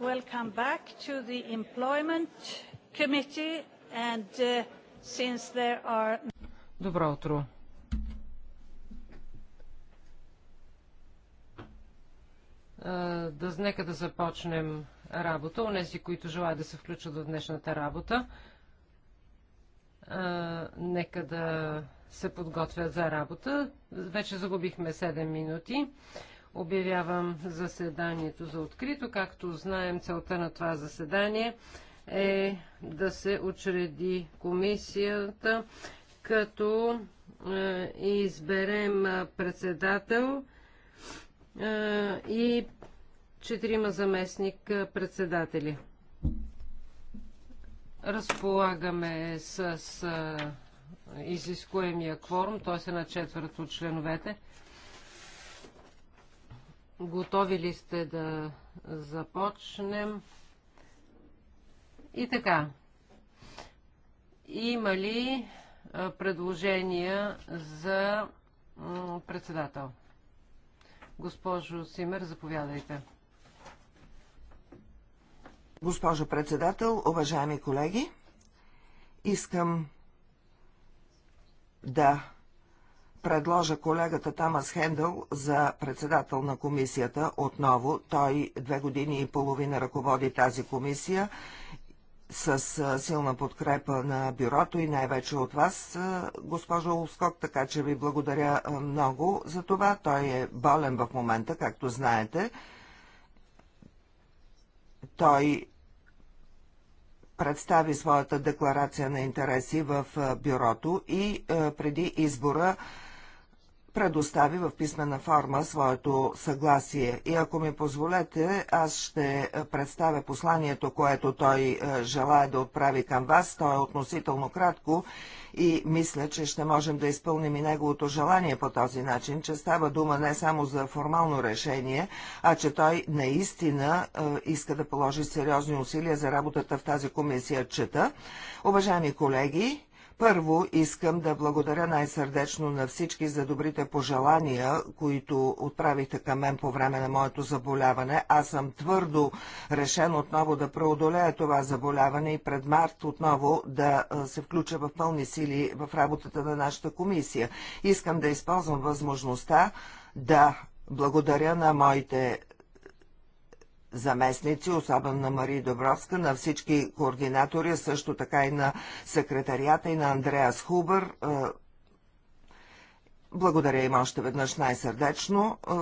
Welcome back to the Employment Committee and uh, since there are... Добро утро. Да, нека да започнем работа. Унеси, които желаят да се включат в днешната работа, а, нека да се подготвят за работа. Вече загубихме 7 минути. Uh, Обявявам заседанието за открито. Както знаем, целта на това заседание е да се учреди комисията, като е, изберем е, председател е, и четирима заместник е, председатели. Разполагаме с е, изискуемия кворум, т.е. Е на четвърто от членовете. Готови ли сте да започнем? И така. Има ли предложения за председател? Госпожо Симер, заповядайте. Госпожо председател, уважаеми колеги, искам да предложа колегата Тамас Хендъл за председател на комисията отново. Той две години и половина ръководи тази комисия с силна подкрепа на бюрото и най-вече от вас, госпожо Олскок, така че ви благодаря много за това. Той е болен в момента, както знаете. Той представи своята декларация на интереси в бюрото и преди избора предостави в писмена форма своето съгласие. И ако ми позволете, аз ще представя посланието, което той е, желая да отправи към вас. То е относително кратко и мисля, че ще можем да изпълним и неговото желание по този начин, че става дума не само за формално решение, а че той наистина е, иска да положи сериозни усилия за работата в тази комисия чета. Уважаеми колеги, първо искам да благодаря най-сърдечно на всички за добрите пожелания, които отправихте към мен по време на моето заболяване. Аз съм твърдо решен отново да преодолея това заболяване и пред март отново да се включа в пълни сили в работата на нашата комисия. Искам да използвам възможността да благодаря на моите заместници, особено на Мария Добровска, на всички координатори, също така и на секретарията и на Андреас Хубър. Е, благодаря им още веднъж най-сърдечно. Е,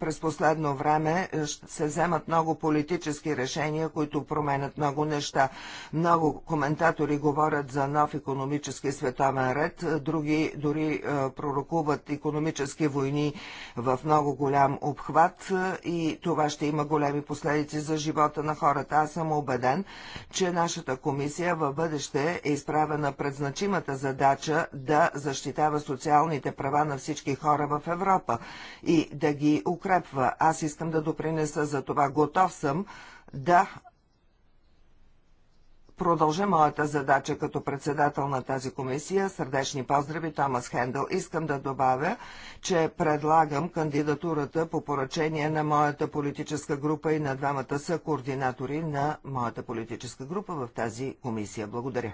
през последно време е, се вземат много политически решения, които променят много неща. Много коментатори говорят за нов економически световен ред, е, други дори е, пророкуват економически войни в много голям обхват и това ще има големи последици за живота на хората. Аз съм убеден, че нашата комисия в бъдеще е изправена пред значимата задача да защитава социалните права на всички хора в Европа и да ги укрепва. Аз искам да допринеса за това. Готов съм да продължа моята задача като председател на тази комисия. Сърдечни поздрави, Томас Хендъл. Искам да добавя, че предлагам кандидатурата по поръчение на моята политическа група и на двамата са координатори на моята политическа група в тази комисия. Благодаря.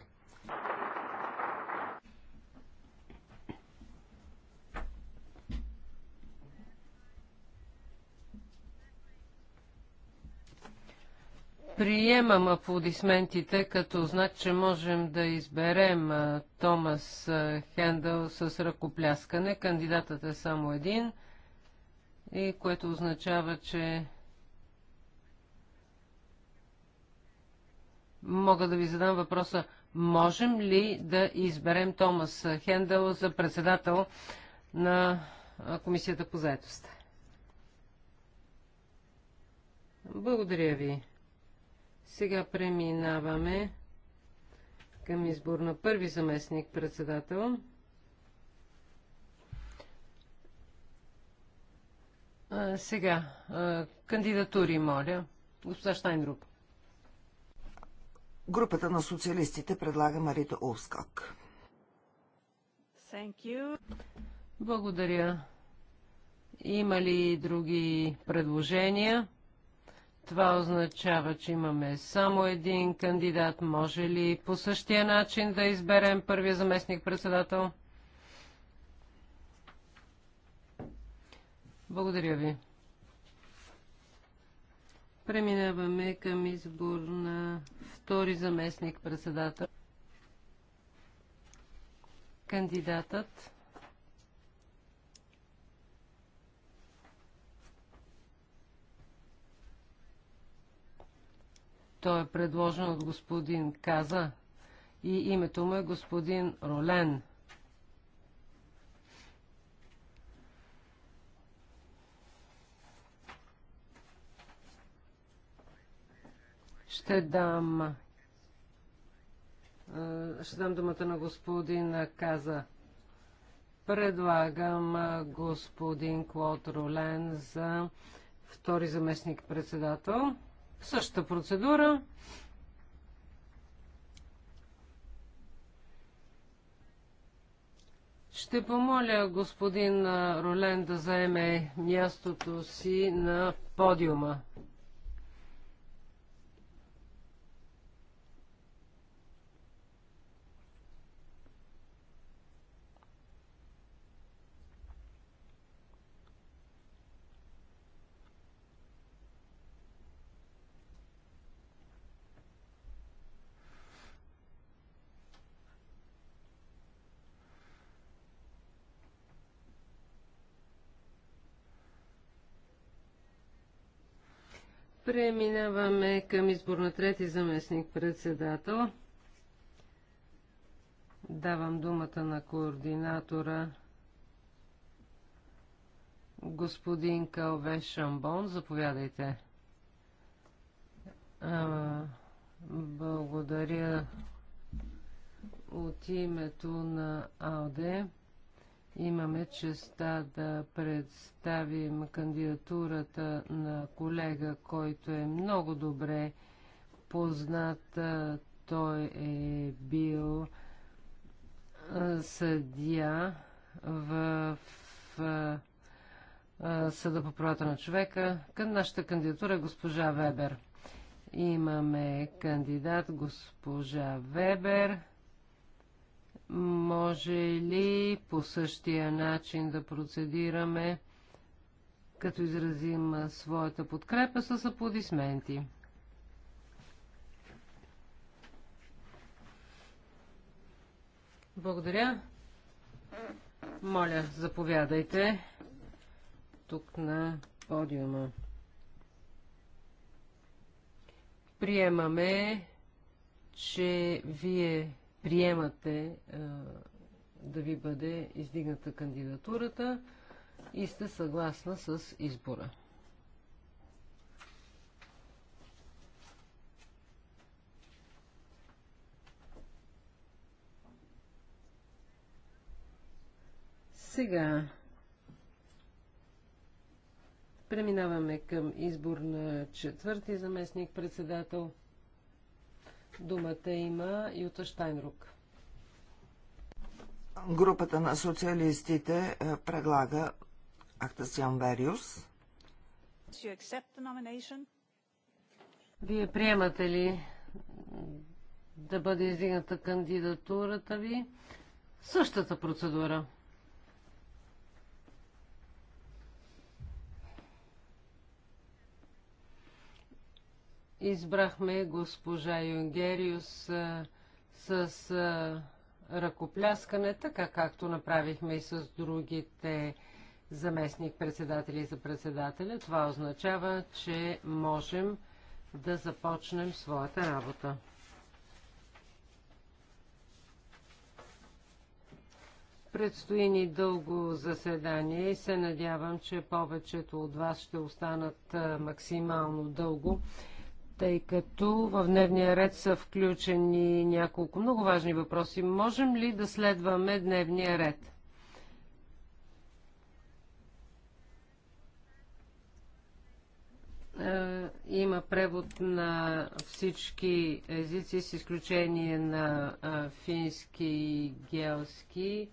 Приемам аплодисментите като знак, че можем да изберем Томас Хендъл с ръкопляскане. Кандидатът е само един, и което означава, че мога да ви задам въпроса, можем ли да изберем Томас Хендъл за председател на Комисията по заедост? Благодаря ви. Сега преминаваме към избор на първи заместник председател. Сега, кандидатури, моля. Госпожа Штайнруп. Групата на социалистите предлага Марита Олскак. Благодаря. Има ли други предложения? Това означава, че имаме само един кандидат. Може ли по същия начин да изберем първия заместник председател? Благодаря ви. Преминаваме към избор на втори заместник председател. Кандидатът Той е предложен от господин Каза и името му е господин Ролен. Ще дам, ще дам думата на господин Каза. Предлагам господин Клод Ролен за втори заместник председател. Същата процедура. Ще помоля господин Ролен да заеме мястото си на подиума. Преминаваме към избор на трети заместник председател. Давам думата на координатора господин Калве Шамбон. Заповядайте. А, благодаря от името на АОДЕ. Имаме честа да представим кандидатурата на колега, който е много добре познат. Той е бил съдия в, в Съда по правата на човека. Към нашата кандидатура е госпожа Вебер. Имаме кандидат госпожа Вебер. Може ли по същия начин да процедираме, като изразим своята подкрепа с аплодисменти? Благодаря. Моля, заповядайте тук на подиума. Приемаме, че вие приемате е, да ви бъде издигната кандидатурата и сте съгласна с избора. Сега преминаваме към избор на четвърти заместник председател – Думата има Юта Штайнрук. Групата на социалистите е, предлага Актасиан Вериус. Вие приемате ли да бъде издигната кандидатурата ви? Същата процедура. избрахме госпожа Юнгериус с ръкопляскане, така както направихме и с другите заместник-председатели за председателя. Това означава, че можем да започнем своята работа. Предстои ни дълго заседание и се надявам, че повечето от вас ще останат максимално дълго тъй като в дневния ред са включени няколко много важни въпроси. Можем ли да следваме дневния ред? Е, има превод на всички езици, с изключение на е, фински и гелски.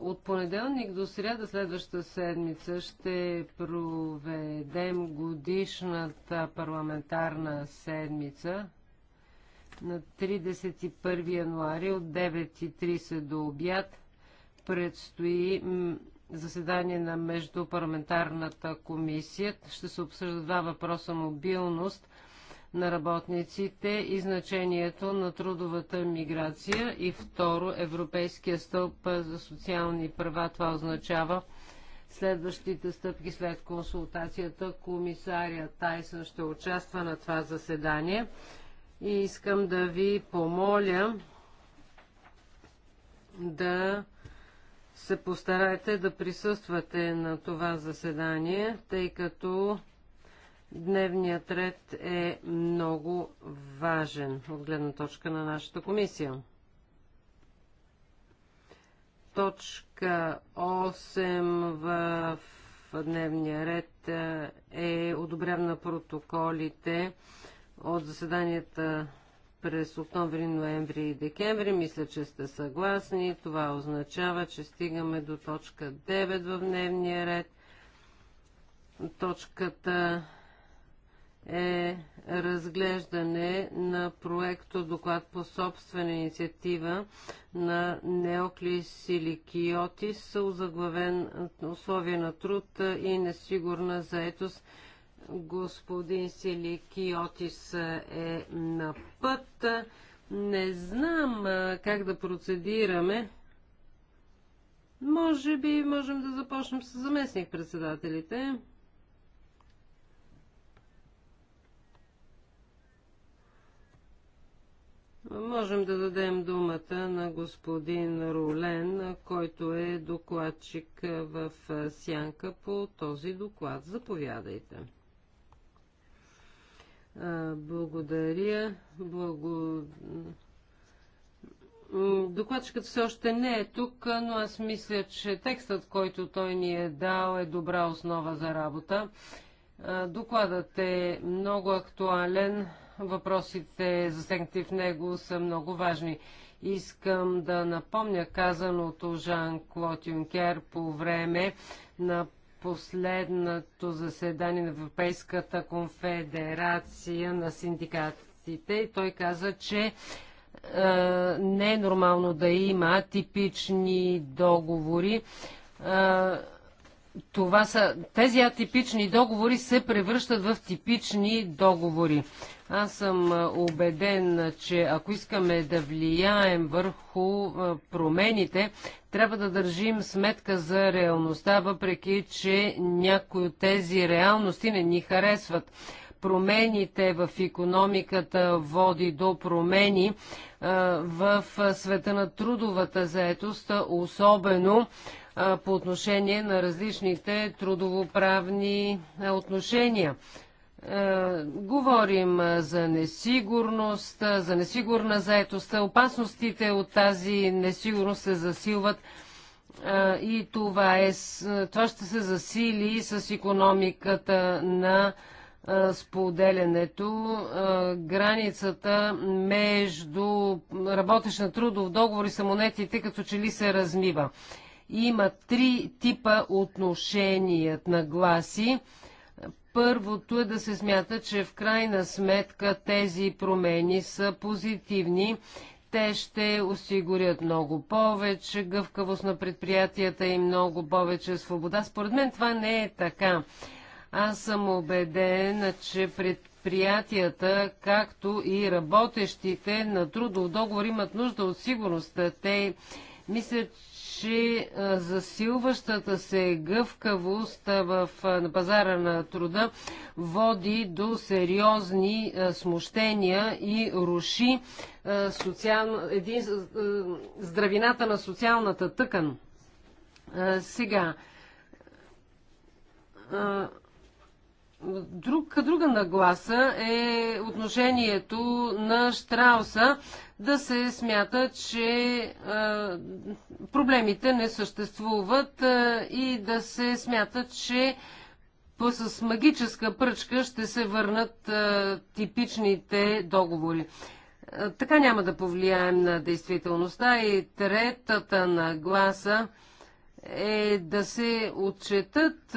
От понеделник до среда, следващата седмица ще проведем годишната парламентарна седмица на 31 януари от 9.30 до обяд. Предстои заседание на Междупарламентарната комисия. Ще се обсъжда два въпроса мобилност на работниците и значението на трудовата миграция. И второ, Европейския стълб за социални права. Това означава следващите стъпки след консултацията. Комисария Тайсън ще участва на това заседание. И искам да ви помоля да се постарайте да присъствате на това заседание, тъй като Дневният ред е много важен от гледна точка на нашата комисия. Точка 8 в дневния ред е, е одобряване на протоколите от заседанията през октомври, ноември и декември. Мисля, че сте съгласни. Това означава, че стигаме до точка 9 в дневния ред. Точката е разглеждане на проекто доклад по собствена инициатива на Неоклис Силикиотис, озаглавен условия на труд и несигурна заетост. Господин Силикиотис е на път. Не знам как да процедираме. Може би можем да започнем с заместник председателите. Можем да дадем думата на господин Рулен, който е докладчик в сянка по този доклад. Заповядайте. Благодаря. Благо... Докладчикът все още не е тук, но аз мисля, че текстът, който той ни е дал, е добра основа за работа. Докладът е много актуален Въпросите, засегнати в него, са много важни. Искам да напомня казаното Жан-Клод Юнкер по време на последното заседание на Европейската конфедерация на синдикатите и той каза, че е, не е нормално да има типични договори. Е, това са, тези атипични договори се превръщат в типични договори. Аз съм убеден, че ако искаме да влияем върху промените, трябва да държим сметка за реалността, въпреки че някои от тези реалности не ни харесват. Промените в економиката води до промени в света на трудовата заетост, особено по отношение на различните трудовоправни отношения. Говорим за несигурност, за несигурна заетост. Опасностите от тази несигурност се засилват и това, е, това ще се засили с економиката на споделянето, границата между работещ на трудов договор и самонетите като че ли се размива. Има три типа отношеният на гласи. Първото е да се смята, че в крайна сметка тези промени са позитивни. Те ще осигурят много повече гъвкавост на предприятията и много повече свобода. Според мен това не е така. Аз съм убеден, че предприятията, както и работещите на трудов договор имат нужда от сигурността. Те мислят, че засилващата се гъвкавост в, на пазара на труда води до сериозни смущения и руши социал... един... здравината на социалната тъкан. Сега, друг, друга нагласа е отношението на Штрауса да се смята, че проблемите не съществуват и да се смята, че с магическа пръчка ще се върнат типичните договори. Така няма да повлияем на действителността и третата нагласа е да се отчетат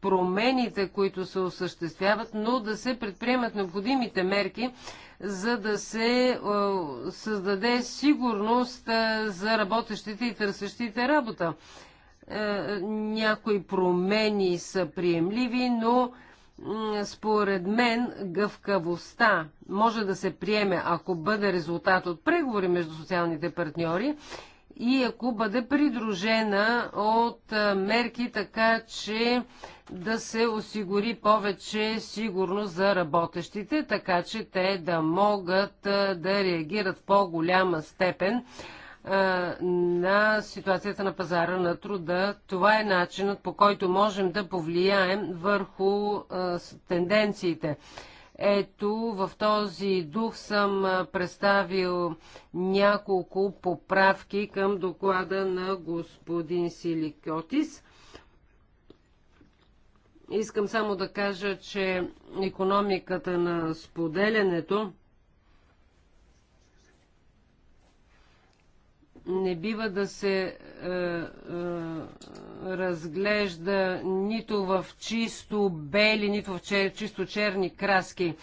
промените, които се осъществяват, но да се предприемат необходимите мерки, за да се създаде сигурност за работещите и търсещите работа. Е, някои промени са приемливи, но според мен гъвкавостта може да се приеме, ако бъде резултат от преговори между социалните партньори и ако бъде придружена от мерки така, че да се осигури повече сигурност за работещите, така че те да могат да реагират в по-голяма степен на ситуацията на пазара на труда. Това е начинът по който можем да повлияем върху тенденциите. Ето, в този дух съм представил няколко поправки към доклада на господин Силикотис. Искам само да кажа, че економиката на споделянето не бива да се е, е, разглежда нито в чисто бели, нито в чер, чисто черни краски.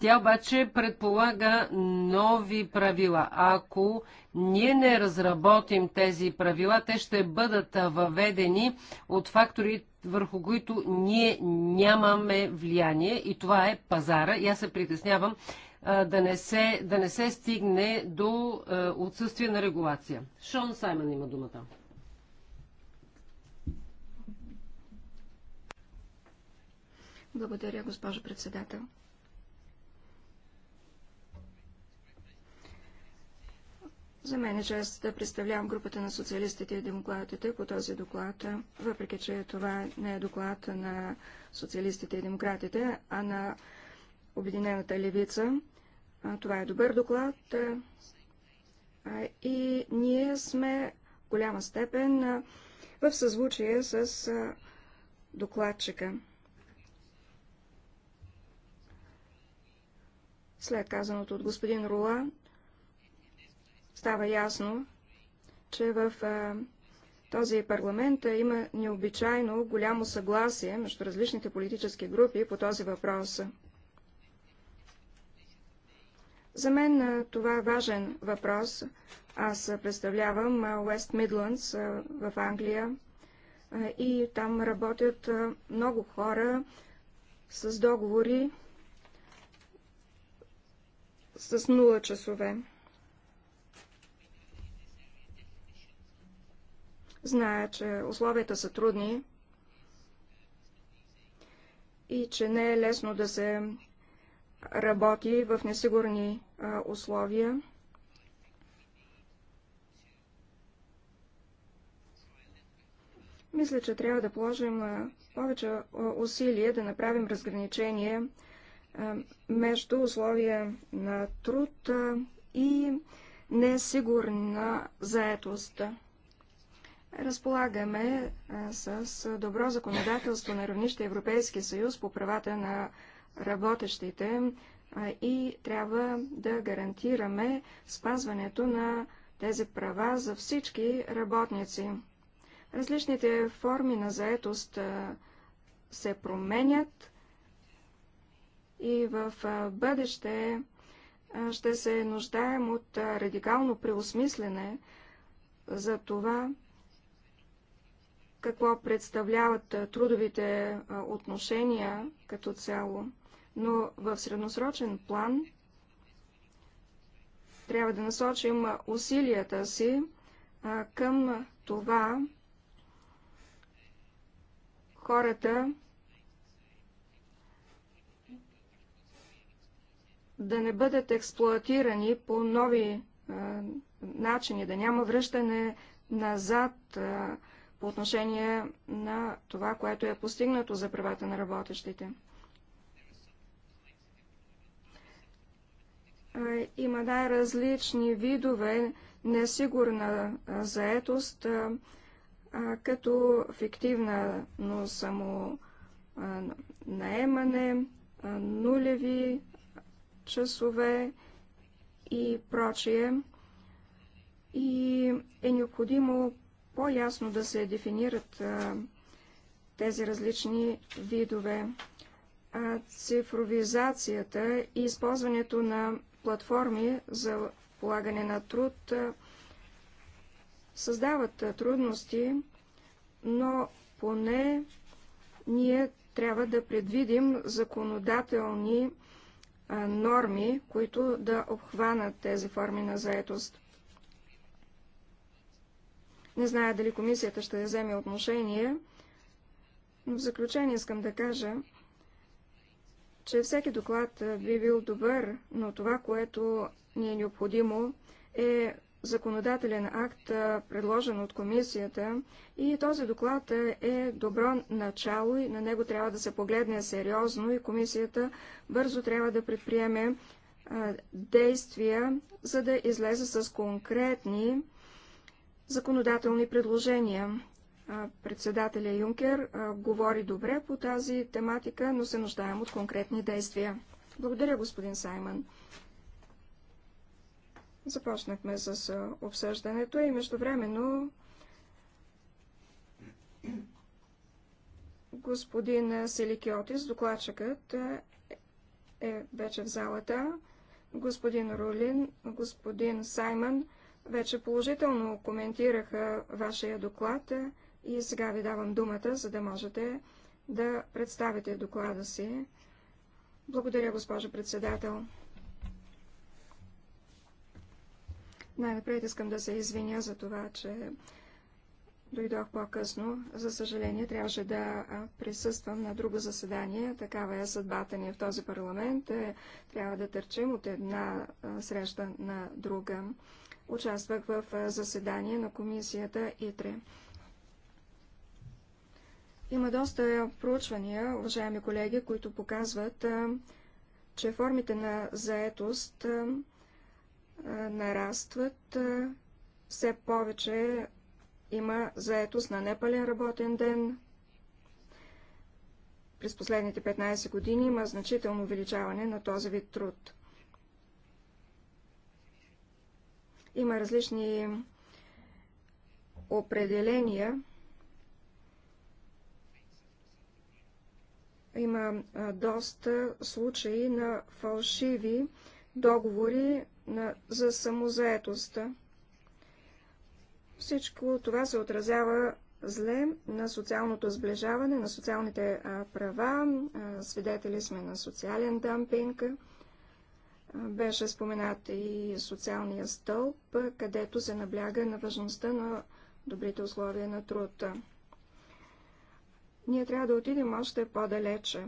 Тя обаче предполага нови правила. Ако ние не разработим тези правила, те ще бъдат въведени от факторите върху които ние нямаме влияние и това е пазара. И аз се притеснявам а, да не се, да не се стигне до а, отсъствие на регулация. Шон Саймън има думата. Благодаря, госпожо председател. За мен е чест да представлявам групата на социалистите и демократите по този доклад, въпреки че това не е доклад на социалистите и демократите, а на Обединената левица. Това е добър доклад и ние сме в голяма степен в съзвучие с докладчика. След казаното от господин Рула, става ясно, че в този парламент има необичайно голямо съгласие между различните политически групи по този въпрос. За мен това е важен въпрос. Аз представлявам West Midlands в Англия и там работят много хора с договори с нула часове. Зная, че условията са трудни и че не е лесно да се работи в несигурни а, условия. Мисля, че трябва да положим а, повече а, усилие да направим разграничение между условия на труд и несигурна заетост разполагаме с добро законодателство на равнище Европейски съюз по правата на работещите и трябва да гарантираме спазването на тези права за всички работници. Различните форми на заетост се променят и в бъдеще ще се нуждаем от радикално преосмислене за това какво представляват трудовите отношения като цяло, но в средносрочен план трябва да насочим усилията си към това хората да не бъдат експлуатирани по нови начини, да няма връщане назад по отношение на това, което е постигнато за правата на работещите. Е, има най-различни видове несигурна заетост, като фиктивна, но само наемане, нулеви часове и прочие. И е необходимо по-ясно да се дефинират а, тези различни видове. А цифровизацията и използването на платформи за полагане на труд а, създават а, трудности, но поне ние трябва да предвидим законодателни а, норми, които да обхванат тези форми на заетост. Не зная дали комисията ще вземе отношение, но в заключение искам да кажа, че всеки доклад би бил добър, но това, което ни е необходимо, е законодателен акт, предложен от комисията. И този доклад е добро начало и на него трябва да се погледне сериозно и комисията бързо трябва да предприеме действия, за да излезе с конкретни законодателни предложения. Председателя Юнкер говори добре по тази тематика, но се нуждаем от конкретни действия. Благодаря, господин Саймън. Започнахме с обсъждането и междувременно господин Селикиотис, докладчикът, е вече в залата. Господин Рулин, господин Саймън вече положително коментираха вашия доклад и сега ви давам думата, за да можете да представите доклада си. Благодаря, госпожо председател. Най-напред искам да се извиня за това, че дойдох по-късно. За съжаление, трябваше да присъствам на друго заседание. Такава е съдбата ни в този парламент. Е, трябва да търчим от една среща на друга участвах в заседание на комисията ИТРЕ. Има доста проучвания, уважаеми колеги, които показват, че формите на заетост нарастват. Все повече има заетост на непален работен ден. През последните 15 години има значително увеличаване на този вид труд. Има различни определения. Има доста случаи на фалшиви договори на, за самозаетостта. Всичко това се отразява зле на социалното сближаване, на социалните а, права. А, свидетели сме на социален дампинг. Беше споменат и социалния стълб, където се набляга на важността на добрите условия на труд. Ние трябва да отидем още по-далече.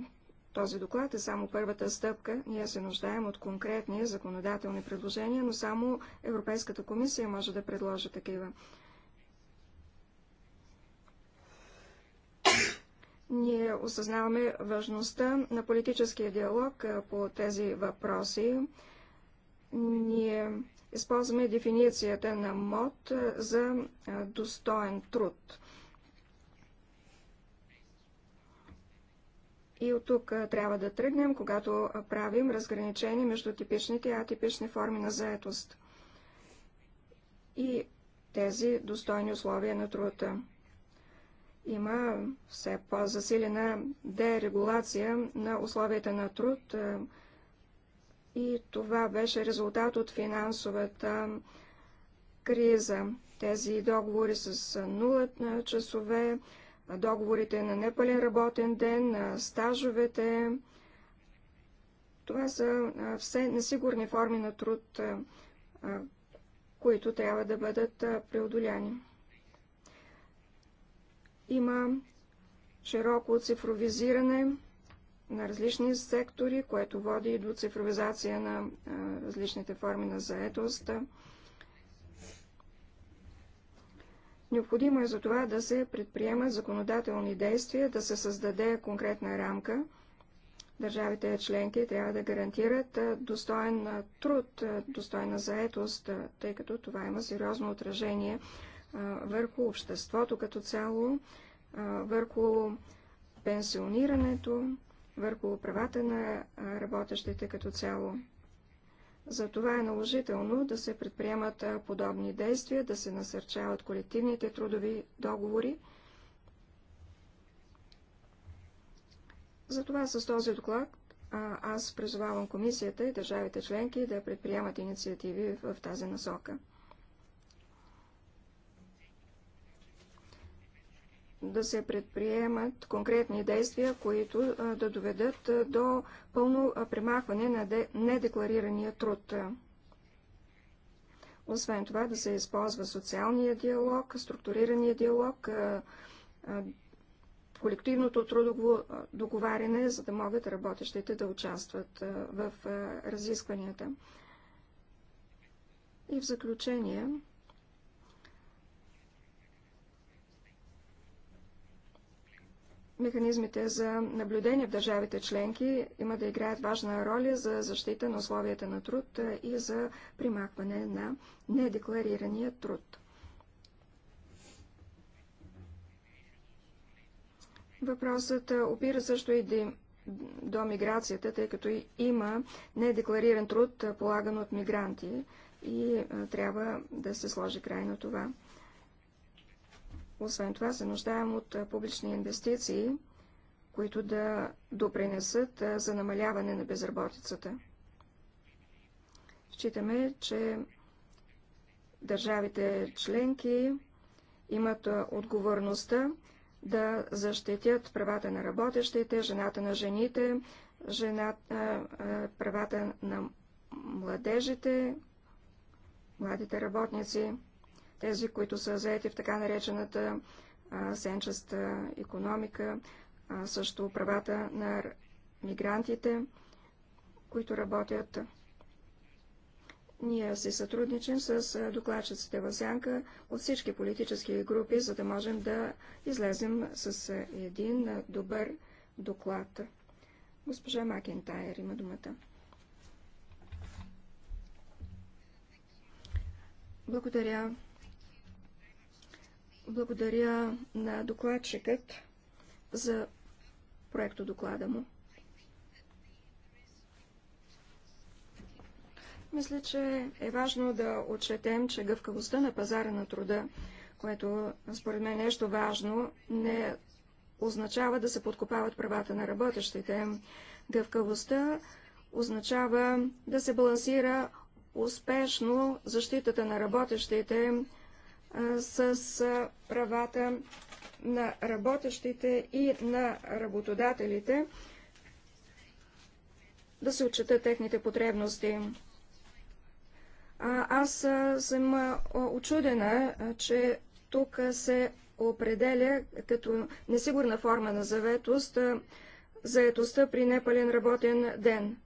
Този доклад е само първата стъпка. Ние се нуждаем от конкретни законодателни предложения, но само Европейската комисия може да предложи такива. Ние осъзнаваме важността на политическия диалог по тези въпроси. Ние използваме дефиницията на МОД за достоен труд. И от тук трябва да тръгнем, когато правим разграничение между типичните и атипични форми на заетост и тези достойни условия на труда има все по-засилена дерегулация на условията на труд е, и това беше резултат от финансовата криза. Тези договори с е, на е, часове, договорите на непълен работен ден, на стажовете, това са все несигурни форми на труд, които трябва да бъдат преодоляни. Има широко цифровизиране на различни сектори, което води и до цифровизация на различните форми на заетост. Необходимо е за това да се предприемат законодателни действия, да се създаде конкретна рамка. Държавите членки трябва да гарантират достоен труд, достойна заетост, тъй като това има сериозно отражение върху обществото като цяло, върху пенсионирането, върху правата на работещите като цяло. За това е наложително да се предприемат подобни действия, да се насърчават колективните трудови договори. Затова с този доклад аз призовавам комисията и държавите членки да предприемат инициативи в тази насока. да се предприемат конкретни действия, които да доведат до пълно примахване на недекларирания труд. Освен това да се използва социалния диалог, структурирания диалог, колективното трудово договаряне, за да могат работещите да участват в разискванията. И в заключение, Механизмите за наблюдение в държавите членки има да играят важна роля за защита на условията на труд и за примахване на недекларирания труд. Въпросът опира също и до миграцията, тъй като има недеклариран труд, полаган от мигранти и трябва да се сложи край на това. Освен това се нуждаем от публични инвестиции, които да допринесат за намаляване на безработицата. Считаме, че държавите членки имат отговорността да защитят правата на работещите, жената на жените, жена, правата на младежите, младите работници тези, които са заети в така наречената сенчеста економика, също правата на мигрантите, които работят. Ние си сътрудничим с докладчиците в Сянка от всички политически групи, за да можем да излезем с един добър доклад. Госпожа Макентайер има думата. Благодаря. Благодаря на докладчикът за проекто доклада му. Мисля, че е важно да отчетем, че гъвкавостта на пазара на труда, което според мен е нещо важно, не означава да се подкопават правата на работещите. Гъвкавостта означава да се балансира успешно защитата на работещите с правата на работещите и на работодателите, да се отчитат техните потребности. А, аз съм очудена, че тук се определя като несигурна форма на заветост заетостта при непълен работен ден.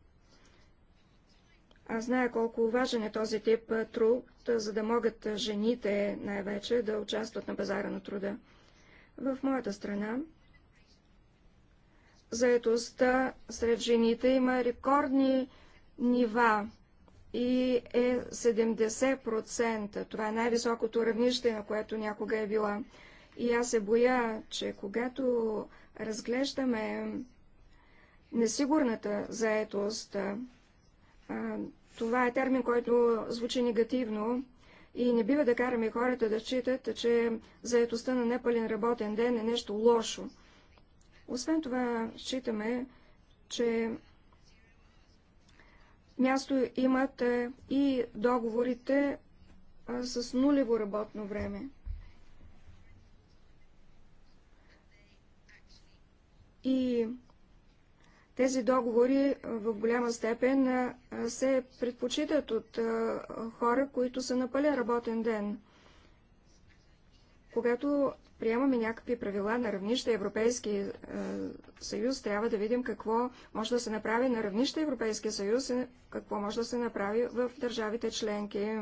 Аз зная колко важен е този тип труд, за да могат жените най-вече да участват на пазара на труда. В моята страна заетостта сред жените има рекордни нива и е 70%. Това е най-високото равнище, на което някога е била. И аз се боя, че когато разглеждаме несигурната заетост, това е термин, който звучи негативно и не бива да караме хората да считат, че заетостта на непълен работен ден е нещо лошо. Освен това, считаме, че място имат е, и договорите с нулево работно време. И тези договори е, в голяма степен е, се предпочитат от е, хора, които са на пълен работен ден. Когато приемаме някакви правила на равнище Европейски съюз, трябва да видим какво може да се направи на равнище Европейски съюз и какво може да се направи в държавите членки.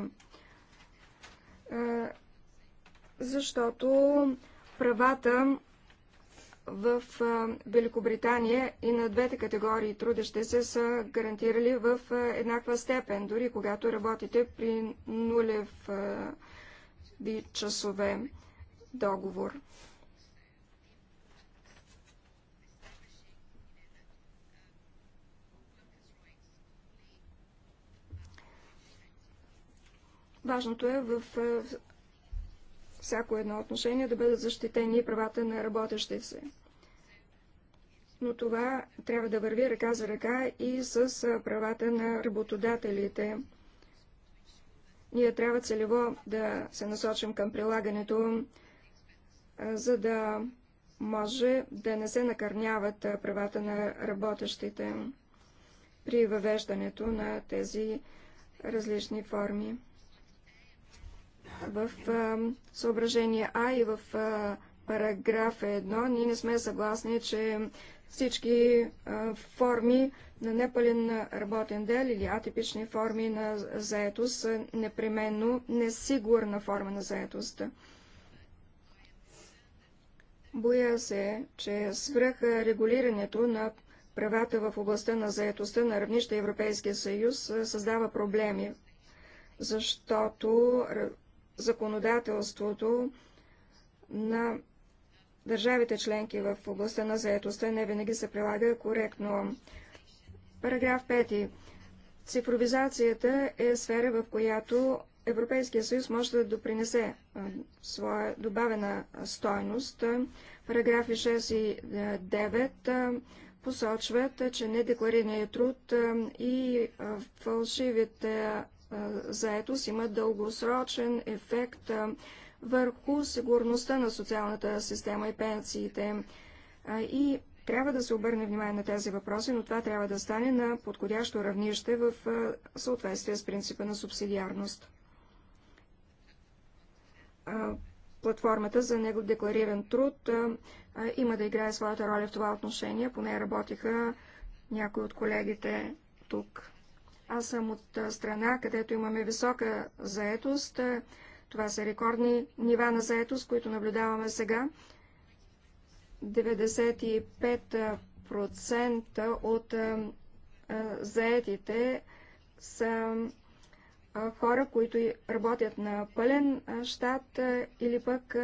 Защото правата в Великобритания и на двете категории трудещи се са гарантирали в еднаква степен, дори когато работите при нулев ви часове договор. Важното е в всяко едно отношение да бъдат защитени правата на работещи. се. Но това трябва да върви ръка за ръка и с правата на работодателите. Ние трябва целево да се насочим към прилагането, за да може да не се накърняват правата на работещите при въвеждането на тези различни форми. В съображение А и в параграф 1 ние не сме съгласни, че всички форми на непълен работен дел или атипични форми на заетост са непременно несигурна форма на заетост. Боя се, че свръхрегулирането на правата в областта на заетостта на равнище Европейския съюз създава проблеми, защото законодателството на държавите членки в областта на заетостта не винаги се прилага коректно. Параграф 5. Цифровизацията е сфера, в която Европейския съюз може да допринесе своя добавена стойност. Параграфи 6 и 9 посочват, че недекларираният труд и фалшивите заетост има дългосрочен ефект върху сигурността на социалната система и пенсиите. И трябва да се обърне внимание на тези въпроси, но това трябва да стане на подходящо равнище в съответствие с принципа на субсидиарност. Платформата за деклариран труд има да играе своята роля в това отношение, поне работиха някои от колегите тук. Аз съм от страна, където имаме висока заетост. Това са рекордни нива на заетост, които наблюдаваме сега. 95% от заетите са хора, които работят на пълен щат или пък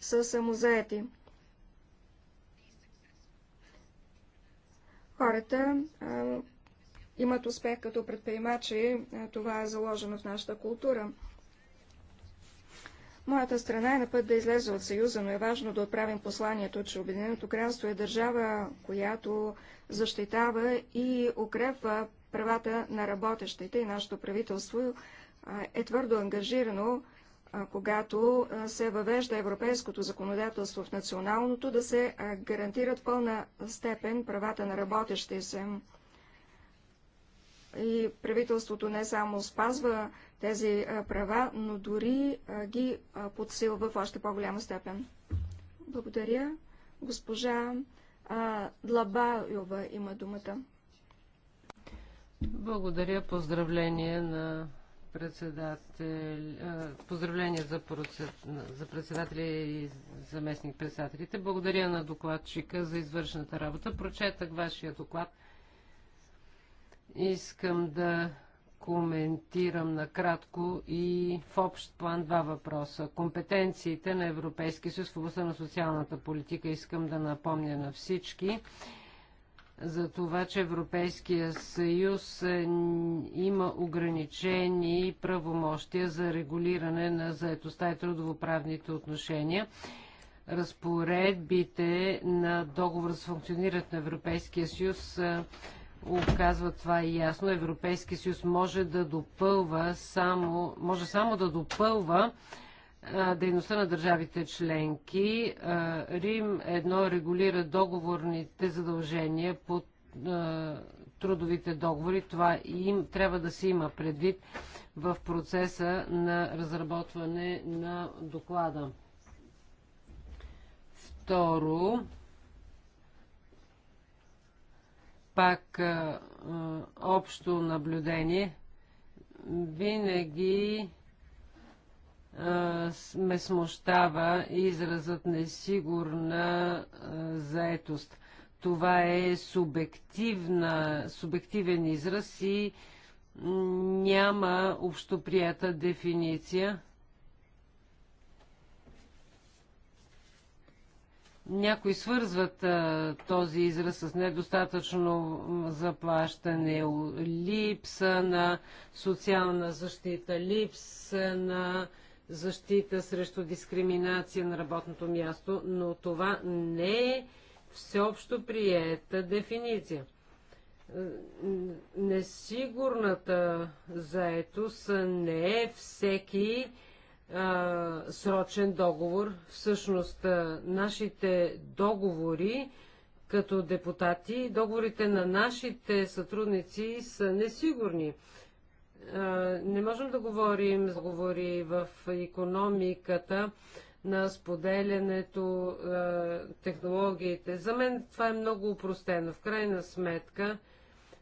са самозаети. Хората имат успех като предприемачи. Е, това е заложено в нашата култура. Моята страна е на път да излезе от Съюза, но е важно да отправим посланието, че Обединеното кралство е държава, която защитава и укрепва правата на работещите и нашето правителство е, е твърдо ангажирано, е, когато се въвежда европейското законодателство в националното, да се гарантират пълна степен правата на работещите се. И правителството не само спазва тези права, но дори ги подсилва в още по-голяма степен. Благодаря. Госпожа Длабаева има думата. Благодаря. Поздравление на председател... Поздравление за, процед... за председателя и заместник председателите. Благодаря на докладчика за извършената работа. Прочетах вашия доклад. Искам да коментирам накратко и в общ план два въпроса. Компетенциите на Европейския съюз в областта на социалната политика искам да напомня на всички за това, че Европейския съюз е, има ограничени правомощия за регулиране на заетостта и трудовоправните отношения. Разпоредбите на договор за функционирането на Европейския съюз е, оказва това и ясно. Европейски съюз може да допълва само, може само да допълва дейността на държавите членки. Рим едно регулира договорните задължения по трудовите договори. Това им трябва да се има предвид в процеса на разработване на доклада. Второ, пак а, общо наблюдение. Винаги а, ме смущава изразът несигурна а, заетост. Това е субективна, субективен израз и няма общоприята дефиниция – Някои свързват а, този израз с недостатъчно заплащане, липса на социална защита, липса на защита срещу дискриминация на работното място, но това не е всеобщо приета дефиниция. Несигурната заетост не е всеки срочен договор. Всъщност, нашите договори като депутати, договорите на нашите сътрудници са несигурни. не можем да говорим за договори в економиката на споделянето, технологиите. За мен това е много упростено. В крайна сметка,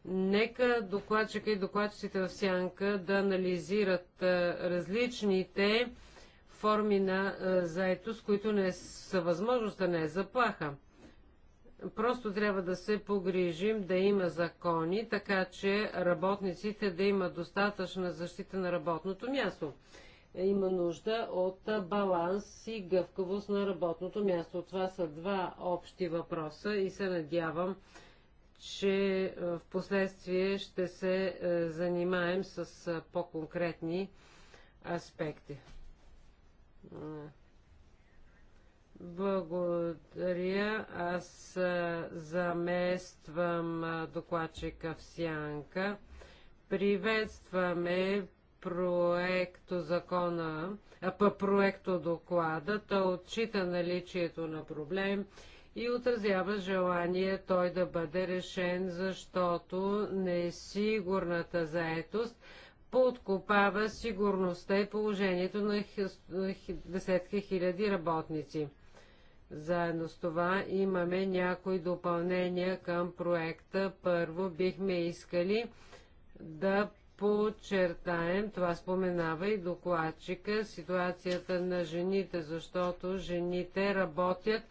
Нека докладчика и докладчиците в сянка да анализират различните форми на заетост, които не са възможност, да не е заплаха. Просто трябва да се погрижим да има закони, така че работниците да имат достатъчна защита на работното място. Има нужда от баланс и гъвкавост на работното място. Това са два общи въпроса и се надявам, че е, в последствие ще се е, занимаем с е, по-конкретни аспекти. Благодаря. Аз замествам докладчика в Сянка. Приветстваме проекто закона, а по проекто доклада, отчита наличието на проблем и отразява желание той да бъде решен, защото несигурната заетост подкопава сигурността и положението на десетки хиляди работници. Заедно с това имаме някои допълнения към проекта. Първо бихме искали да подчертаем, това споменава и докладчика, ситуацията на жените, защото жените работят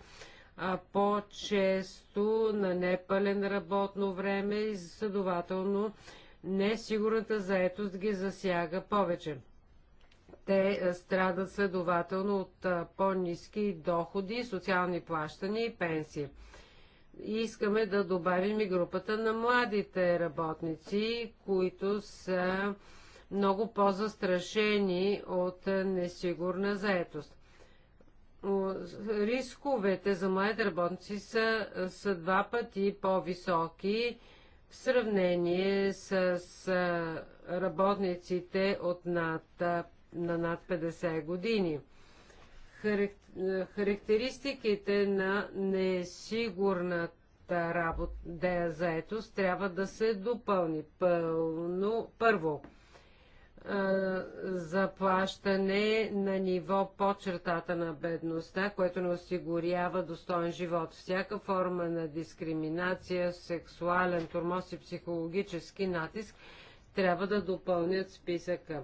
а по-често на непълен работно време и следователно несигурната заетост ги засяга повече. Те е, страдат следователно от е, по-низки доходи, социални плащания и пенсии. Искаме да добавим и групата на младите работници, които са много по-застрашени от е, несигурна заетост рисковете за младите работници са, са два пъти по-високи в сравнение с, с работниците от над, на над 50 години. характеристиките на несигурната работа, заетост трябва да се допълни. Пълно, първо, заплащане на ниво по чертата на бедността, което не осигурява достоен живот. Всяка форма на дискриминация, сексуален тормоз и психологически натиск трябва да допълнят списъка.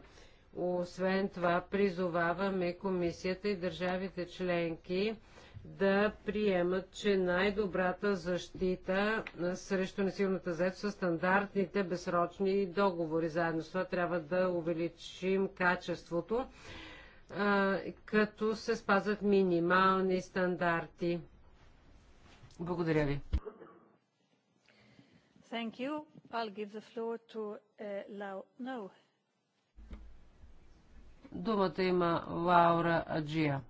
Освен това, призоваваме комисията и държавите членки да приемат, че най-добрата защита срещу несилната заето са стандартните безсрочни договори. Заедно с това трябва да увеличим качеството, като се спазват минимални стандарти. Благодаря ви. Thank you. I'll give the floor to uh, Lau. No. Думата има Лаура Аджия.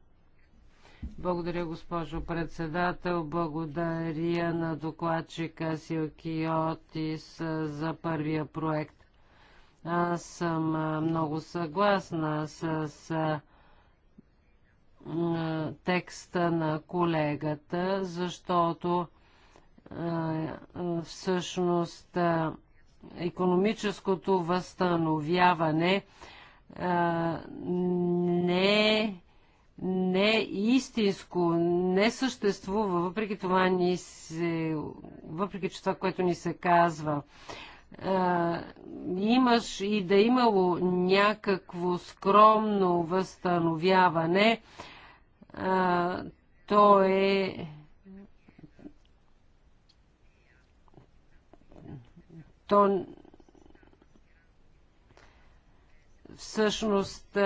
Благодаря, госпожо председател. Благодаря на докладчика Силкиотис за първия проект. Аз съм много съгласна с текста на колегата, защото всъщност економическото възстановяване не е не истинско, не съществува, въпреки това ни се, въпреки че това, което ни се казва, а, имаш и да имало някакво скромно възстановяване, а, то е то всъщност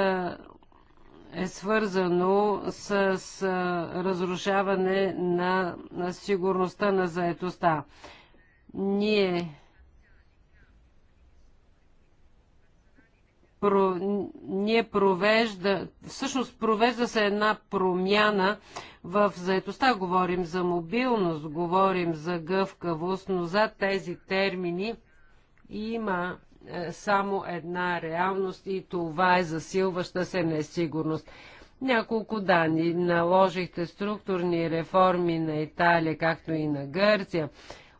е свързано с разрушаване на сигурността на заетостта. Ние про, ние провежда, всъщност провежда се една промяна в заетостта. Говорим за мобилност, говорим за гъвкавост, но за тези термини има е, само една реалност и това е засилваща се несигурност. Няколко данни наложихте структурни реформи на Италия, както и на Гърция,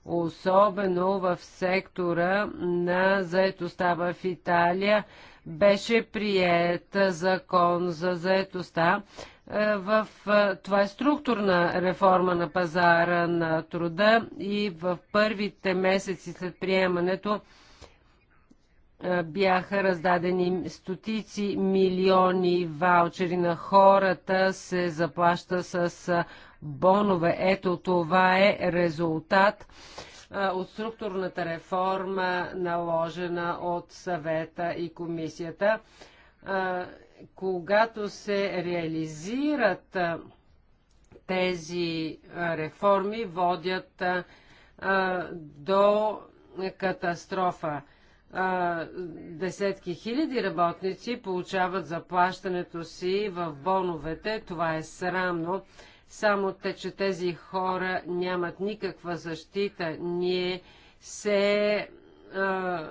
особено в сектора на заетостта в Италия беше прият закон за заетостта. Е, в, е, това е структурна реформа на пазара на труда и в първите месеци след приемането е, бяха раздадени стотици милиони ваучери на хората, се заплаща с е, бонове. Ето това е резултат е, от структурната реформа, наложена от съвета и комисията. Когато се реализират тези реформи, водят до катастрофа а, десетки хиляди работници получават заплащането си в боновете. Това е срамно. Само те, че тези хора нямат никаква защита. Ние се, а,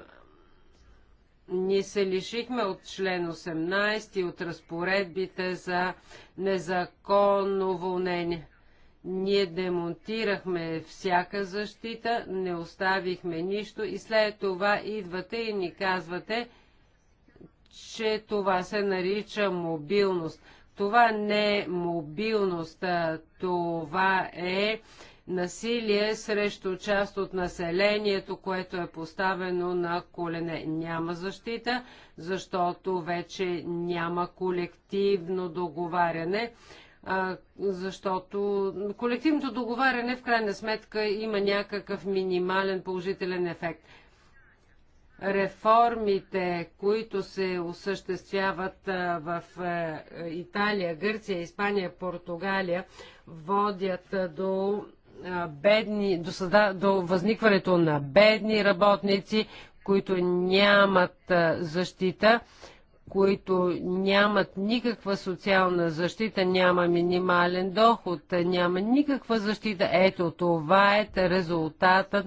ние се лишихме от член 18 и от разпоредбите за незаконно уволнение. Ние демонтирахме всяка защита, не оставихме нищо и след това идвате и ни казвате, че това се нарича мобилност. Това не е мобилност, това е насилие срещу част от населението, което е поставено на колене. Няма защита, защото вече няма колективно договаряне защото колективното договаряне в крайна сметка има някакъв минимален положителен ефект. Реформите, които се осъществяват в Италия, Гърция, Испания, Португалия, водят до бедни, до, създа, до възникването на бедни работници, които нямат защита които нямат никаква социална защита, няма минимален доход, няма никаква защита. Ето това е резултатът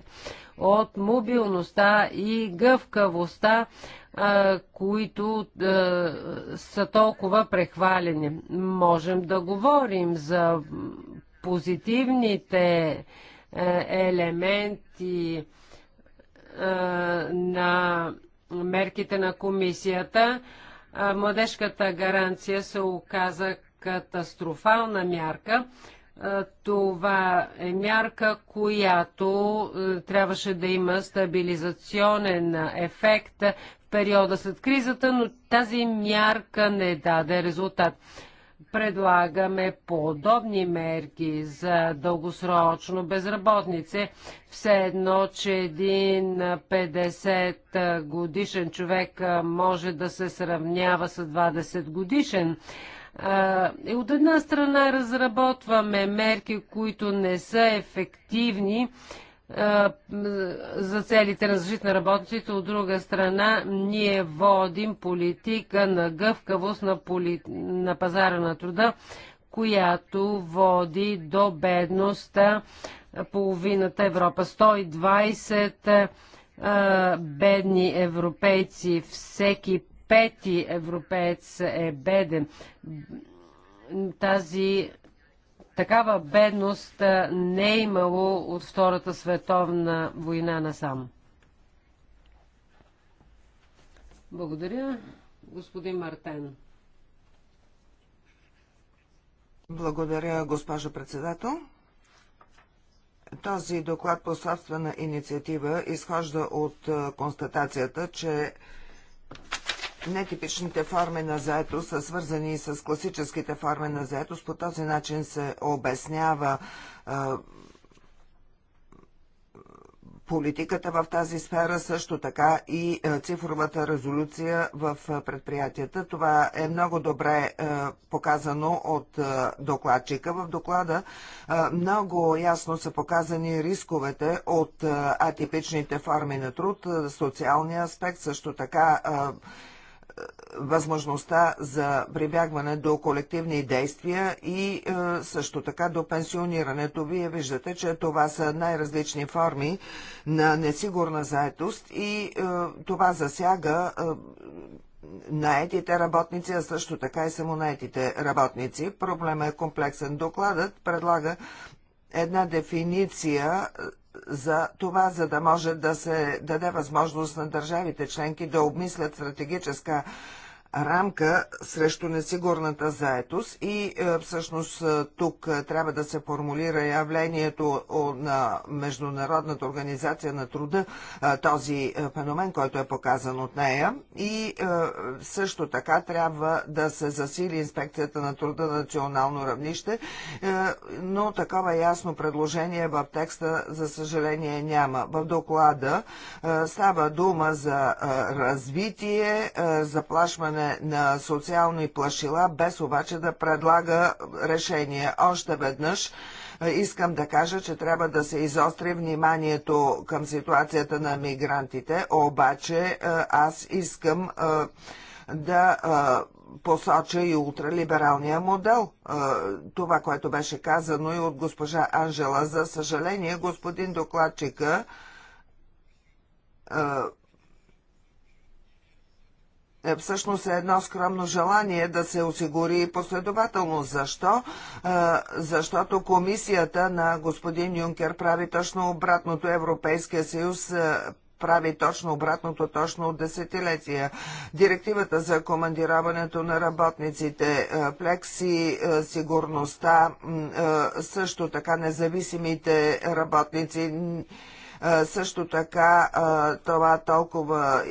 от мобилността и гъвкавостта, а, които а, са толкова прехвалени. Можем да говорим за позитивните елементи а, на мерките на комисията, младежката гаранция се оказа катастрофална мярка. Това е мярка, която трябваше да има стабилизационен ефект в периода след кризата, но тази мярка не даде резултат предлагаме подобни мерки за дългосрочно безработнице. Все едно, че един 50 годишен човек може да се сравнява с 20 годишен. И от една страна разработваме мерки, които не са ефективни за целите на защита на работниците. От друга страна, ние водим политика на гъвкавост на, поли... на пазара на труда, която води до бедността половината Европа. 120 бедни европейци, всеки пети европеец е беден. Тази Такава бедност не е имало от Втората световна война насам. Благодаря, господин Мартен. Благодаря, госпожо председател. Този доклад по собствена инициатива изхожда от констатацията, че нетипичните форми на заетост са свързани с класическите форми на заетост. По този начин се обяснява политиката в тази сфера, също така и цифровата резолюция в предприятията. Това е много добре показано от докладчика. В доклада много ясно са показани рисковете от атипичните форми на труд, социалния аспект, също така възможността за прибягване до колективни действия и е, също така до пенсионирането. Вие виждате, че това са най-различни форми на несигурна заетост и е, това засяга е, наетите работници, а също така и самонаетите работници. Проблема е комплексен. Докладът предлага една дефиниция за това, за да може да се даде възможност на държавите членки да обмислят стратегическа рамка срещу несигурната заетост и е, всъщност е, тук е, трябва да се формулира явлението на Международната организация на труда, този феномен, който е показан от нея и също така трябва да се засили инспекцията на труда на национално равнище, но такова ясно предложение в текста, за съжаление, няма. В доклада става дума за развитие, заплашване на социални плашила, без обаче да предлага решение. Още веднъж е, искам да кажа, че трябва да се изостри вниманието към ситуацията на мигрантите, обаче е, аз искам е, да посоча и ултралибералния модел. Това, което беше казано и от госпожа Анжела, за съжаление, господин докладчика е всъщност е едно скромно желание да се осигури последователно. Защо? Е, защото комисията на господин Юнкер прави точно обратното. Европейския съюз е, прави точно обратното точно от десетилетия. Директивата за командироването на работниците, е, плекси, сигурността, също така независимите работници, също така това толкова,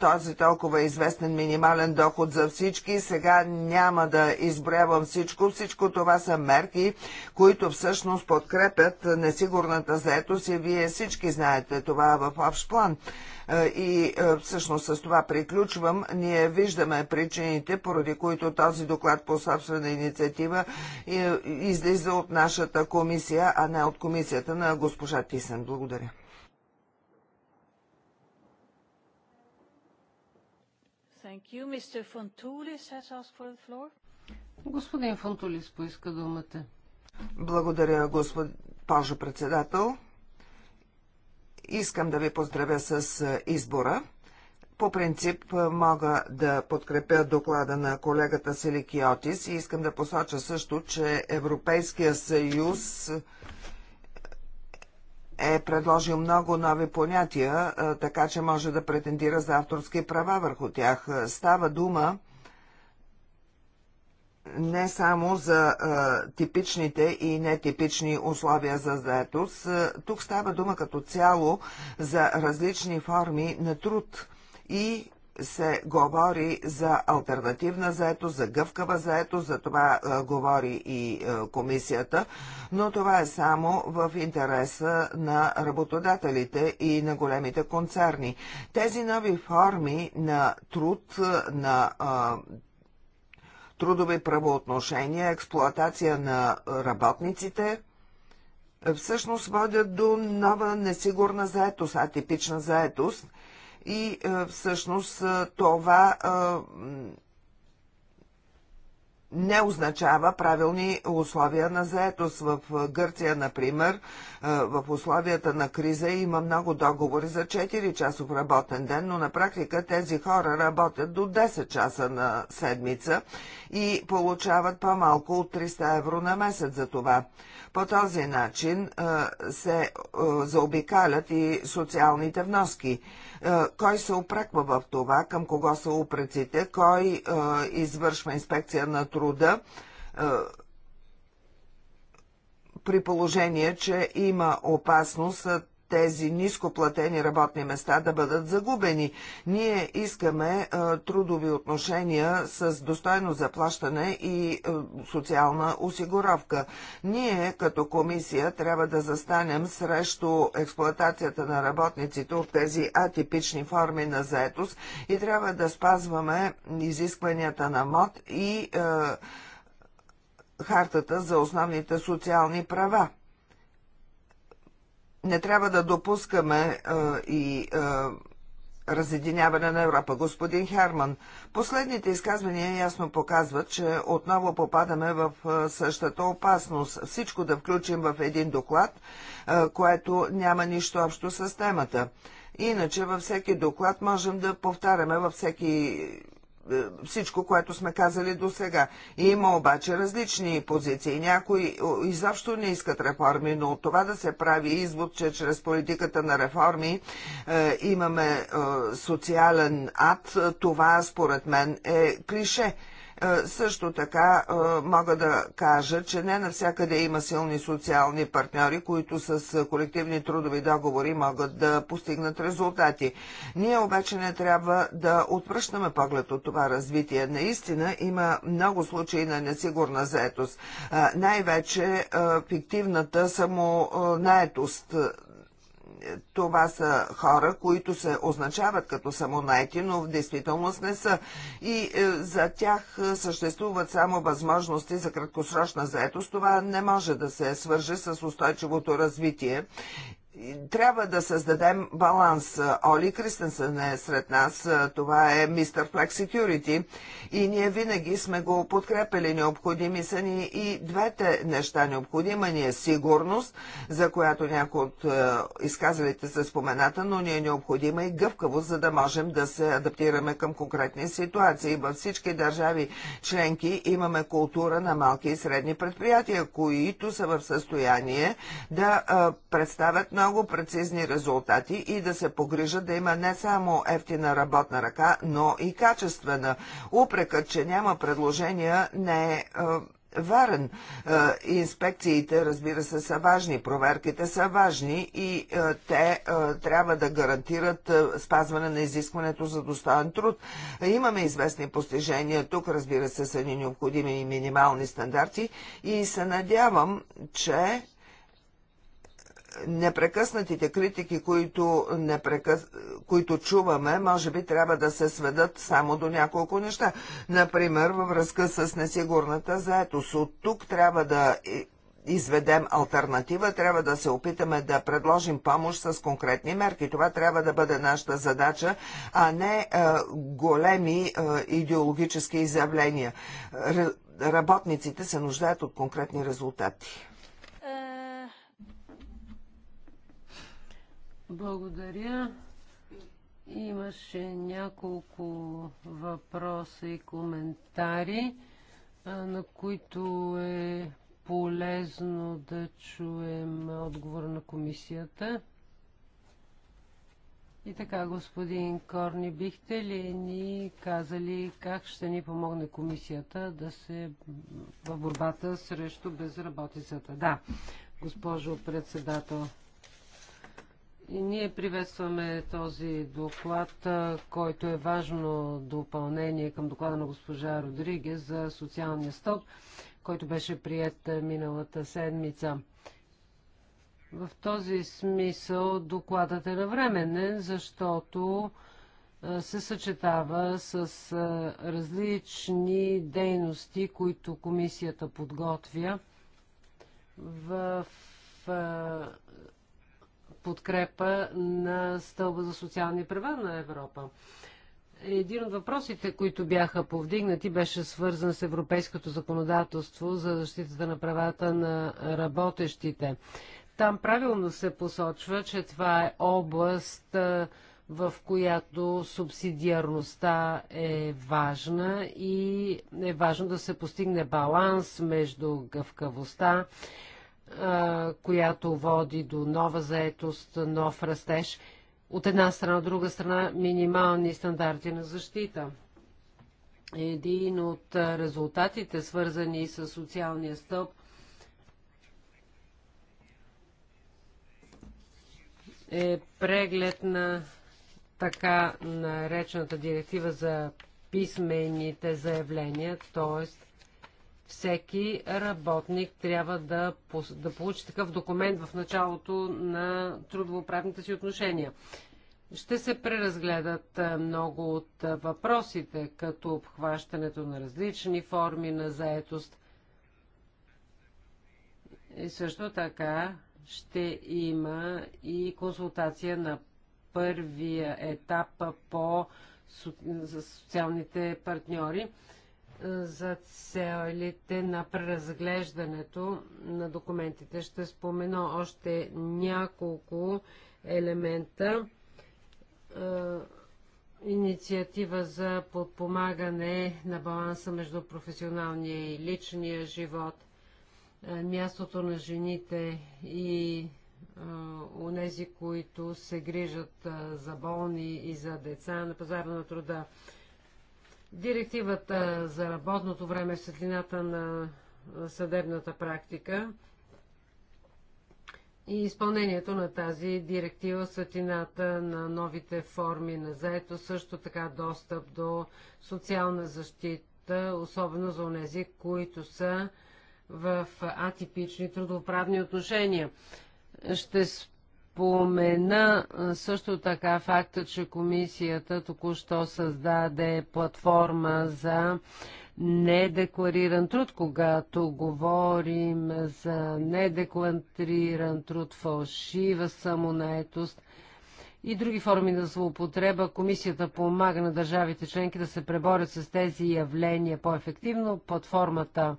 този толкова известен минимален доход за всички. Сега няма да изброявам всичко. Всичко това са мерки, които всъщност подкрепят несигурната заетост и вие всички знаете това в общ план. И всъщност с това приключвам. Ние виждаме причините, поради които този доклад по собствена инициатива излиза от нашата комисия, а не от комисията на госпожа Тисен. Благодаря. Thank you. Mr. has asked for the floor. Господин Фонтулис поиска думата. Благодаря, госпожо председател. Искам да ви поздравя с избора. По принцип мога да подкрепя доклада на колегата Селикиотис и искам да посоча също, че Европейския съюз е предложил много нови понятия, е, така че може да претендира за авторски права върху тях. Е, става дума не само за е, типичните и нетипични условия за заетост. Тук става дума като цяло за различни форми на труд и се говори за альтернативна заето, за гъвкава заето, за това говори и комисията, но това е само в интереса на работодателите и на големите концерни. Тези нови форми на труд, на трудови правоотношения, експлоатация на работниците – всъщност водят до нова несигурна заетост, атипична заетост и е, всъщност е, това е, не означава правилни условия на заетост. В Гърция, например, в условията на криза има много договори за 4-часов работен ден, но на практика тези хора работят до 10 часа на седмица и получават по-малко от 300 евро на месец за това. По този начин се заобикалят и социалните вноски. Кой се опреква в това, към кого са упреците, кой извършва инспекция на труда, при положение, че има опасност тези нископлатени работни места да бъдат загубени. Ние искаме е, трудови отношения с достойно заплащане и е, социална осигуровка. Ние като комисия трябва да застанем срещу експлоатацията на работниците от тези атипични форми на заетост и трябва да спазваме изискванията на МОД и е, Хартата за основните социални права не трябва да допускаме а, и а, разединяване на Европа. Господин Херман, последните изказвания ясно показват, че отново попадаме в същата опасност. Всичко да включим в един доклад, а, което няма нищо общо с темата. Иначе във всеки доклад можем да повтаряме във всеки е, всичко, което сме казали до сега. Има обаче различни позиции. Някои изобщо не искат реформи, но от това да се прави извод, че чрез политиката на реформи е, имаме е, социален ад, това според мен е клише. Също така мога да кажа, че не навсякъде има силни социални партньори, които с колективни трудови договори могат да постигнат резултати. Ние обаче не трябва да отвръщаме поглед от това развитие. Наистина има много случаи на несигурна заетост. Най-вече фиктивната самонаетост това са хора, които се означават като самонаети, но в действителност не са. И е, за тях е, съществуват само възможности за краткосрочна заетост. Това не може да се свърже с устойчивото развитие трябва да създадем баланс. Оли Кристенсен е сред нас, това е мистер Flex Security и ние винаги сме го подкрепили. Необходими са ни и двете неща. Необходима ни е сигурност, за която някои от е, изказалите се спомената, но ни е необходима и гъвкавост, за да можем да се адаптираме към конкретни ситуации. Във всички държави членки имаме култура на малки и средни предприятия, които са в състояние да е, представят много много прецизни резултати и да се погрижа да има не само ефтина работна ръка, но и качествена. Упрекът, че няма предложения, не е, е варен. Е, инспекциите, разбира се, са важни, проверките са важни и е, те трябва да гарантират спазване на изискването за достоен труд. Имаме известни постижения тук, разбира се, са ни необходими и минимални стандарти и се надявам, че непрекъснатите критики, които, непрекъс... които чуваме, може би трябва да се сведат само до няколко неща. Например, във връзка с несигурната заетост. От тук трябва да изведем альтернатива, трябва да се опитаме да предложим помощ с конкретни мерки. Това трябва да бъде нашата задача, а не е, големи е, идеологически изявления. Р... Работниците се нуждаят от конкретни резултати. Благодаря. Имаше няколко въпроса и коментари, на които е полезно да чуем отговор на комисията. И така, господин Корни, бихте ли ни казали как ще ни помогне комисията да се в борбата срещу безработицата? Да, госпожо председател. И ние приветстваме този доклад, който е важно допълнение към доклада на госпожа Родриге за социалния стълб, който беше прият миналата седмица. В този смисъл докладът е навременен, защото се съчетава с различни дейности, които комисията подготвя в подкрепа на стълба за социални права на Европа. Един от въпросите, които бяха повдигнати, беше свързан с европейското законодателство за защитата на правата на работещите. Там правилно се посочва, че това е област, в която субсидиарността е важна и е важно да се постигне баланс между гъвкавостта която води до нова заетост, нов растеж. От една страна, от друга страна, минимални стандарти на защита. Един от резултатите, свързани с социалния стълб, е преглед на така наречената директива за писмените заявления, т.е всеки работник трябва да, да получи такъв документ в началото на трудовоправните си отношения. Ще се преразгледат много от въпросите, като обхващането на различни форми на заетост. И също така ще има и консултация на първия етап по социалните партньори за целите на преразглеждането на документите. Ще спомена още няколко елемента. Инициатива за подпомагане на баланса между професионалния и личния живот, мястото на жените и нези, които се грижат за болни и за деца на пазара на труда Директивата за работното време в светлината на съдебната практика и изпълнението на тази директива, светлината на новите форми на заето, също така достъп до социална защита, особено за тези, които са в атипични трудоправни отношения. Ще спомена също така факта, че комисията току-що създаде платформа за недеклариран труд. Когато говорим за недеклариран труд, фалшива самонаетост и други форми на злоупотреба, комисията помага на държавите членки да се преборят с тези явления по-ефективно. Платформата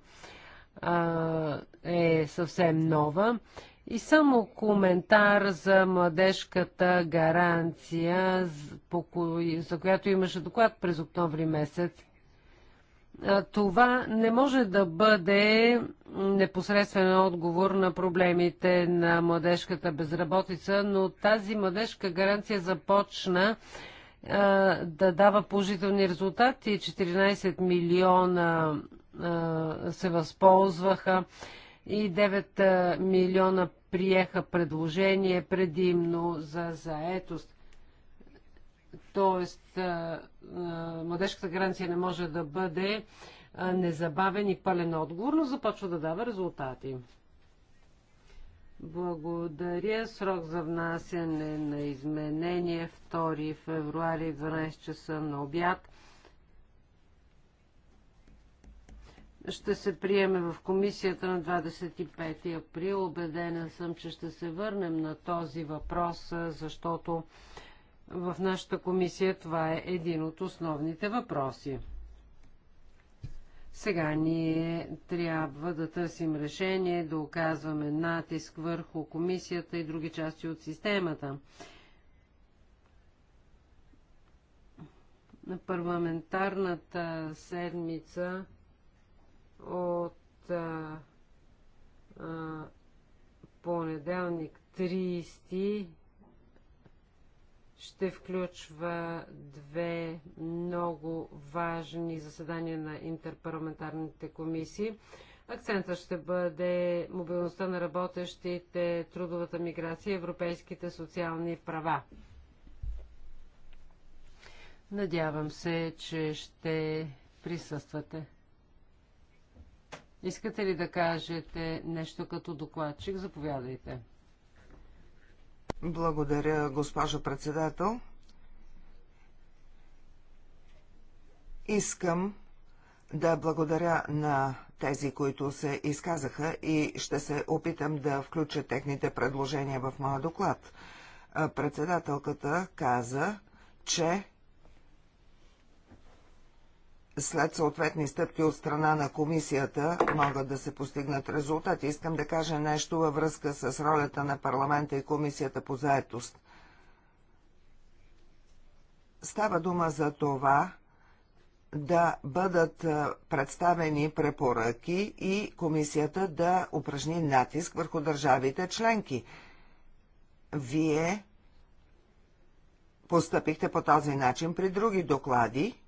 а, е съвсем нова и само коментар за младежката гаранция, за която имаше доклад през октомври месец. Това не може да бъде непосредствен отговор на проблемите на младежката безработица, но тази младежка гаранция започна да дава положителни резултати. 14 милиона се възползваха и 9 милиона приеха предложение предимно за заетост. Тоест, младежката гаранция не може да бъде незабавен и пълен отговор, но започва да дава резултати. Благодаря. Срок за внасяне на изменение 2 февруари 12 часа на обяд. ще се приеме в комисията на 25 април. Обедена съм, че ще се върнем на този въпрос, защото в нашата комисия това е един от основните въпроси. Сега ние трябва да търсим решение, да оказваме натиск върху комисията и други части от системата. На парламентарната седмица от а, а, понеделник 30 ще включва две много важни заседания на интерпарламентарните комисии. Акцентът ще бъде мобилността на работещите, трудовата миграция и европейските социални права. Надявам се, че ще присъствате. Искате ли да кажете нещо като докладчик? Заповядайте. Благодаря, госпожо председател. Искам да благодаря на тези, които се изказаха и ще се опитам да включа техните предложения в моя доклад. Председателката каза, че след съответни стъпки от страна на комисията могат да се постигнат резултати. Искам да кажа нещо във връзка с ролята на парламента и комисията по заетост. Става дума за това да бъдат представени препоръки и комисията да упражни натиск върху държавите членки. Вие постъпихте по този начин при други доклади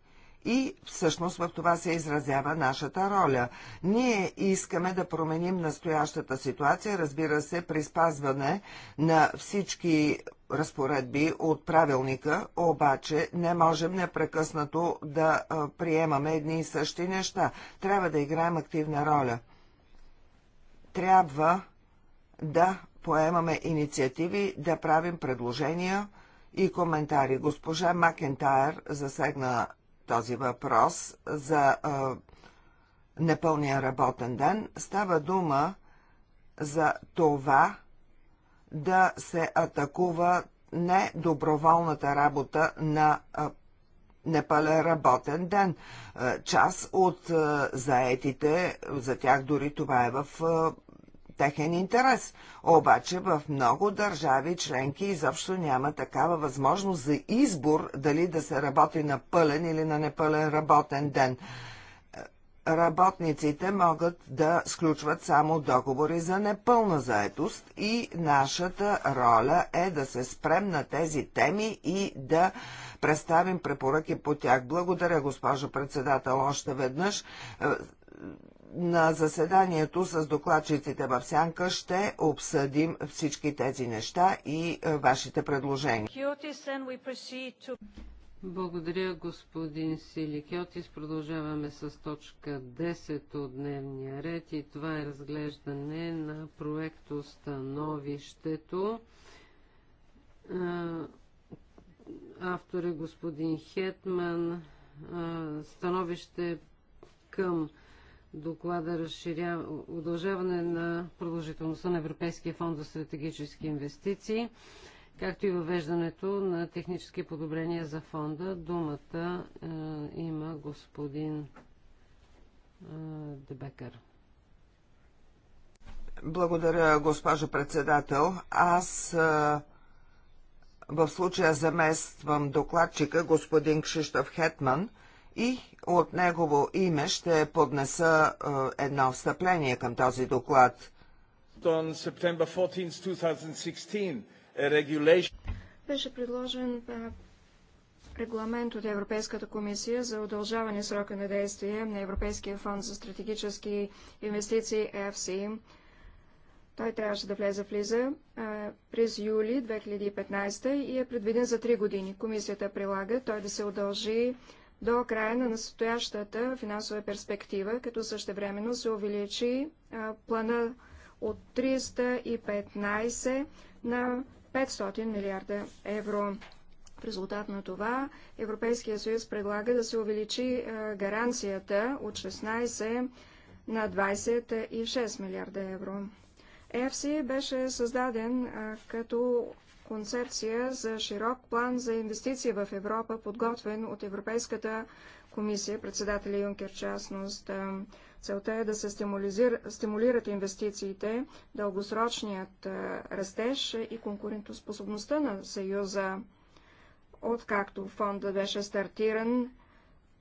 и всъщност в това се изразява нашата роля. Ние искаме да променим настоящата ситуация, разбира се, при спазване на всички разпоредби от правилника, обаче не можем непрекъснато да приемаме едни и същи неща. Трябва да играем активна роля. Трябва да поемаме инициативи, да правим предложения и коментари. Госпожа Макентайр засегна този въпрос за а, непълния работен ден. Става дума за това да се атакува недоброволната работа на а, непълен работен ден. Част от заетите, за тях дори това е в техен интерес. Обаче в много държави членки изобщо няма такава възможност за избор дали да се работи на пълен или на непълен работен ден работниците могат да сключват само договори за непълна заетост и нашата роля е да се спрем на тези теми и да представим препоръки по тях. Благодаря, госпожо председател, още веднъж на заседанието с докладчиците в Сянка ще обсъдим всички тези неща и е, вашите предложения. Благодаря, господин Силикиотис. Продължаваме с точка 10 от дневния ред и това е разглеждане на проекто становището. Автор е господин Хетман. Становище към доклада разширява удължаване на продължителността на Европейския фонд за стратегически инвестиции, както и въвеждането на технически подобрения за фонда. Думата е, има господин е, Дебекър. Благодаря, госпожо председател. Аз е, в случая замествам докладчика, господин Кшиштоф Хетман – и от негово име ще поднеса е, едно встъпление към този доклад. 14, 2016, Беше предложен а, е, регламент от Европейската комисия за удължаване срока на действие на Европейския фонд за стратегически инвестиции ЕФСИ. Той трябваше да влезе в Лиза а, е, през юли 2015 и е предвиден за три години. Комисията прилага той да се удължи до края на настоящата финансова перспектива, като същевременно се увеличи плана от 315 на 500 милиарда евро. В резултат на това Европейския съюз предлага да се увеличи гаранцията от 16 на 26 милиарда евро. ЕФСИ беше създаден като концепция за широк план за инвестиции в Европа, подготвен от Европейската комисия, председателя Юнкер частност. Целта е да се стимулират инвестициите, дългосрочният растеж и конкурентоспособността на Съюза. Откакто фонда беше стартиран,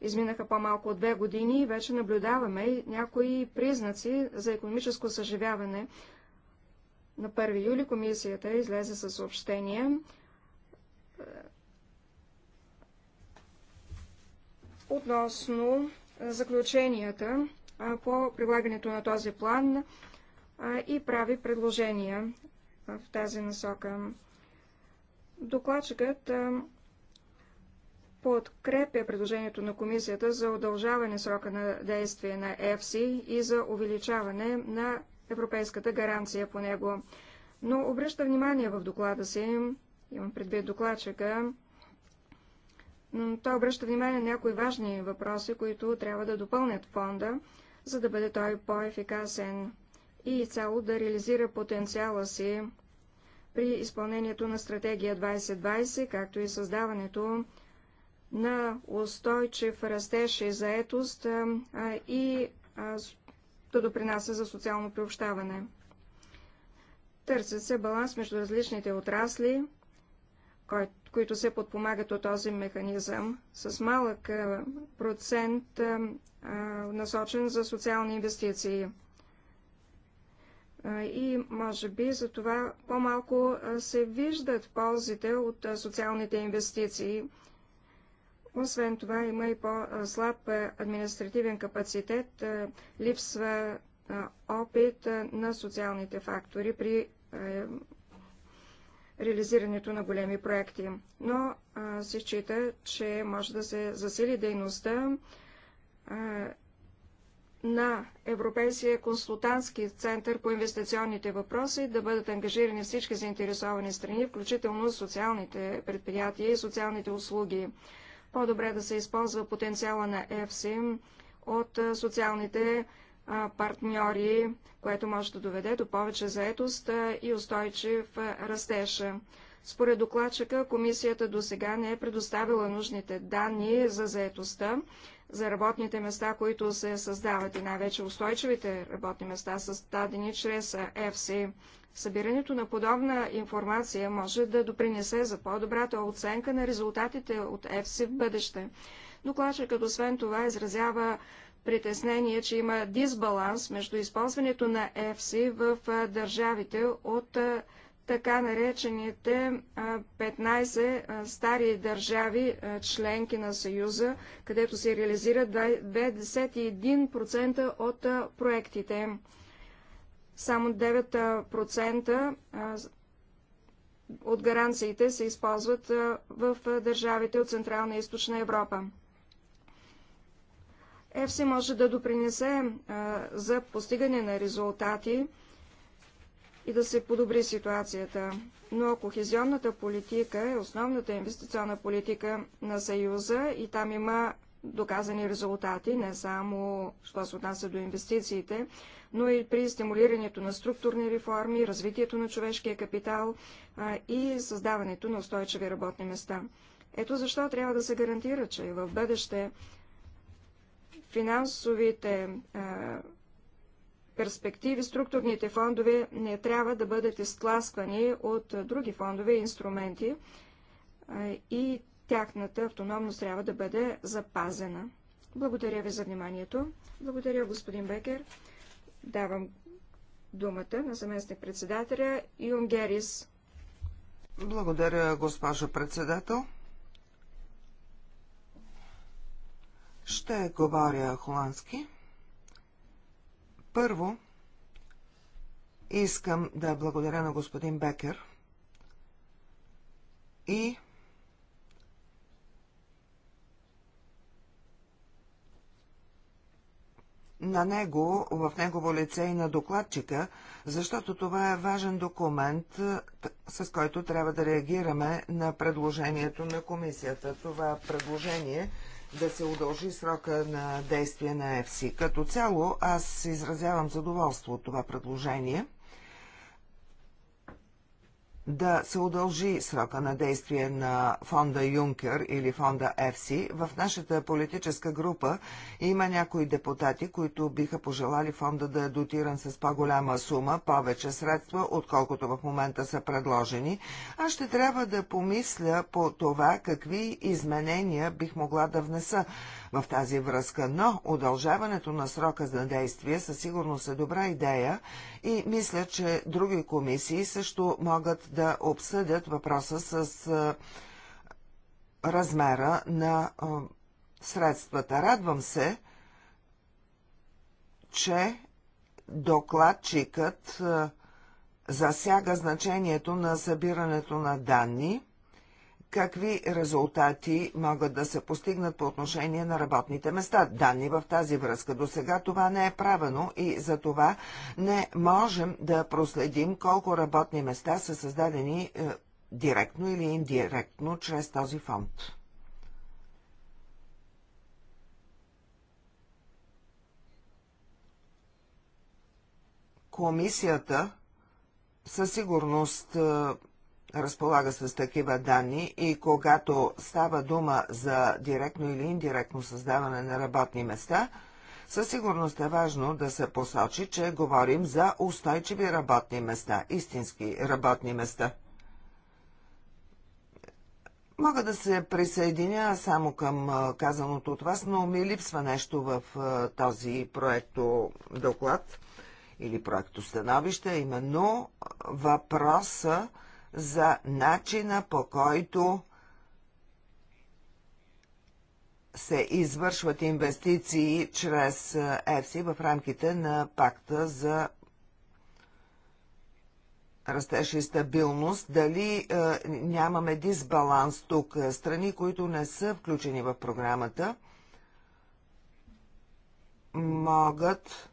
изминаха по-малко от две години и вече наблюдаваме някои признаци за економическо съживяване на 1 юли комисията излезе със съобщение е, относно е, заключенията е, по прилагането на този план и прави предложения в тази насока. Докладчикът подкрепя предложението на комисията за удължаване срока на действие на ЕФСИ и за увеличаване на европейската гаранция по него. Но обръща внимание в доклада си, имам предвид докладчика, но той обръща внимание на някои важни въпроси, които трябва да допълнят фонда, за да бъде той по-ефикасен и цяло да реализира потенциала си при изпълнението на стратегия 2020, както и създаването на устойчив растеж и заетост и да допринася за социално приобщаване. Търсят се баланс между различните отрасли, които се подпомагат от този механизъм, с малък процент насочен за социални инвестиции. И може би за това по-малко се виждат ползите от социалните инвестиции освен това има и по-слаб административен капацитет, липсва опит на социалните фактори при реализирането на големи проекти. Но се счита, че може да се засили дейността на Европейския консултантски център по инвестиционните въпроси да бъдат ангажирани всички заинтересовани страни, включително социалните предприятия и социалните услуги. По-добре да се използва потенциала на ЕФСИ от социалните партньори, което може да доведе до повече заетост и устойчив растеж. Според докладчика, комисията до сега не е предоставила нужните данни за заетостта, за работните места, които се създават и най-вече устойчивите работни места, създадени чрез ЕФСИ. Събирането на подобна информация може да допринесе за по-добрата оценка на резултатите от ЕФСИ в бъдеще. Докладчикът освен това изразява притеснение, че има дисбаланс между използването на ЕФСИ в държавите от така наречените 15 стари държави, членки на Съюза, където се реализират 21% от проектите. Само 9% от гаранциите се използват в държавите от Централна и Източна Европа. ЕФСИ може да допринесе за постигане на резултати и да се подобри ситуацията. Но кохезионната политика е основната инвестиционна политика на Съюза и там има доказани резултати, не само що се отнася до инвестициите, но и при стимулирането на структурни реформи, развитието на човешкия капитал и създаването на устойчиви работни места. Ето защо трябва да се гарантира, че в бъдеще финансовите перспективи, структурните фондове не трябва да бъдат изтласквани от други фондове и инструменти и тяхната автономност трябва да бъде запазена. Благодаря ви за вниманието. Благодаря, господин Бекер. Давам думата на заместник председателя Юнгерис. Благодаря, госпожо председател. Ще говоря холандски. Първо, искам да благодаря на господин Бекер и на него, в негово лице и на докладчика, защото това е важен документ, е, с който трябва да реагираме на предложението на комисията. Това предложение да се удължи срока на действие на ЕФСИ. Като цяло аз изразявам задоволство от това предложение да се удължи срока на действие на фонда Юнкер или фонда ЕФСИ. В нашата политическа група има някои депутати, които биха пожелали фонда да е дотиран с по-голяма сума, повече средства, отколкото в момента са предложени. Аз ще трябва да помисля по това какви изменения бих могла да внеса в тази връзка, но удължаването на срока за действие със сигурност е добра идея и мисля, че други комисии също могат да обсъдят въпроса с размера на средствата. Радвам се, че докладчикът засяга значението на събирането на данни – какви резултати могат да се постигнат по отношение на работните места. Данни в тази връзка. До сега това не е правено и за това не можем да проследим колко работни места са създадени е, директно или индиректно чрез този фонд. Комисията със сигурност е, разполага с такива данни и когато става дума за директно или индиректно създаване на работни места, със сигурност е важно да се посочи, че говорим за устойчиви работни места, истински работни места. Мога да се присъединя само към казаното от вас, но ми липсва нещо в този проекто доклад или проекто становище, именно въпроса за начина по който се извършват инвестиции чрез е, ЕФСИ в рамките на пакта за растеж и стабилност, дали е, нямаме дисбаланс тук, страни, които не са включени в програмата, могат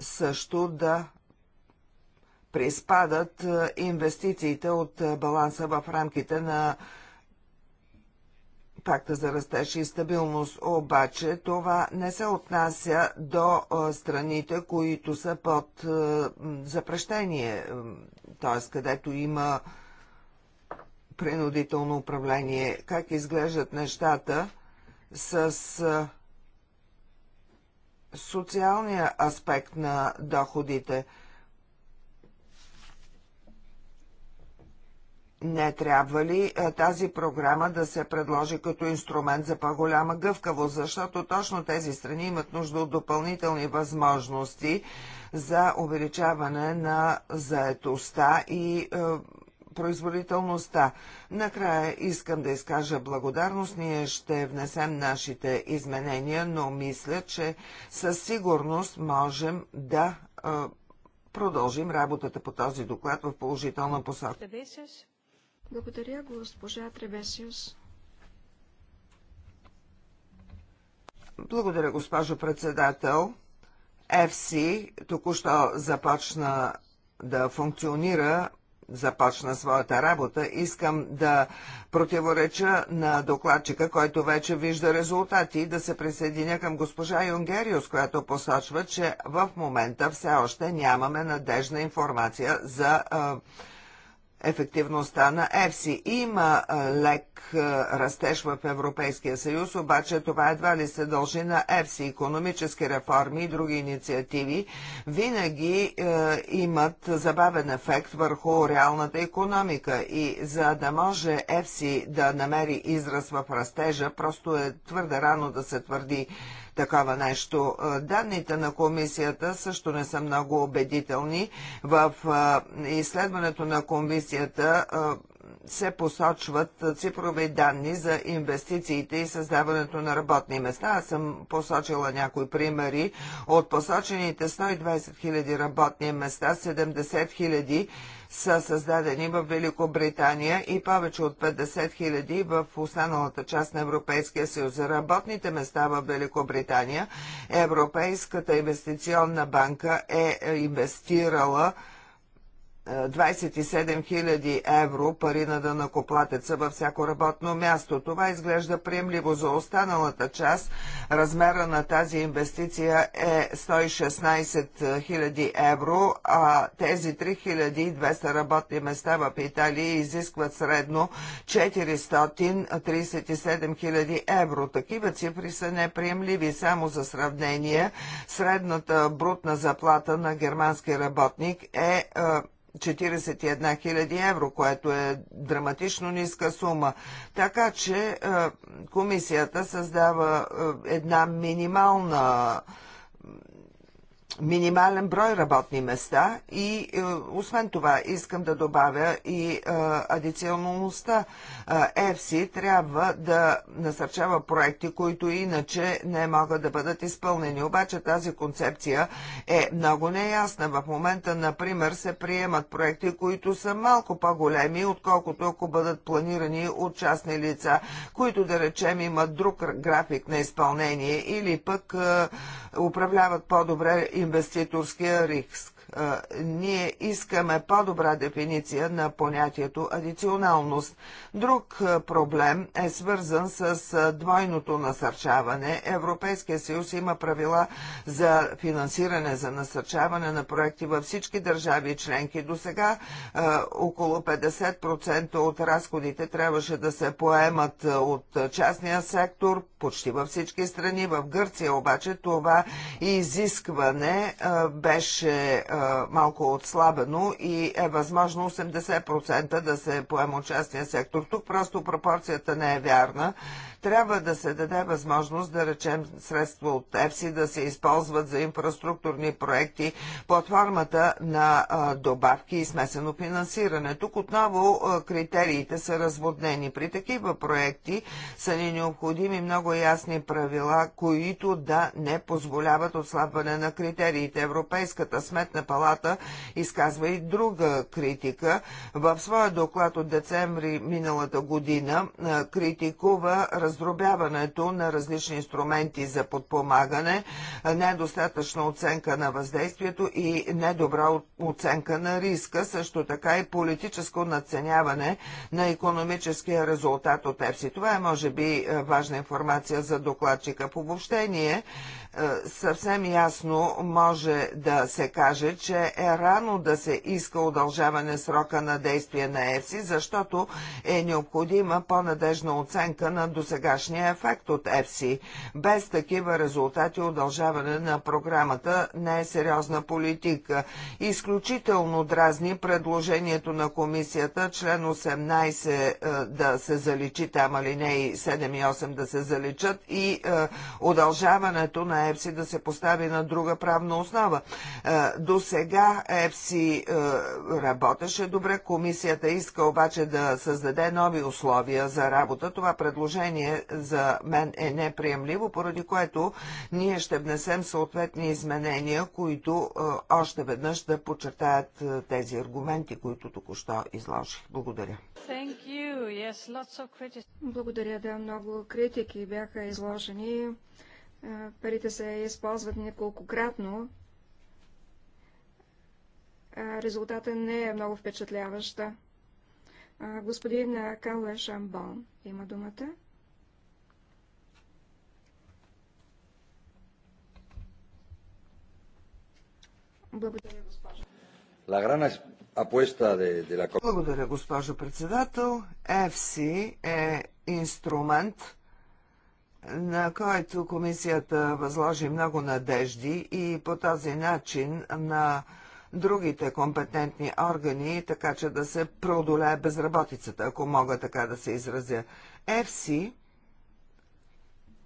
също да приспадат инвестициите от баланса в рамките на пакта за растеж и стабилност. Обаче това не се отнася до страните, които са под запрещение, т.е. където има принудително управление. Как изглеждат нещата с социалния аспект на доходите – не трябва ли е, тази програма да се предложи като инструмент за по-голяма гъвкавост, защото точно тези страни имат нужда от допълнителни възможности за увеличаване на заетостта и е, производителността. Накрая искам да изкажа благодарност. Ние ще внесем нашите изменения, но мисля, че със сигурност можем да е, продължим работата по този доклад в положителна посока. Благодаря, госпожа Требесиус. Благодаря, госпожо председател. FC току-що започна да функционира започна своята работа, искам да противореча на докладчика, който вече вижда резултати да се присъединя към госпожа Юнгериус, която посочва, че в момента все още нямаме надежна информация за а, ефективността на ЕФСИ. Има лек растеж в Европейския съюз, обаче това едва ли се дължи на ЕФСИ. Економически реформи и други инициативи винаги е, имат забавен ефект върху реалната економика и за да може ЕФСИ да намери израз в растежа, просто е твърде рано да се твърди такова нещо. Данните на комисията също не са много убедителни. В изследването на комисията се посочват цифрови данни за инвестициите и създаването на работни места. Аз съм посочила някои примери. От посочените 120 000 работни места, 70 000 са създадени в Великобритания и повече от 50 000 в останалата част на Европейския съюз. За работните места в Великобритания Европейската инвестиционна банка е, е инвестирала 27 000 евро пари на дънакоплатеца във всяко работно място. Това изглежда приемливо за останалата част. Размера на тази инвестиция е 116 000 евро, а тези 3200 работни места в Италия изискват средно 437 000 евро. Такива цифри са неприемливи само за сравнение. Средната брутна заплата на германски работник е, е 41 000 евро, което е драматично ниска сума. Така че е, комисията създава е, една минимална минимален брой работни места и е, освен това искам да добавя и адиционалността. ЕФСИ трябва да насърчава проекти, които иначе не могат да бъдат изпълнени. Обаче тази концепция е много неясна. В момента, например, се приемат проекти, които са малко по-големи, отколкото ако бъдат планирани от частни лица, които да речем имат друг график на изпълнение или пък управляват по-добре инвеститорския риск. Ние искаме по-добра дефиниция на понятието адиционалност. Друг проблем е свързан с двойното насърчаване. Европейския съюз има правила за финансиране, за насърчаване на проекти във всички държави и членки. До сега около 50% от разходите трябваше да се поемат от частния сектор, почти във всички страни. В Гърция обаче това изискване беше малко отслабено и е възможно 80% да се поема участие сектор. Тук просто пропорцията не е вярна трябва да се даде възможност, да речем, средства от ЕФСИ да се използват за инфраструктурни проекти под формата на добавки и смесено финансиране. Тук отново критериите са разводнени. При такива проекти са ни необходими много ясни правила, които да не позволяват отслабване на критериите. Европейската сметна палата изказва и друга критика. В своя доклад от децември миналата година критикува раз раздробяването на различни инструменти за подпомагане, недостатъчна оценка на въздействието и недобра оценка на риска, също така и политическо наценяване на економическия резултат от ЕПСИ. Това е, може би, е, важна информация за докладчика. По обобщение, е, съвсем ясно може да се каже, че е рано да се иска удължаване срока на действие на ЕФСИ, защото е необходима по-надежна оценка на досегашния ефект от ЕФСИ. Без такива резултати удължаване на програмата не е сериозна политика. Изключително дразни предложението на комисията член 18 е, да се заличи там алинеи 7 и 8 да се заличат и е, удължаването на Ефси ЕПСИ да се постави на друга правна основа. Е, до сега ЕПСИ е, работеше добре, комисията иска обаче да създаде нови условия за работа. Това предложение за мен е неприемливо, поради което ние ще внесем съответни изменения, които е, още веднъж да подчертаят тези аргументи, които току-що изложих. Благодаря. Yes, Благодаря, да, много критики бяха изложени Парите се използват неколкократно. Резултата не е много впечатляваща. Господин Калуе Шамбон има думата. Благодаря, госпожо. Благодаря, госпожо председател. FC е инструмент, на който комисията възложи много надежди и по този начин на другите компетентни органи, така че да се преодолее безработицата, ако мога така да се изразя. ЕФСИ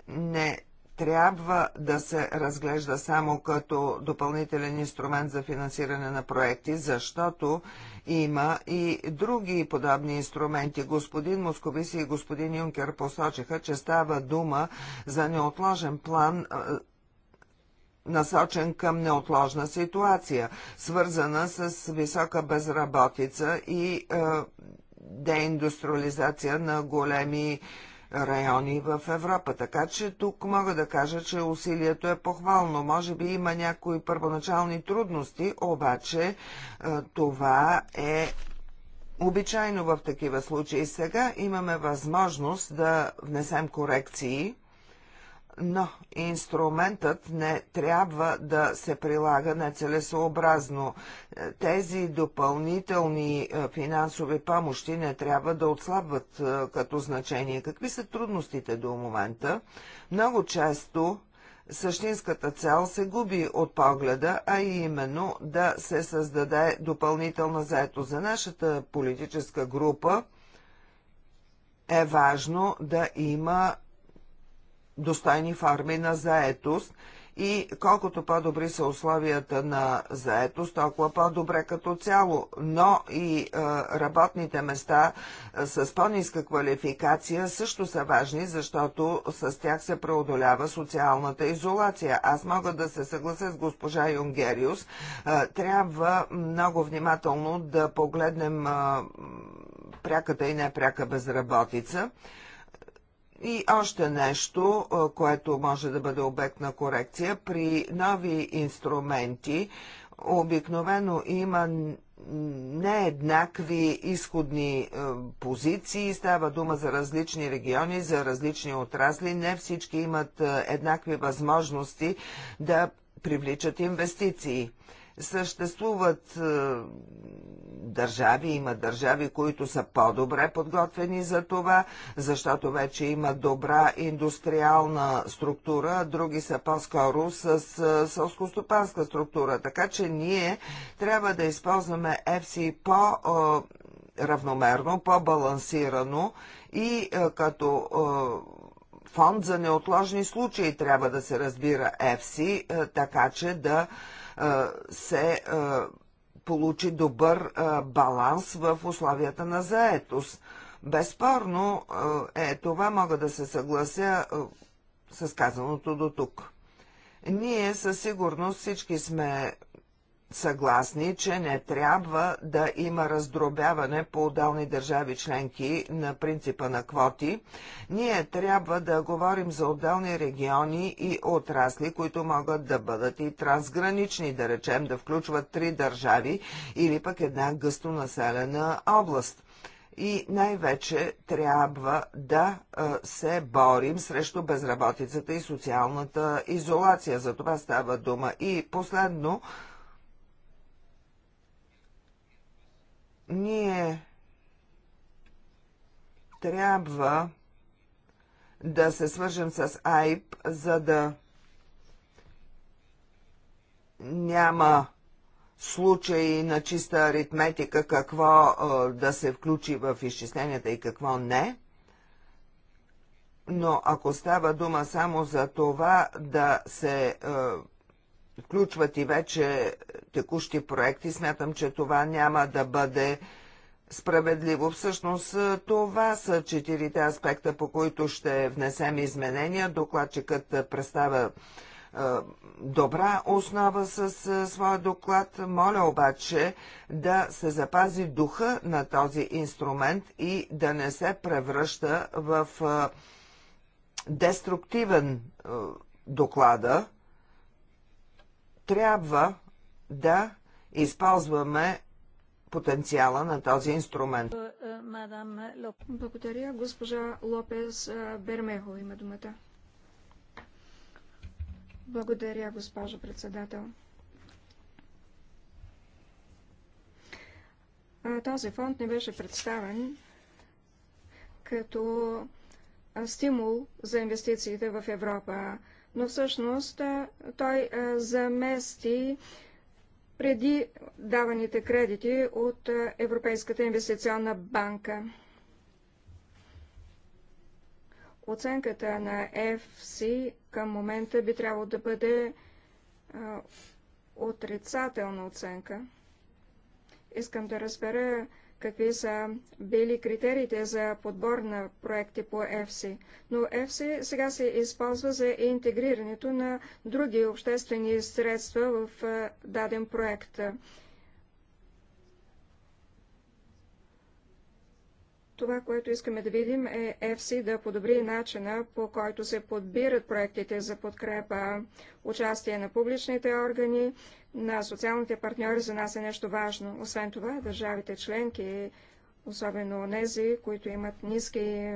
не трябва да се разглежда само като допълнителен инструмент за финансиране на проекти, защото има и други подобни инструменти. Господин Московиси и господин Юнкер посочиха, че става дума за неотложен план насочен към неотложна ситуация, свързана с висока безработица и е, деиндустриализация на големи райони в Европа. Така че тук мога да кажа, че усилието е похвално. Може би има някои първоначални трудности, обаче е, това е обичайно в такива случаи. Сега имаме възможност да внесем корекции но инструментът не трябва да се прилага нецелесообразно. Е, тези допълнителни е, финансови помощи не трябва да отслабват е, като значение. Какви са трудностите до момента? Много често същинската цел се губи от погледа, а именно да се създаде допълнителна заето за нашата политическа група е важно да има достойни форми на заетост и колкото по-добри са условията на заетост, толкова по-добре като цяло. Но и е, работните места е, с по-ниска квалификация също са важни, защото с тях се преодолява социалната изолация. Аз мога да се съглася с госпожа Юнгериус. Е, трябва много внимателно да погледнем е, пряката и непряка безработица. И още нещо, което може да бъде обект на корекция. При нови инструменти обикновено има нееднакви изходни позиции. Става дума за различни региони, за различни отрасли. Не всички имат еднакви възможности да привличат инвестиции. Съществуват държави. Има държави, които са по-добре подготвени за това, защото вече има добра индустриална структура, други са по-скоро с сълскостопанска структура. Така че ние трябва да използваме ЕФСИ по-равномерно, по-балансирано и като фонд за неотложни случаи трябва да се разбира ЕФСИ, така че да се получи добър а, баланс в условията на заетост. Безспорно е това, мога да се съглася а, с казаното до тук. Ние със сигурност всички сме съгласни, че не трябва да има раздробяване по отделни държави членки на принципа на квоти. Ние трябва да говорим за отделни региони и отрасли, които могат да бъдат и трансгранични, да речем да включват три държави или пък една гъсто населена област и най-вече трябва да се борим срещу безработицата и социалната изолация. За това става дума. И последно, Ние трябва да се свържем с Айп, за да няма случаи на чиста аритметика какво да се включи в изчисленията и какво не. Но ако става дума само за това да се включват и вече текущи проекти. Смятам, че това няма да бъде справедливо. Всъщност това са четирите аспекта, по които ще внесем изменения. Докладчикът представя е, добра основа с е, своя доклад. Моля обаче да се запази духа на този инструмент и да не се превръща в е, деструктивен доклада, трябва да използваме потенциала на този инструмент. Благодаря. Госпожа Лопес Бермехо има думата. Благодаря, госпожо председател. Този фонд не беше представен като стимул за инвестициите в Европа но всъщност той замести преди даваните кредити от Европейската инвестиционна банка. Оценката на FC към момента би трябвало да бъде отрицателна оценка. Искам да разбера какви са били критериите за подбор на проекти по ЕФСИ. Но ЕФСИ сега се използва за интегрирането на други обществени средства в даден проект. Това, което искаме да видим е ЕФСИ да подобри начина, по който се подбират проектите за подкрепа, участие на публичните органи, на социалните партньори за нас е нещо важно. Освен това, държавите членки, особено тези, които имат ниски,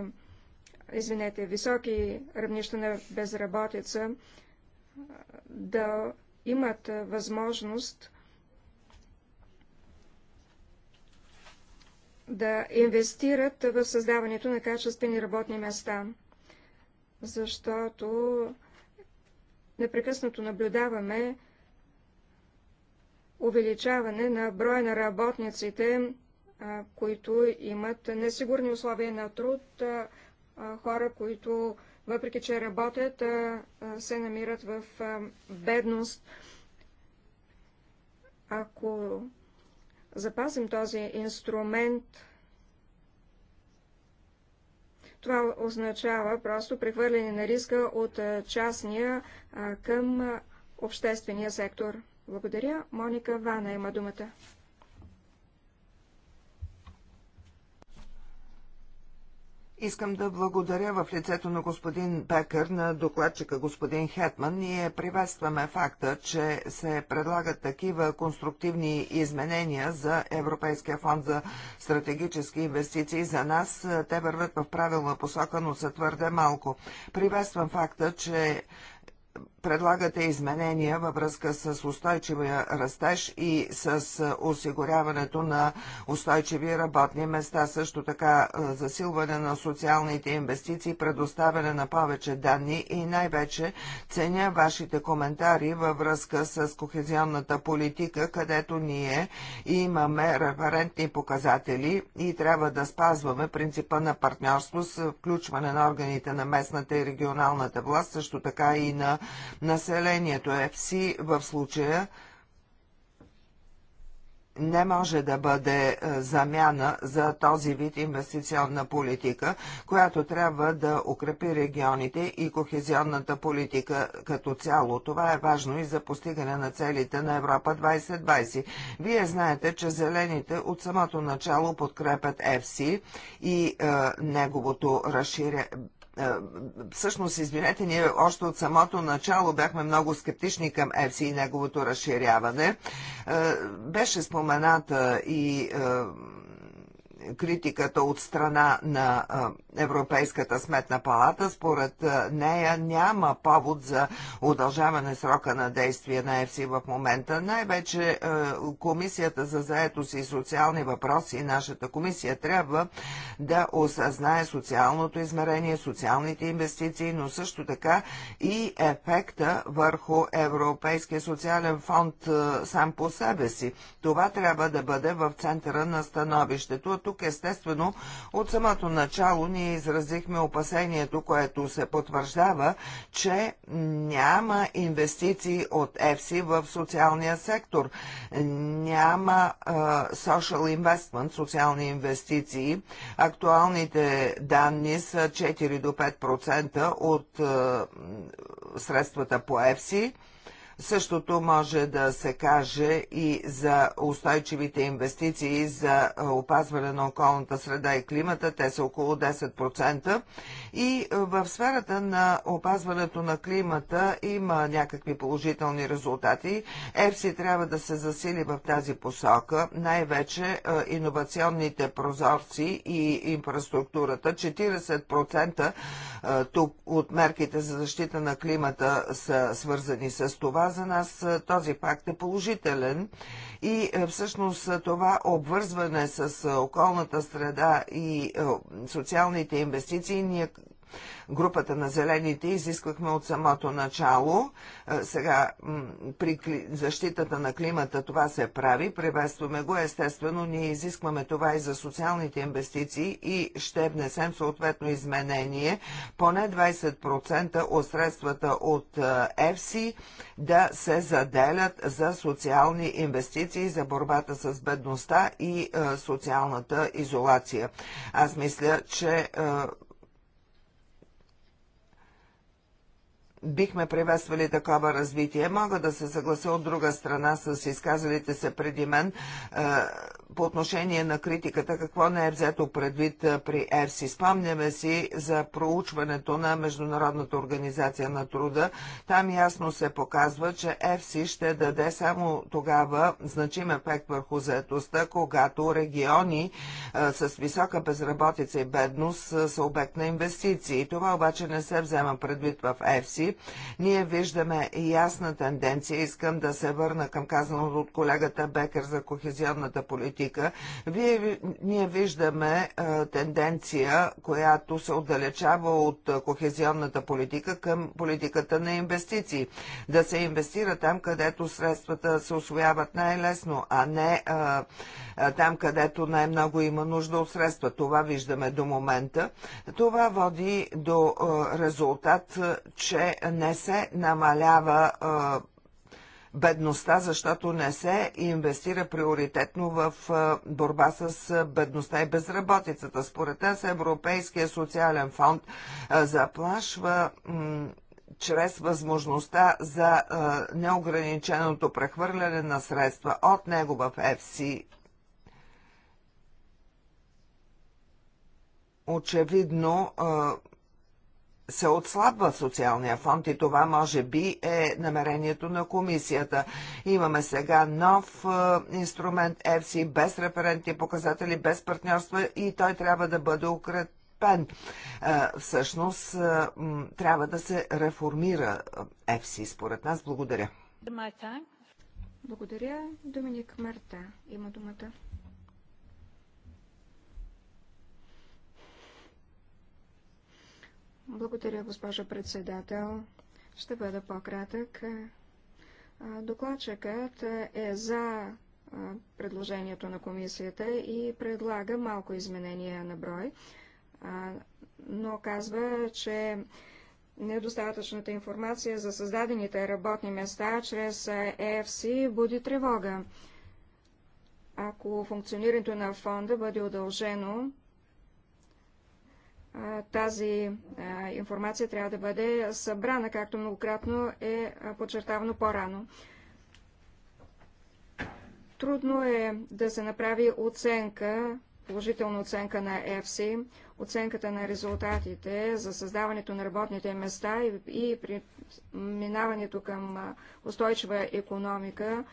извинете, високи равнища на безработица, да имат възможност да инвестират в създаването на качествени работни места, защото непрекъснато наблюдаваме увеличаване на броя на работниците, които имат несигурни условия на труд, хора, които въпреки че работят, се намират в бедност. Ако запазим този инструмент, това означава просто прехвърляне на риска от частния към обществения сектор. Благодаря. Моника Вана има думата. Искам да благодаря в лицето на господин Пекър, на докладчика господин Хетман. Ние приветстваме факта, че се предлагат такива конструктивни изменения за Европейския фонд за стратегически инвестиции. За нас е, те върват в правилна посока, но са твърде малко. Приветствам факта, че предлагате изменения във връзка с устойчивия растеж и с осигуряването на устойчиви работни места, също така засилване на социалните инвестиции, предоставяне на повече данни и най-вече ценя вашите коментари във връзка с кохезионната политика, където ние имаме референтни показатели и трябва да спазваме принципа на партньорство с включване на органите на местната и регионалната власт, също така и на населението. ЕФСИ в случая не може да бъде е, замяна за този вид инвестиционна политика, която трябва да укрепи регионите и кохезионната политика като цяло. Това е важно и за постигане на целите на Европа 2020. Вие знаете, че зелените от самото начало подкрепят ЕФСИ и е, неговото разширение. Е, всъщност, извинете, ние още от самото начало бяхме много скептични към ЕФСИ и неговото разширяване. Е, беше спомената и е, критиката от страна на Европейската сметна палата. Според нея няма повод за удължаване срока на действие на ЕФСИ в момента. Най-вече Комисията за заетост и социални въпроси, нашата комисия, трябва да осъзнае социалното измерение, социалните инвестиции, но също така и ефекта върху Европейския социален фонд сам по себе си. Това трябва да бъде в центъра на становището. Тук тук естествено от самото начало ние изразихме опасението, което се потвърждава, че няма инвестиции от ЕФСИ в социалния сектор. Няма а, social investment, социални инвестиции. Актуалните данни са 4 до 5% от средствата по ЕФСИ. Същото може да се каже и за устойчивите инвестиции за опазване на околната среда и климата. Те са около 10%. И в сферата на опазването на климата има някакви положителни резултати. ЕФСИ трябва да се засили в тази посока, най-вече иновационните прозорци и инфраструктурата. 40% тук от мерките за защита на климата са свързани с това за нас този факт е положителен и всъщност това обвързване с околната среда и социалните инвестиции ние групата на зелените изисквахме от самото начало. Е, сега при защитата на климата това се прави, приветстваме го. Естествено, ние изискваме това и за социалните инвестиции и ще внесем съответно изменение поне 20% от средствата от е, ЕФСИ да се заделят за социални инвестиции, за борбата с бедността и е, социалната изолация. Аз мисля, че бихме приветствали такова развитие. Мога да се съглася от друга страна с изказалите се преди мен е, по отношение на критиката, какво не е взето предвид е, при ЕРСИ. Спомняме си за проучването на Международната организация на труда. Там ясно се показва, че ЕРСИ ще даде само тогава значим ефект върху заетостта, когато региони е, с висока безработица и бедност са обект на инвестиции. Това обаче не се взема предвид в ЕРСИ ние виждаме ясна тенденция. Искам да се върна към казаното от колегата Бекер за кохезионната политика. Вие, ние виждаме а, е, тенденция, която се отдалечава от кохезионната политика към политиката на инвестиции. Да се инвестира там, където средствата се освояват най-лесно, а не а, е, е, там, където най-много има нужда от средства. Това виждаме до момента. Това води до резултат, че не се намалява бедността, защото не се инвестира приоритетно в борба с бедността и безработицата. Според нас Европейския социален фонд заплашва чрез възможността за неограниченото прехвърляне на средства от него в ЕФСИ. Очевидно, се отслабва социалния фонд и това може би е намерението на комисията. Имаме сега нов е, инструмент FC без референтни показатели, без партньорства и той трябва да бъде укрепен. Е, всъщност е, трябва да се реформира Ефси, според нас. Благодаря. Благодаря. Доминик Марта има думата. Благодаря, госпожа председател. Ще бъда по-кратък. Докладчикът е за предложението на комисията и предлага малко изменения на брой, но казва, че недостатъчната информация за създадените работни места чрез ЕФС буди тревога. Ако функционирането на фонда бъде удължено, тази информация трябва да бъде събрана, както многократно е подчертавано по-рано. Трудно е да се направи оценка, положителна оценка на ЕФСИ, оценката на резултатите за създаването на работните места и, при минаването към устойчива економика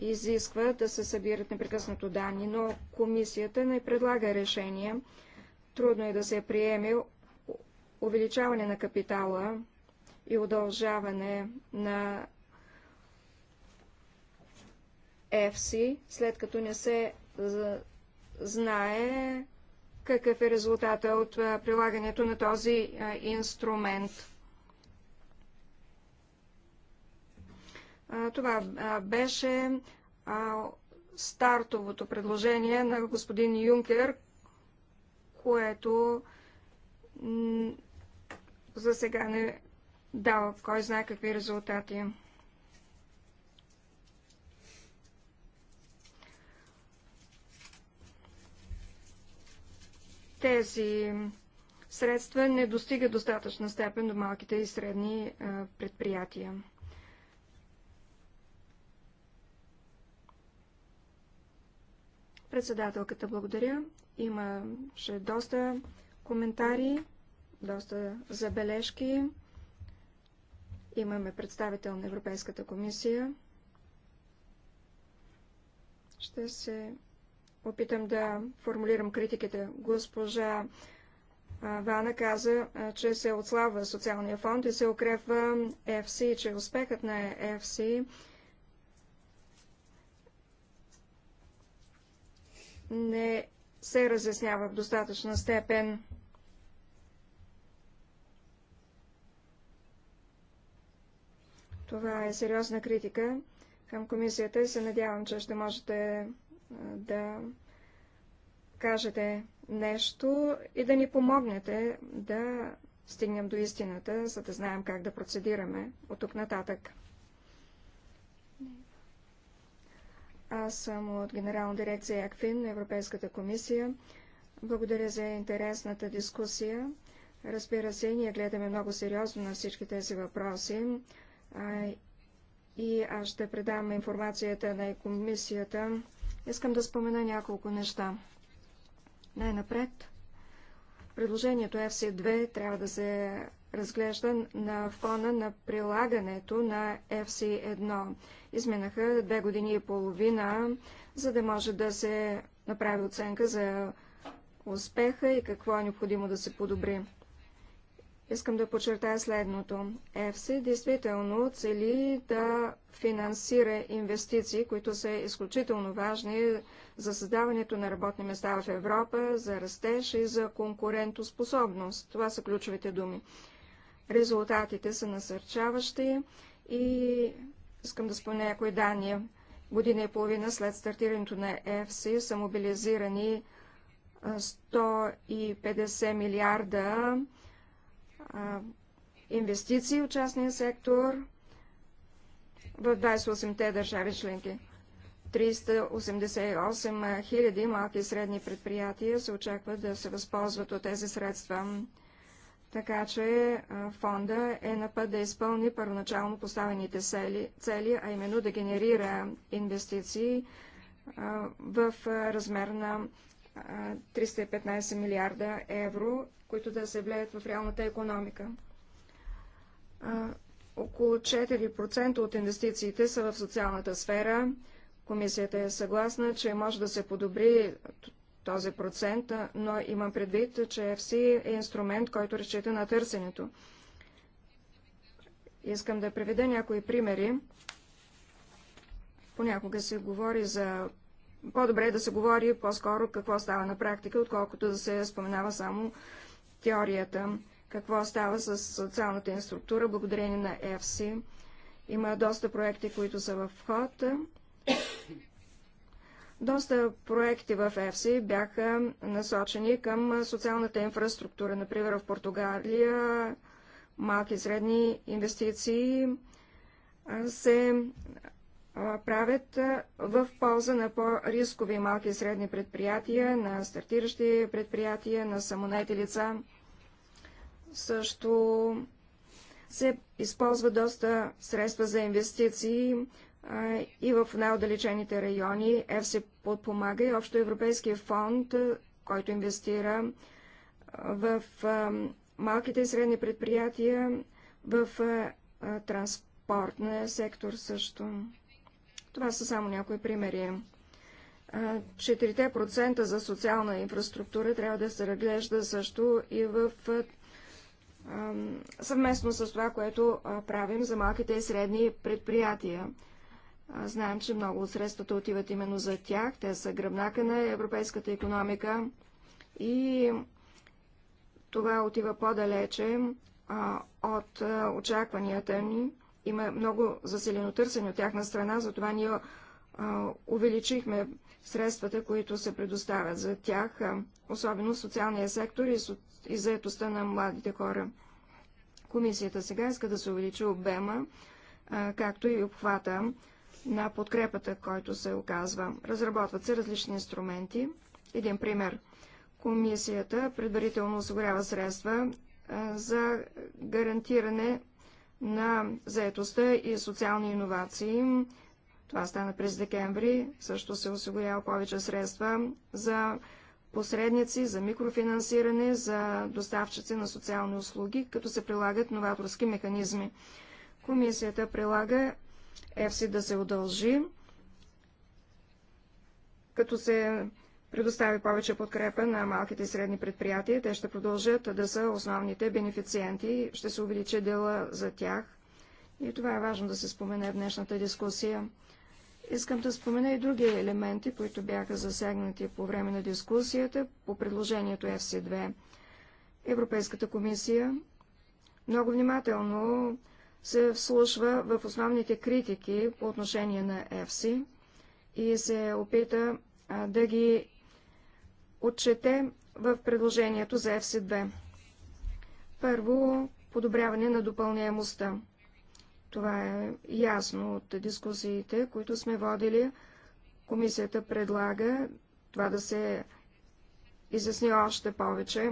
изисква да се събират непрекъснато данни, но комисията не предлага решение Трудно е да се приеме увеличаване на капитала и удължаване на FC, след като не се знае какъв е резултата от прилагането на този инструмент. Това беше стартовото предложение на господин Юнкер, което за сега не дава кой знае какви резултати. Тези средства не достигат достатъчна степен до малките и средни предприятия. Председателката благодаря. Имаше доста коментари, доста забележки. Имаме представител на Европейската комисия. Ще се опитам да формулирам критиките. Госпожа Вана каза, че се отслабва социалния фонд и се укрепва ЕФСИ, че успехът на ЕФСИ не се разяснява в достатъчна степен. Това е сериозна критика към комисията и се надявам, че ще можете да кажете нещо и да ни помогнете да стигнем до истината, за да знаем как да процедираме от тук нататък. Аз съм от Генерална дирекция АКФИН на Европейската комисия. Благодаря за интересната дискусия. Разбира се, ние гледаме много сериозно на всички тези въпроси. и аз ще предам информацията на комисията. Искам да спомена няколко неща. Най-напред, предложението FC2 трябва да се разглеждан на фона на прилагането на FC1. Изминаха две години и половина, за да може да се направи оценка за успеха и какво е необходимо да се подобри. Искам да подчертая следното. ЕФСИ действително цели да финансира инвестиции, които са изключително важни за създаването на работни места в Европа, за растеж и за конкурентоспособност. Това са ключовите думи. Резултатите са насърчаващи и искам да спомня някои данни. Година и половина след стартирането на ЕФСИ са мобилизирани 150 милиарда инвестиции от частния сектор в 28-те държави членки. 388 хиляди малки и средни предприятия се очаква да се възползват от тези средства така че фонда е на път да изпълни първоначално поставените цели, а именно да генерира инвестиции в размер на 315 милиарда евро, които да се влеят в реалната економика. Около 4% от инвестициите са в социалната сфера. Комисията е съгласна, че може да се подобри този процент, но имам предвид, че FC е инструмент, който разчита на търсенето. Искам да приведа някои примери. Понякога се говори за... По-добре е да се говори по-скоро какво става на практика, отколкото да се споменава само теорията. Какво става с социалната инструктура благодарение на Ефси. Има доста проекти, които са в ход. Доста проекти в ЕФСИ бяха насочени към социалната инфраструктура, например в Португалия, малки и средни инвестиции се правят в полза на по-рискови малки и средни предприятия, на стартиращи предприятия, на самонети лица. Също се използва доста средства за инвестиции и в най-отдалечените райони. се подпомага и общо Европейския фонд, който инвестира в малките и средни предприятия, в транспортния сектор също. Това са само някои примери. 4% за социална инфраструктура трябва да се разглежда също и в съвместно с това, което правим за малките и средни предприятия. Знаем, че много от средствата отиват именно за тях. Те са гръбнака на европейската економика и това отива по-далече от очакванията ни. Има много заселено търсене от тяхна страна, затова ние увеличихме средствата, които се предоставят за тях, особено в социалния сектор и, заедостта заетостта на младите хора. Комисията сега иска да се увеличи обема, както и обхвата на подкрепата, който се оказва. Разработват се различни инструменти. Един пример. Комисията предварително осигурява средства за гарантиране на заетостта и социални иновации. Това стана през декември. Също се осигурява повече средства за посредници, за микрофинансиране, за доставчици на социални услуги, като се прилагат новаторски механизми. Комисията прилага ЕФСИ да се удължи, като се предостави повече подкрепа на малките и средни предприятия. Те ще продължат да са основните бенефициенти, ще се увеличи дела за тях. И това е важно да се спомене в днешната дискусия. Искам да спомена и други елементи, които бяха засегнати по време на дискусията по предложението FC2. Европейската комисия много внимателно се вслушва в основните критики по отношение на ЕФСИ и се опита да ги отчете в предложението за ЕФСИ-2. Първо, подобряване на допълняемостта. Това е ясно от дискусиите, които сме водили. Комисията предлага това да се изясни още повече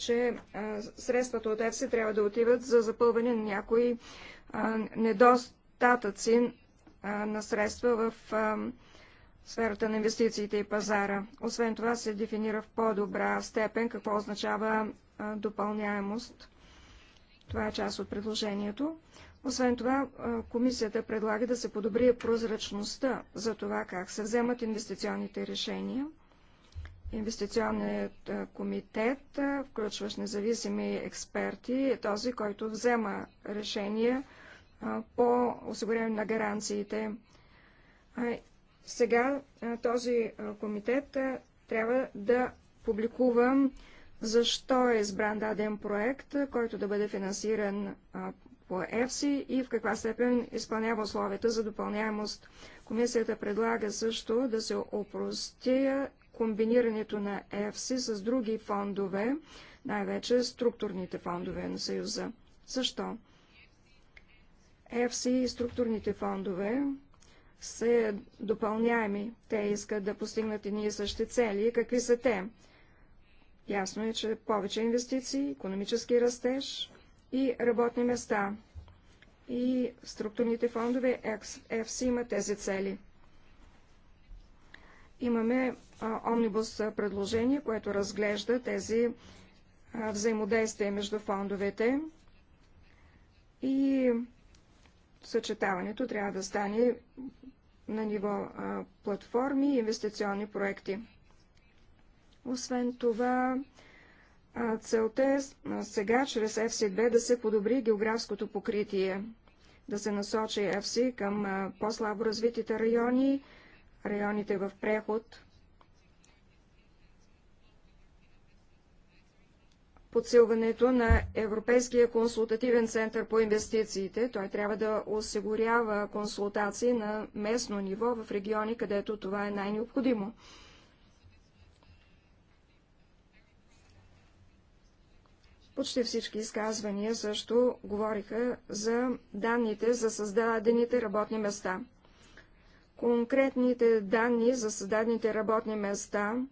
че средствата от ЕФСИ трябва да отиват за запълване на някои недостатъци на средства в сферата на инвестициите и пазара. Освен това се дефинира в по-добра степен какво означава допълняемост. Това е част от предложението. Освен това, комисията предлага да се подобри прозрачността за това как се вземат инвестиционните решения. Инвестиционният комитет, включващ независими експерти, е този, който взема решения по осигуряване на гаранциите. Сега този комитет трябва да публикува защо е избран даден проект, който да бъде финансиран по ЕФСИ и в каква степен изпълнява условията за допълняемост. Комисията предлага също да се опрости комбинирането на ЕФСИ с други фондове, най-вече структурните фондове на Съюза. Защо? ЕФСИ и структурните фондове са допълняеми. Те искат да постигнат едни и същи цели. Какви са те? Ясно е, че повече инвестиции, економически растеж и работни места. И структурните фондове ЕФСИ имат тези цели. Имаме омнибус предложение, което разглежда тези взаимодействия между фондовете и съчетаването трябва да стане на ниво платформи и инвестиционни проекти. Освен това, целта е сега чрез FC2 да се подобри географското покритие, да се насочи FC към по-слабо развитите райони, районите в преход – подсилването на Европейския консултативен център по инвестициите. Той трябва да осигурява консултации на местно ниво в региони, където това е най-необходимо. Почти всички изказвания също говориха за данните за създадените работни места. Конкретните данни за създадените работни места –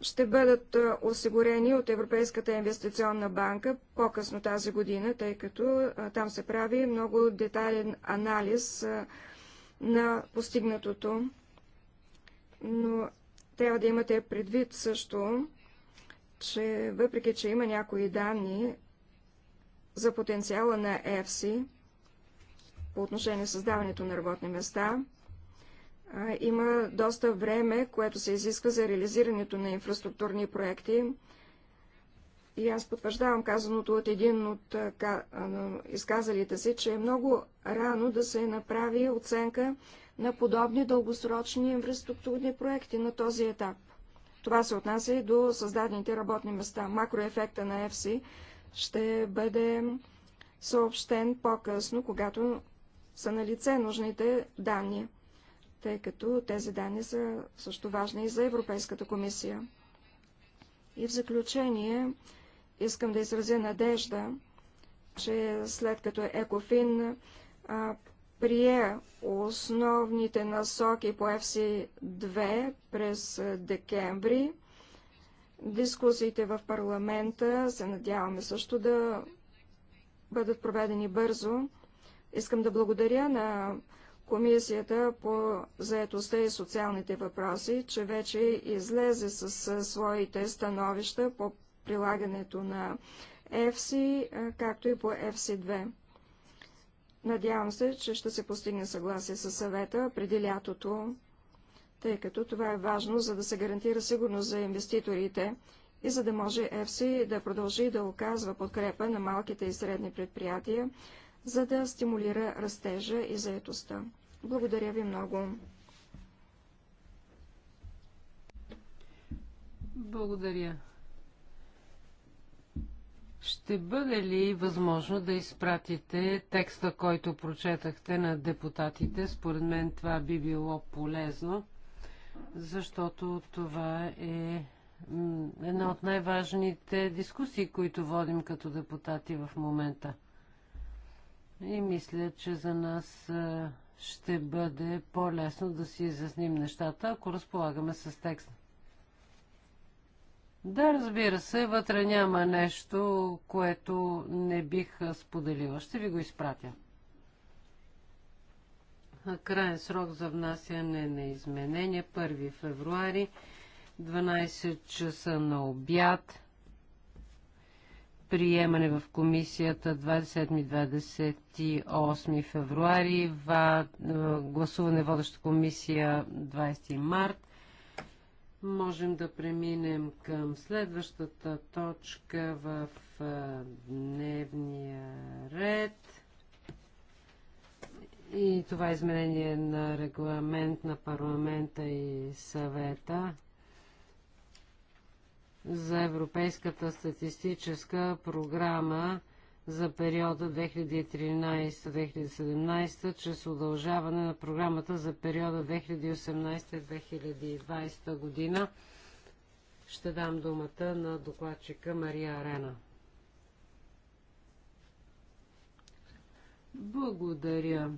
ще бъдат осигурени от Европейската инвестиционна банка по-късно тази година, тъй като там се прави много детайлен анализ на постигнатото. Но трябва да имате предвид също, че въпреки, че има някои данни за потенциала на ЕФСИ по отношение създаването на работни места, има доста време, което се изисква за реализирането на инфраструктурни проекти. И аз потвърждавам казаното от един от изказалите си, че е много рано да се направи оценка на подобни дългосрочни инфраструктурни проекти на този етап. Това се отнася и до създадените работни места. Макроефекта на ЕФСИ ще бъде съобщен по-късно, когато са на лице нужните данни тъй като тези данни са също важни и за Европейската комисия. И в заключение искам да изразя надежда, че след като ЕКОФИН а, прие основните насоки по FC2 през декември, дискусиите в парламента се надяваме също да бъдат проведени бързо. Искам да благодаря на Комисията по заетостта и социалните въпроси, че вече излезе с своите становища по прилагането на EFSI, както и по EFSI-2. Надявам се, че ще се постигне съгласие с съвета преди лятото, тъй като това е важно, за да се гарантира сигурност за инвеститорите и за да може Ефси да продължи да оказва подкрепа на малките и средни предприятия, за да стимулира растежа и заетостта. Благодаря ви много. Благодаря. Ще бъде ли възможно да изпратите текста, който прочетахте на депутатите? Според мен това би било полезно, защото това е една от най-важните дискусии, които водим като депутати в момента. И мисля, че за нас ще бъде по-лесно да си изясним нещата, ако разполагаме с текст. Да, разбира се, вътре няма нещо, което не бих споделила. Ще ви го изпратя. Крайен срок за внасяне на изменения 1 февруари, 12 часа на обяд приемане в комисията 27-28 февруари, ва, е, гласуване водеща комисия 20 март. Можем да преминем към следващата точка в е, дневния ред. И това е изменение на регламент на парламента и съвета за Европейската статистическа програма за периода 2013-2017, чрез удължаване на програмата за периода 2018-2020 година. Ще дам думата на докладчика Мария Арена. Благодаря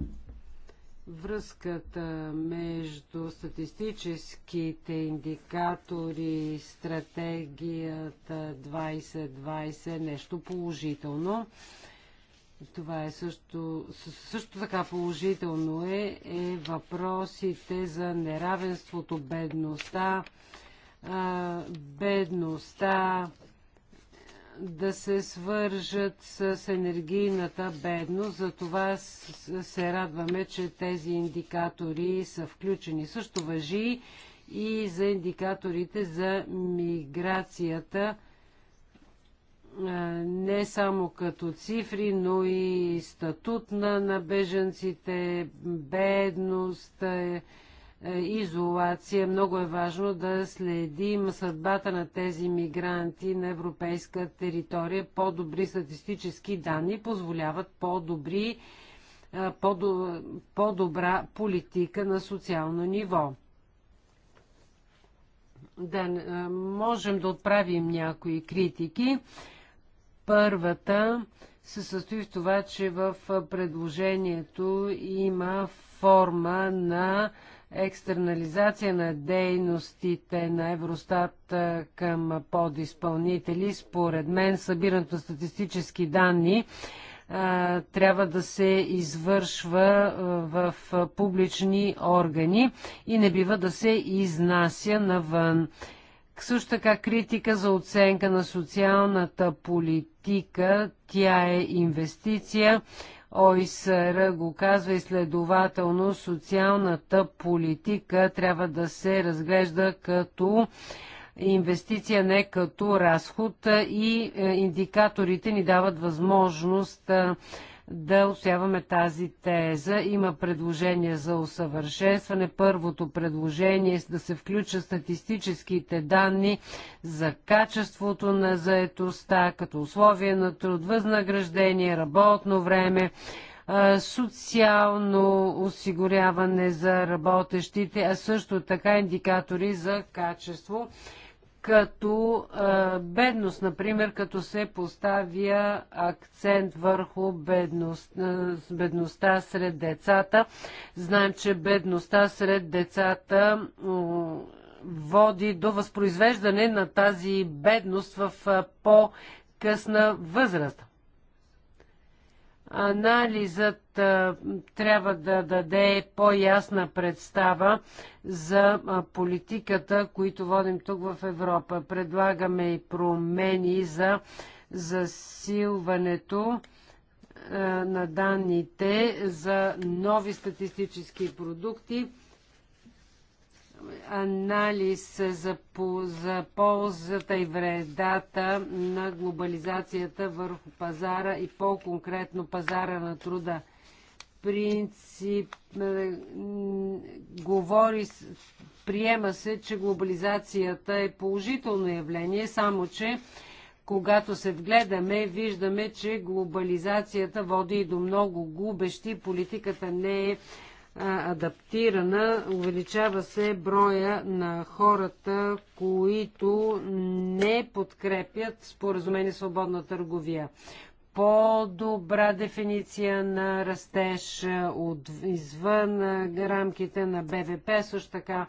връзката между статистическите индикатори и стратегията 2020 е нещо положително. Това е също, също така положително е, е въпросите за неравенството, бедността, бедността, да се свържат с енергийната бедност. Затова се радваме, че тези индикатори са включени. Също въжи и за индикаторите за миграцията не само като цифри, но и статут на, беженците, бедност, е, е, изолация. Много е важно да следим съдбата на тези мигранти на европейска територия. По-добри статистически данни позволяват по-добри, е, по-добра политика на социално ниво. Да, е, можем да отправим някои критики. Първата се състои в това, че в предложението има форма на екстернализация на дейностите на Евростат към подизпълнители. Според мен събирането на статистически данни трябва да се извършва в публични органи и не бива да се изнася навън. Също така критика за оценка на социалната политика, тя е инвестиция ОИСР го казва и следователно социалната политика трябва да се разглежда като инвестиция, не като разход и е, индикаторите ни дават възможност е, да отсяваме тази теза. Има предложение за усъвършенстване. Първото предложение е да се включат статистическите данни за качеството на заетостта, като условие на труд, възнаграждение, работно време, социално осигуряване за работещите, а също така индикатори за качество като а, бедност, например, като се поставя акцент върху бедност, а, бедността сред децата. Знаем, че бедността сред децата води до възпроизвеждане на тази бедност в по-късна възраст. Анализът а, трябва да даде по-ясна представа за а, политиката, които водим тук в Европа. Предлагаме и промени за засилването а, на данните за нови статистически продукти анализ за, за ползата и вредата на глобализацията върху пазара и по-конкретно пазара на труда. Принцип е, говори, приема се, че глобализацията е положително явление, само че когато се вгледаме, виждаме, че глобализацията води и до много губещи. Политиката не е адаптирана. Увеличава се броя на хората, които не подкрепят споразумение свободна търговия. По-добра дефиниция на растеж от, извън рамките на БВП, също така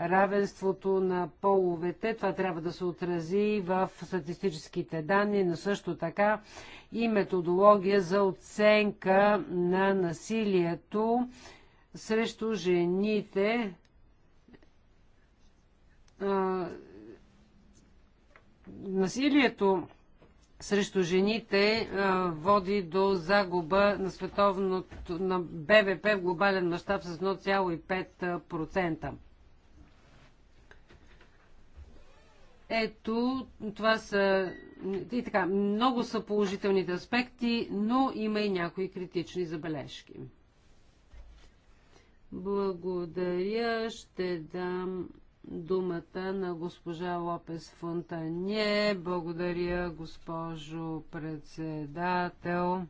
равенството на половете. Това трябва да се отрази в статистическите данни, но също така и методология за оценка на насилието срещу жените а, насилието срещу жените а, води до загуба на световното на БВП в глобален мащаб с 1,5%. Ето, това са и така, много са положителните аспекти, но има и някои критични забележки. Благодаря. Ще дам думата на госпожа Лопес Фонтане. Благодаря, госпожо председател.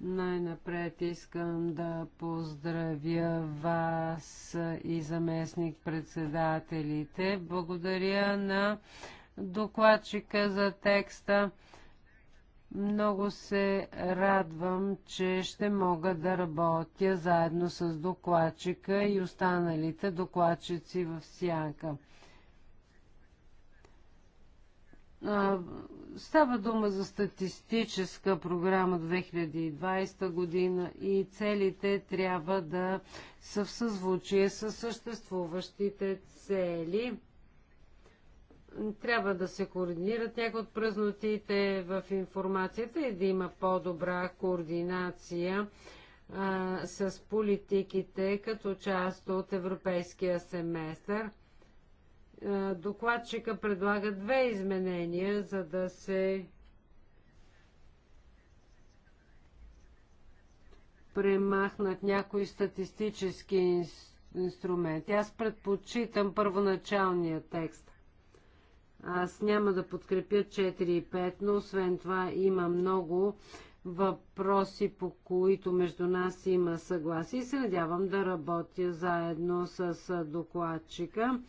Най-напред искам да поздравя вас и заместник председателите. Благодаря на докладчика за текста. Много се радвам, че ще мога да работя заедно с докладчика и останалите докладчици в Сянка. Става дума за статистическа програма 2020 година и целите трябва да са в съзвучие с съществуващите цели трябва да се координират някои от празнотите в информацията и да има по-добра координация а, с политиките като част от европейския семестър. А, докладчика предлага две изменения, за да се премахнат някои статистически инструменти. Аз предпочитам първоначалния текст аз няма да подкрепя 4 и 5, но освен това има много въпроси, по които между нас има съгласие и се надявам да работя заедно с докладчика.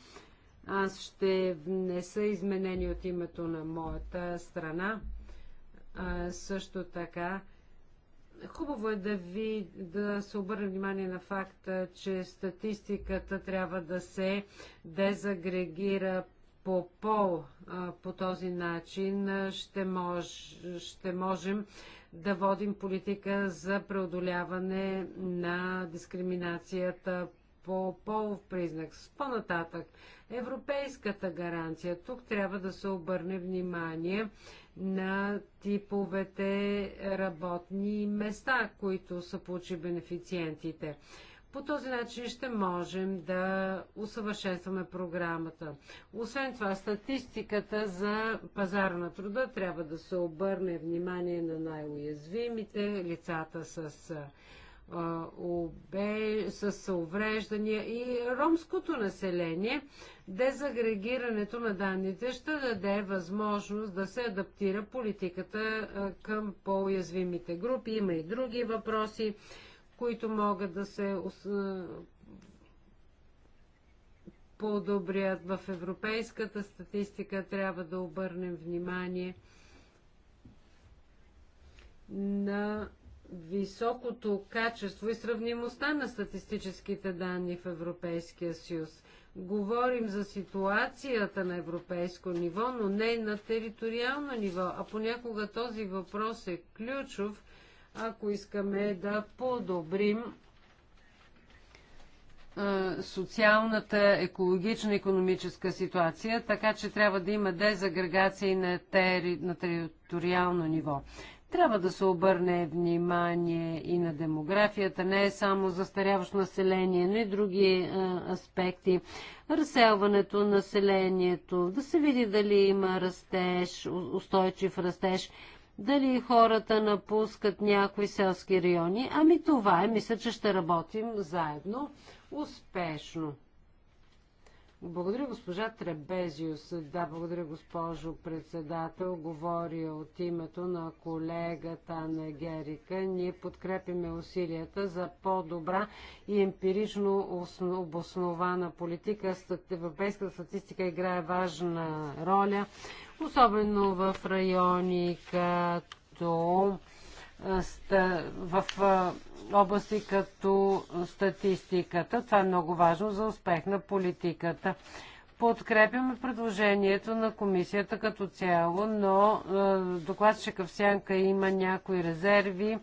Аз ще внеса изменени от името на моята страна. А, също така, хубаво е да ви да се обърне внимание на факта, че статистиката трябва да се дезагрегира по пол по този начин ще, мож, ще можем да водим политика за преодоляване на дискриминацията по полов признак. По-нататък, европейската гаранция. Тук трябва да се обърне внимание на типовете работни места, които са получи бенефициентите. По този начин ще можем да усъвършенстваме програмата. Освен това, статистиката за пазара на труда трябва да се обърне внимание на най-уязвимите, лицата с обе, с увреждания и ромското население, дезагрегирането на данните ще даде възможност да се адаптира политиката към по-уязвимите групи. Има и други въпроси, които могат да се подобрят. В европейската статистика трябва да обърнем внимание на високото качество и сравнимостта на статистическите данни в Европейския съюз. Говорим за ситуацията на европейско ниво, но не на териториално ниво, а понякога този въпрос е ключов – ако искаме да подобрим социалната, екологична, економическа ситуация, така че трябва да има дезагрегации на, тери, на териториално ниво. Трябва да се обърне внимание и на демографията, не е само застаряващо население, но и други а, аспекти. Разселването на населението, да се види дали има растеж, устойчив растеж дали хората напускат някои селски райони. Ами това е, мисля, че ще работим заедно успешно. Благодаря, госпожа Требезиус. Да, благодаря, госпожо председател. Говори от името на колегата на Герика. Ние подкрепиме усилията за по-добра и емпирично обоснована политика. Европейската статистика играе важна роля, особено в райони като в области като статистиката. Това е много важно за успех на политиката. Подкрепяме предложението на комисията като цяло, но докладчика в сянка има някои резерви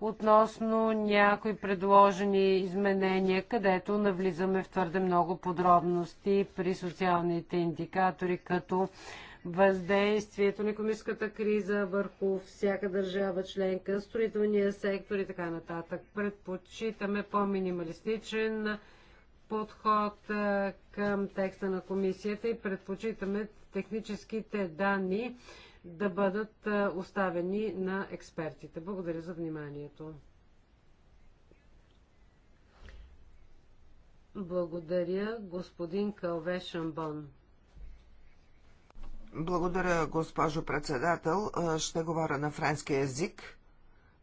относно някои предложени изменения, където навлизаме в твърде много подробности при социалните индикатори, като въздействието на економическата криза върху всяка държава членка, строителния сектор и така нататък. Предпочитаме по-минималистичен подход към текста на комисията и предпочитаме техническите данни да бъдат оставени на експертите. Благодаря за вниманието. Благодаря, господин Калве Шамбон. Благодаря, госпожо председател. Е, ще говоря на френски язик.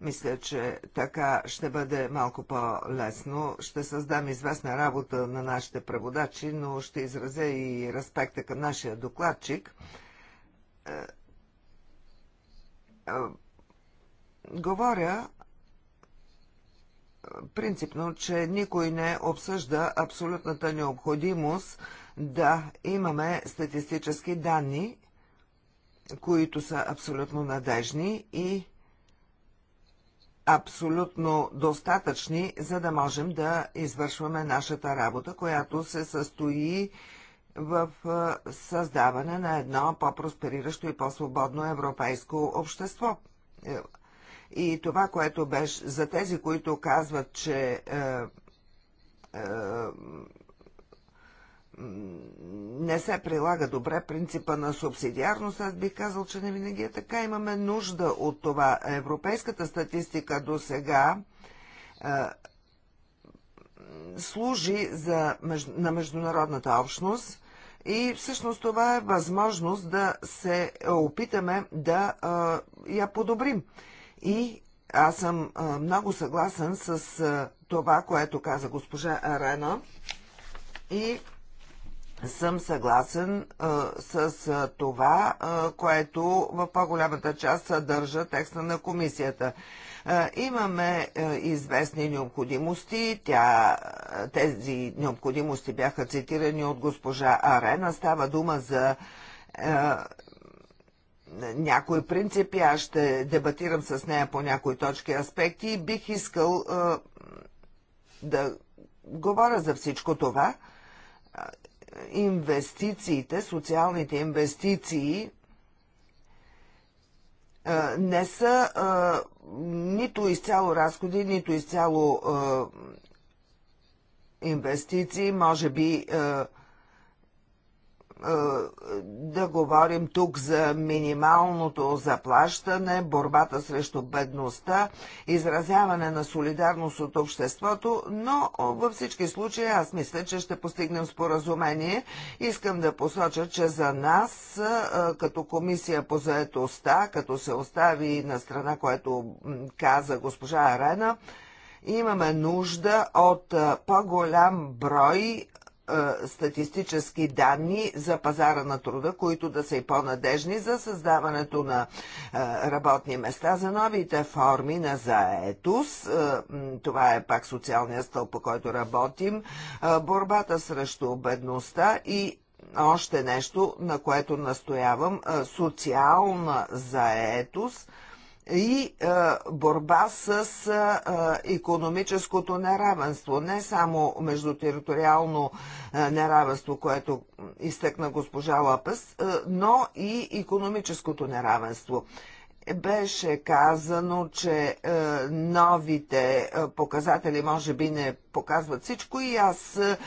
Мисля, че така ще бъде малко по-лесно. Ще създам известна работа на нашите преводачи, но ще изразя и респекта към нашия докладчик. Е, е, говоря принципно, че никой не обсъжда абсолютната необходимост да, имаме статистически данни, които са абсолютно надежни и абсолютно достатъчни, за да можем да извършваме нашата работа, която се състои в създаване на едно по-проспериращо и по-свободно европейско общество. Е, и това, което беше за тези, които казват, че е, е, не се прилага добре принципа на субсидиарност. Аз бих казал, че не винаги е така. Имаме нужда от това. Европейската статистика до сега е, служи за, на международната общност и всъщност това е възможност да се е, опитаме да е, я подобрим. И аз съм е, много съгласен с това, което каза госпожа Арена. И съм съгласен а, с а, това, а, което в по-голямата част съдържа текста на комисията. А, имаме а, известни необходимости. Тя, тези необходимости бяха цитирани от госпожа Арена. Става дума за а, някои принципи. Аз ще дебатирам с нея по някои точки аспекти и бих искал а, да говоря за всичко това инвестициите, социалните инвестиции не са нито изцяло разходи, нито изцяло инвестиции, може би е, да говорим тук за минималното заплащане, борбата срещу бедността, изразяване на солидарност от обществото, но във всички случаи аз мисля, че ще постигнем споразумение. Искам да посоча, че за нас, е, като комисия по заетостта, като се остави на страна, което каза госпожа Арена, имаме нужда от е, по-голям брой е, статистически данни за пазара на труда, които да са и по-надежни за създаването на е, работни места, за новите форми на заетос, е, Това е пак социалният стълб, по който работим. Борбата срещу бедността и още нещо, на което настоявам, социална заетост – и е, борба с е, економическото неравенство. Не само междутериториално е, неравенство, което изтъкна госпожа Лапес, е, но и економическото неравенство беше казано, че е, новите показатели може би не показват всичко и аз е,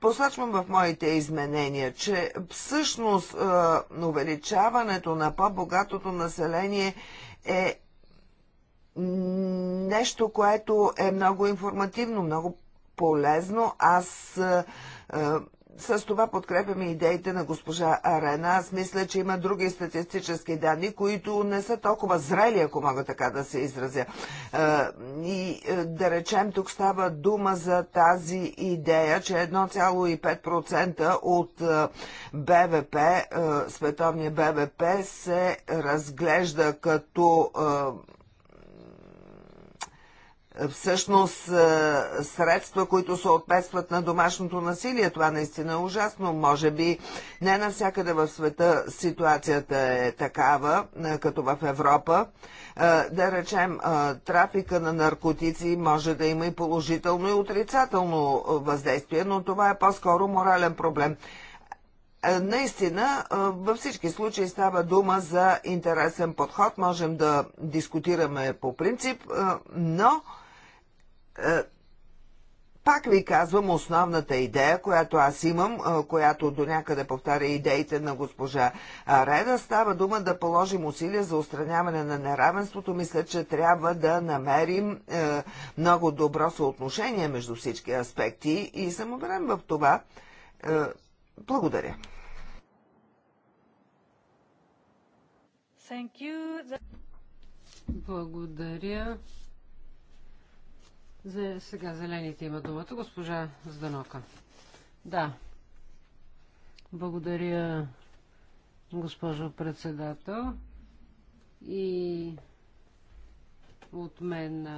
посочвам в моите изменения, че всъщност увеличаването на по-богатото население е нещо, което е много информативно, много полезно. Аз е, е, с това подкрепяме идеите на госпожа Арена. Аз мисля, че има други статистически данни, които не са толкова зрели, ако мога така да се изразя. Е, и е, да речем, тук става дума за тази идея, че 1,5% от е, БВП, световния БВП, се разглежда като всъщност е, средства, които съответстват на домашното насилие. Това наистина е ужасно. Може би не навсякъде в света ситуацията е такава, е, като в Европа. Е, да речем, трафика на наркотици може да има и положително и отрицателно въздействие, но това е по-скоро морален проблем. Наистина, във всички случаи става дума за интересен подход. Можем да дискутираме по принцип, но е, пак ви казвам основната идея, която аз имам, е, която до някъде повтаря идеите на госпожа Реда. Става дума да положим усилия за устраняване на неравенството. Мисля, че трябва да намерим е, много добро съотношение между всички аспекти и съм уверен в това. благодаря. Благодаря. За, сега зелените има думата. Госпожа Зданока. Да. Благодаря, госпожо председател. И от мен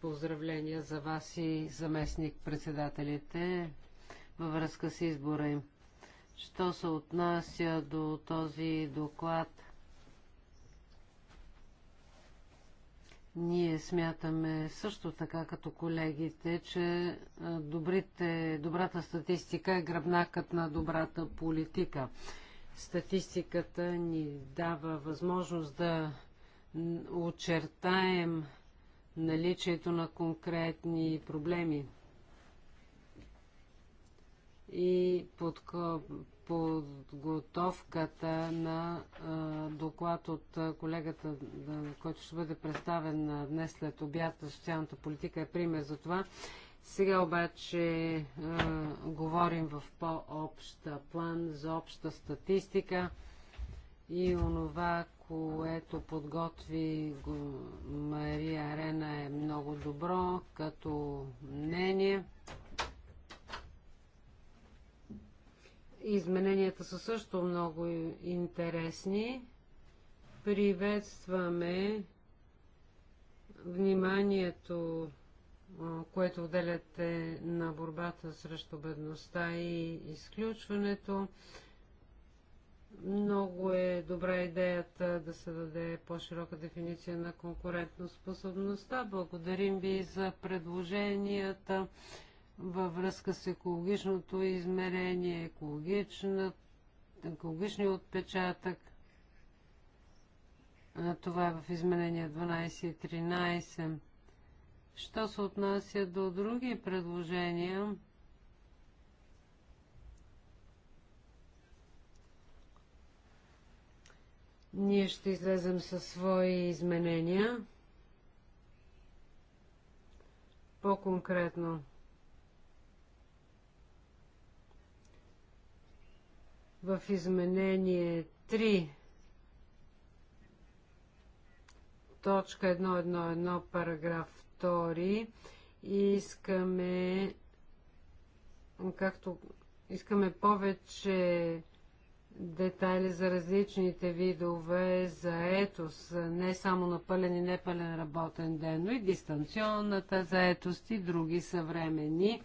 поздравления за вас и заместник председателите във връзка с избора им. Що се отнася до този доклад, Ние смятаме също така като колегите, че добрите, добрата статистика е гръбнакът на добрата политика. Статистиката ни дава възможност да очертаем наличието на конкретни проблеми и подготовката на доклад от колегата, който ще бъде представен днес след обяд социалната политика е пример за това. Сега обаче говорим в по-общ план за обща статистика и онова, което подготви го Мария Арена е много добро като мнение. Измененията са също много интересни. Приветстваме вниманието, което отделяте на борбата срещу бедността и изключването. Много е добра идеята да се даде по-широка дефиниция на конкурентоспособността. Благодарим ви за предложенията във връзка с екологичното измерение, екологичния отпечатък. Това е в изменения 12 и 13. Що се отнася до други предложения, ние ще излезем със свои изменения. По-конкретно, в изменение 3 точка 1.1.1 параграф 2 искаме както искаме повече детайли за различните видове заетост, не само на пълен и непълен работен ден, но и дистанционната заетост и други съвремени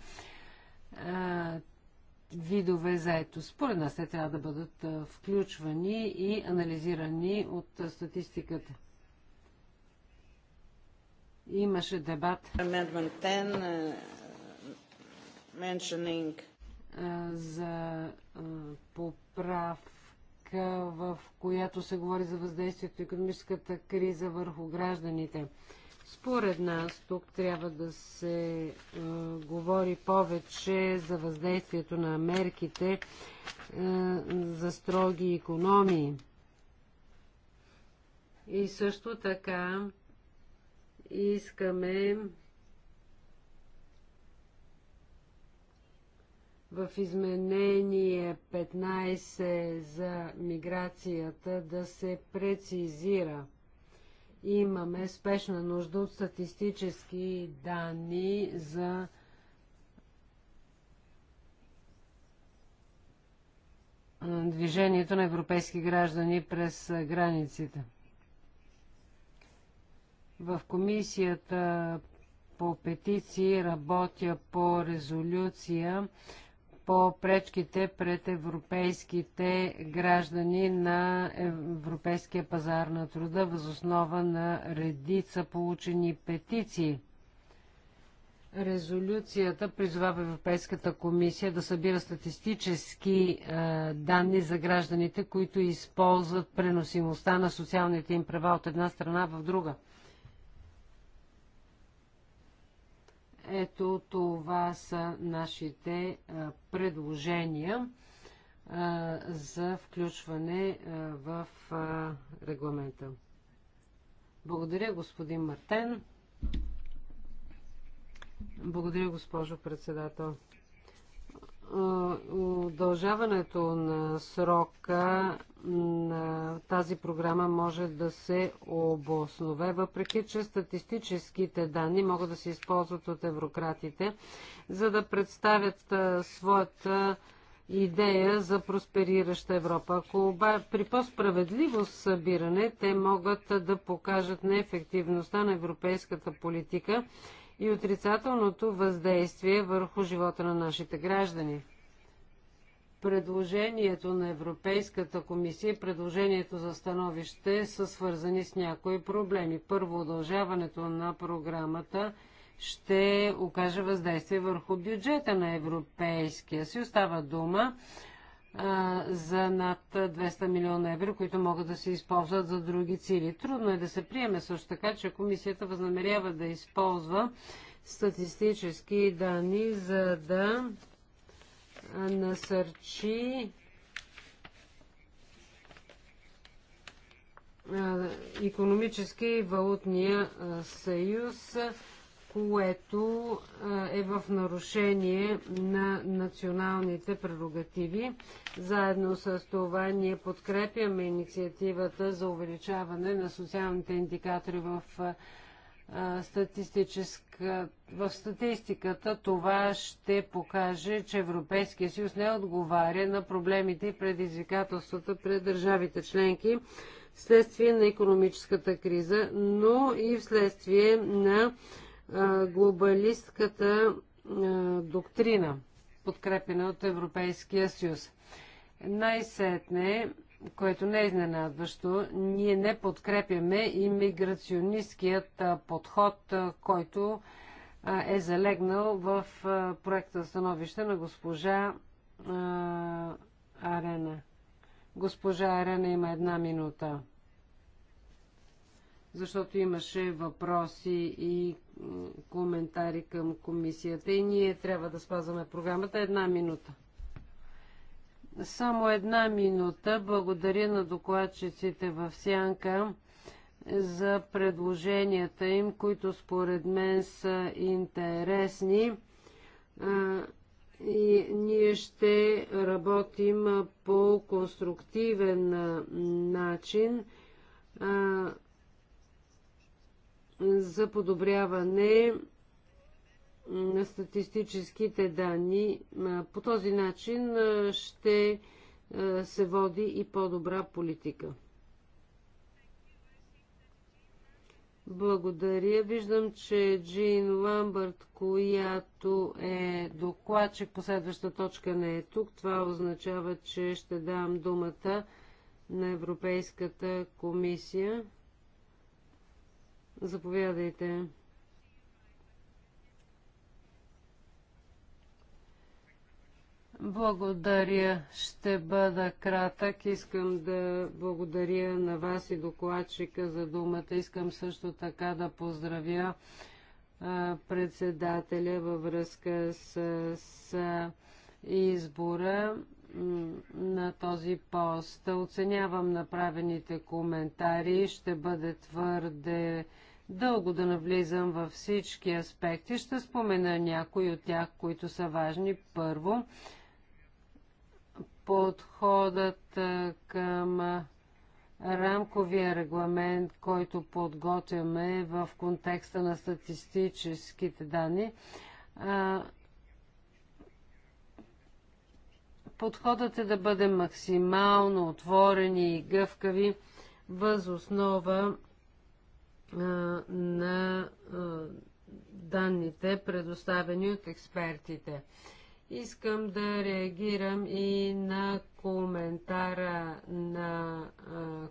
видове заето. Според нас те трябва да бъдат включвани и анализирани от статистиката. Имаше дебат за поправка, в която се говори за въздействието и економическата криза върху гражданите. Според нас тук трябва да се е, говори повече за въздействието на мерките е, за строги економии. И също така искаме в изменение 15 за миграцията да се прецизира – Имаме спешна нужда от статистически данни за движението на европейски граждани през границите. В комисията по петиции работя по резолюция по пречките пред европейските граждани на Европейския пазар на труда, възоснова на редица получени петиции. Резолюцията призвава Европейската комисия да събира статистически е, данни за гражданите, които използват преносимостта на социалните им права от една страна в друга – Ето това са нашите предложения за включване в регламента. Благодаря, господин Мартен. Благодаря, госпожо председател удължаването на срока на тази програма може да се обоснове, въпреки че статистическите данни могат да се използват от еврократите, за да представят своята идея за просперираща Европа. Ако при по-справедливо събиране, те могат да покажат неефективността на европейската политика и отрицателното въздействие върху живота на нашите граждани. Предложението на Европейската комисия и предложението за становище са свързани с някои проблеми. Първо, удължаването на програмата ще окаже въздействие върху бюджета на Европейския съюз. Става дума за над 200 милиона евро, които могат да се използват за други цели. Трудно е да се приеме също така, че комисията възнамерява да използва статистически данни, за да насърчи економически и валутния съюз което е в нарушение на националните прерогативи. Заедно с това ние подкрепяме инициативата за увеличаване на социалните индикатори в статистическа, в статистиката това ще покаже, че Европейския съюз не отговаря на проблемите и предизвикателствата пред държавите членки вследствие на економическата криза, но и вследствие на глобалистката доктрина, подкрепена от Европейския съюз. Най-сетне, което не е изненадващо, ние не подкрепяме иммиграционистският подход, който е залегнал в проекта становище на госпожа Арена. Госпожа Арена има една минута защото имаше въпроси и коментари към комисията и ние трябва да спазваме програмата. Една минута. Само една минута. Благодаря на докладчиците в Сянка за предложенията им, които според мен са интересни. И ние ще работим по конструктивен начин за подобряване на статистическите данни. По този начин ще се води и по-добра политика. Благодаря. Виждам, че Джин Ламбърт, която е докладчик по следваща точка, не е тук. Това означава, че ще дам думата на Европейската комисия. Заповядайте. Благодаря. Ще бъда кратък. Искам да благодаря на вас и докладчика за думата. Искам също така да поздравя председателя във връзка с, с избора на този пост. Оценявам направените коментари. Ще бъде твърде дълго да навлизам във всички аспекти. Ще спомена някои от тях, които са важни. Първо, подходът към рамковия регламент, който подготвяме в контекста на статистическите данни. Подходът е да бъдем максимално отворени и гъвкави възоснова на данните, предоставени от експертите. Искам да реагирам и на коментара на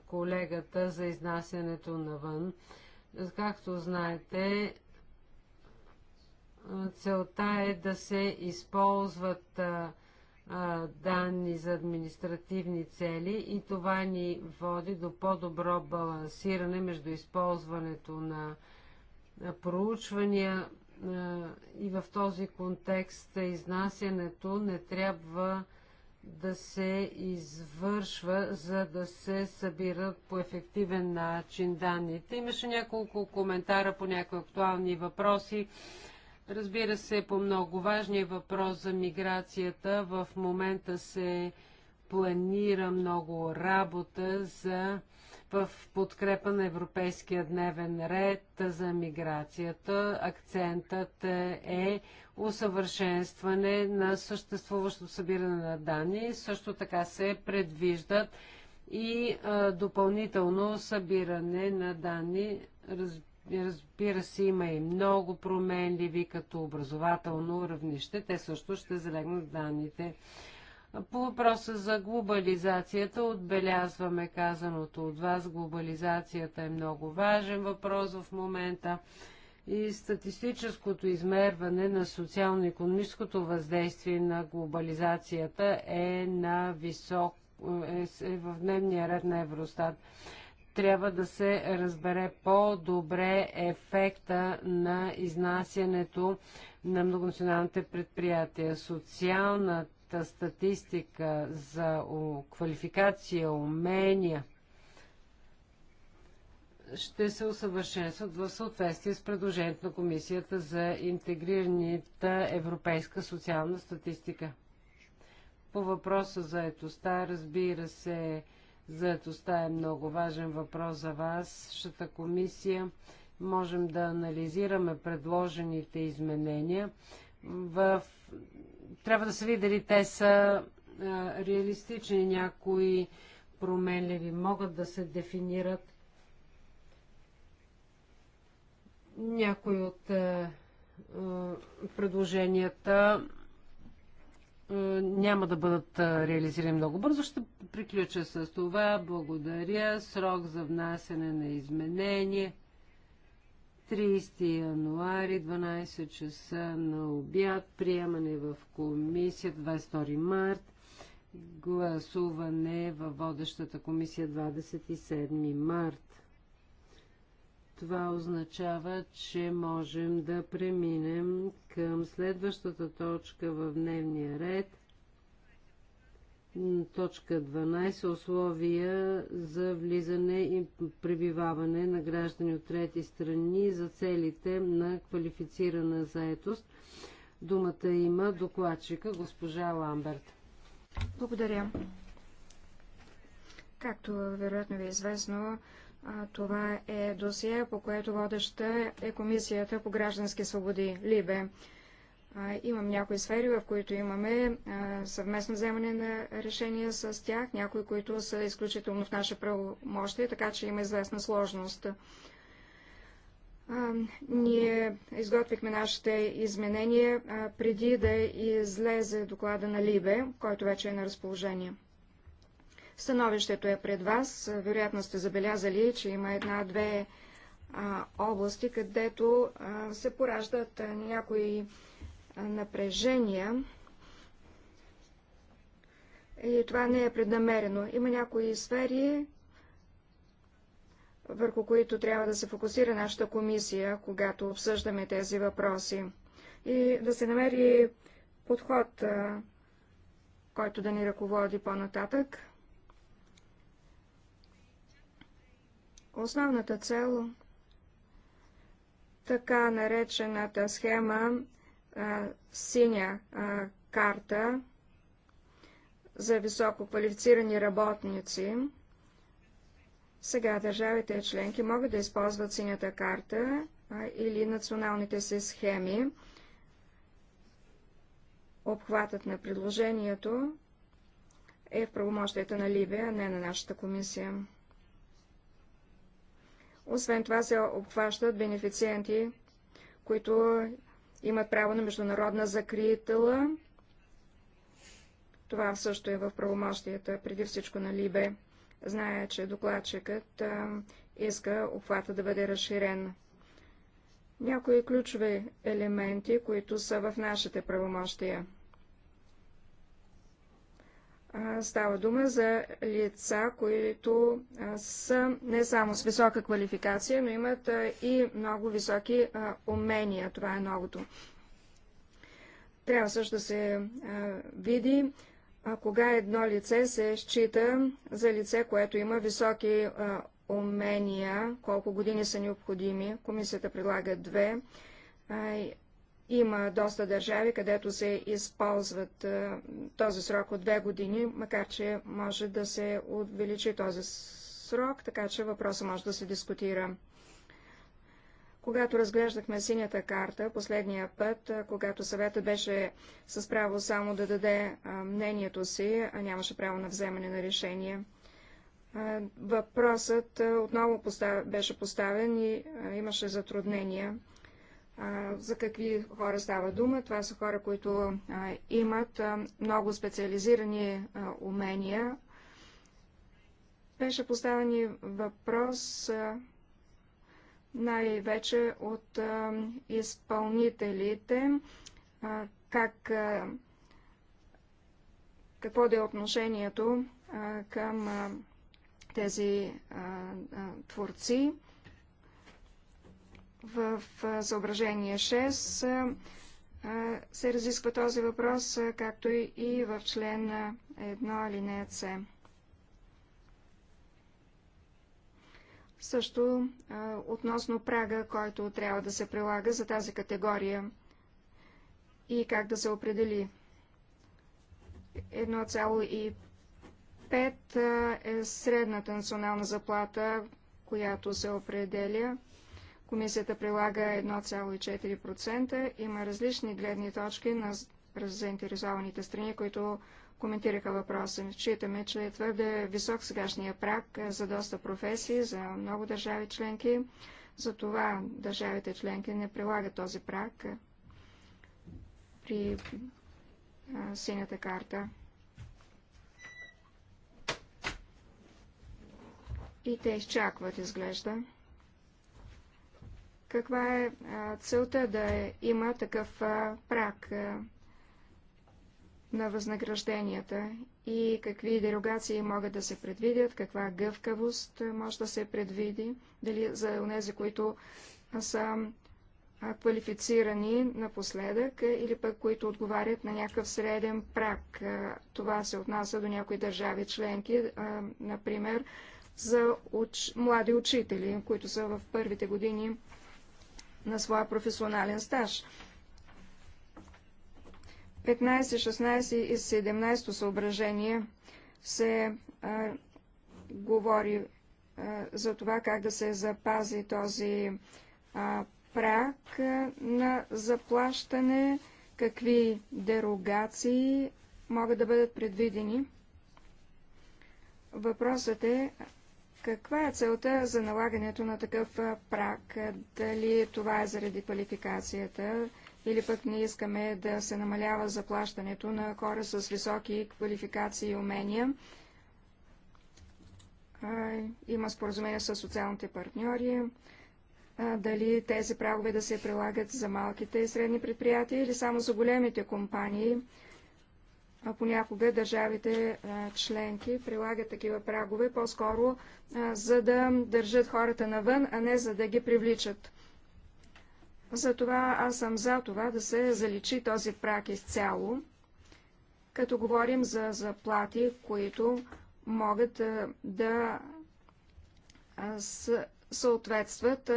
колегата за изнасянето навън. Както знаете, целта е да се използват а, данни за административни цели и това ни води до по-добро балансиране между използването на проучвания и в този контекст изнасянето не трябва да се извършва, за да се събират по ефективен начин данните. Имаше няколко коментара по някои актуални въпроси Разбира се, по много важния въпрос за миграцията в момента се планира много работа за в подкрепа на европейския дневен ред за миграцията. Акцентът е усъвършенстване на съществуващото събиране на данни. Също така се предвиждат и а, допълнително събиране на данни. Разбира разбира се, има и много променливи като образователно равнище. Те също ще залегнат данните. По въпроса за глобализацията отбелязваме казаното от вас. Глобализацията е много важен въпрос в момента и статистическото измерване на социално-економическото въздействие на глобализацията е на висок е, е в дневния ред на Евростат трябва да се разбере по-добре ефекта на изнасянето на многонационалните предприятия. Социалната статистика за квалификация, умения ще се усъвършенстват в съответствие с предложението на Комисията за интегрираната европейска социална статистика. По въпроса за етоста, разбира се, Заедостта е много важен въпрос за вас. Шата комисия можем да анализираме предложените изменения. В... Трябва да се види дали те са а, реалистични. Някои променливи могат да се дефинират. Някои от а, предложенията е, няма да бъдат е, реализирани много бързо. Ще приключа с това. Благодаря. Срок за внасене на изменение 30 януари, 12 часа на обяд, приемане в комисия 22 март, гласуване във водещата комисия 27 март. Това означава, че можем да преминем към следващата точка в дневния ред. Точка 12. Условия за влизане и пребиваване на граждани от трети страни за целите на квалифицирана заетост. Думата има докладчика госпожа Ламберт. Благодаря. Както вероятно ви е известно, това е досие, по което водеща е Комисията по граждански свободи, Либе. Имам някои сфери, в които имаме съвместно вземане на решения с тях, някои, които са изключително в наше правомощие, така че има известна сложност. Ние изготвихме нашите изменения преди да излезе доклада на Либе, който вече е на разположение. Становището е пред вас. Вероятно сте забелязали, че има една-две области, където а, се пораждат а, някои а, напрежения. И това не е преднамерено. Има някои сфери, върху които трябва да се фокусира нашата комисия, когато обсъждаме тези въпроси. И да се намери подход, който да ни ръководи по-нататък. Основната цел, така наречената схема синя карта за високо квалифицирани работници, сега държавите и членки могат да използват синята карта или националните си схеми. Обхватът на предложението е в правомощията на Ливия, а не на нашата комисия. Освен това се обхващат бенефициенти, които имат право на международна закритела. Това също е в правомощията, преди всичко на Либе. Зная, че докладчикът иска обхвата да бъде разширен. Някои ключови елементи, които са в нашите правомощия. Става дума за лица, които са не само с висока квалификация, но имат и много високи умения. Това е новото. Трябва също да се види кога едно лице се счита за лице, което има високи умения, колко години са необходими. Комисията предлага две има доста държави, където се използват а, този срок от две години, макар че може да се увеличи този срок, така че въпросът може да се дискутира. Когато разглеждахме синята карта последния път, а, когато съветът беше с право само да даде а, мнението си, а нямаше право на вземане на решение, въпросът отново постав... беше поставен и имаше затруднения за какви хора става дума. Това са хора, които имат много специализирани умения. Беше и въпрос най-вече от изпълнителите, как, какво да е отношението към тези творци. В съображение 6 се разисква този въпрос, както и в член 1 алинея С. Също относно прага, който трябва да се прилага за тази категория и как да се определи. 1,5 е средната национална заплата, която се определя Комисията прилага 1,4%. Има различни гледни точки на заинтересованите страни, които коментираха въпроса. Считаме, че е твърде висок сегашния прак е, за доста професии, за много държави членки. Затова държавите членки не прилагат този прак е, при е, синята карта. И те изчакват, изглежда каква е целта да има такъв прак на възнагражденията и какви дерогации могат да се предвидят, каква гъвкавост може да се предвиди, дали за тези, които са квалифицирани напоследък или пък които отговарят на някакъв среден прак. Това се отнася до някои държави членки, например за уч... млади учители, които са в първите години на своя професионален стаж. 15, 16 и 17 съображение се а, говори а, за това как да се запази този а, прак на заплащане, какви дерогации могат да бъдат предвидени. Въпросът е каква е целта за налагането на такъв прак? Дали това е заради квалификацията или пък не искаме да се намалява заплащането на хора с високи квалификации и умения? Има споразумение с социалните партньори. Дали тези прагове да се прилагат за малките и средни предприятия или само за големите компании? а понякога държавите членки прилагат такива прагове по-скоро за да държат хората навън, а не за да ги привличат. Затова аз съм за това да се заличи този прак изцяло, като говорим за заплати, които могат да съответстват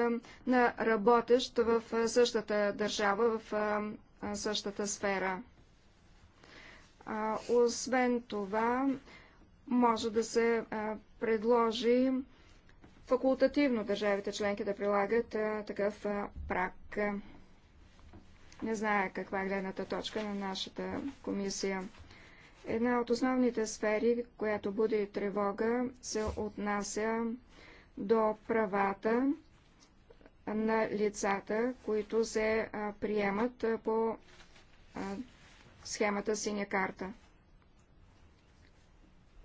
на работещ в същата държава, в същата сфера. Освен това, може да се предложи факултативно държавите членки да прилагат такъв прак. Не зная каква е гледната точка на нашата комисия. Една от основните сфери, която буди тревога, се отнася до правата на лицата, които се приемат по схемата синя карта.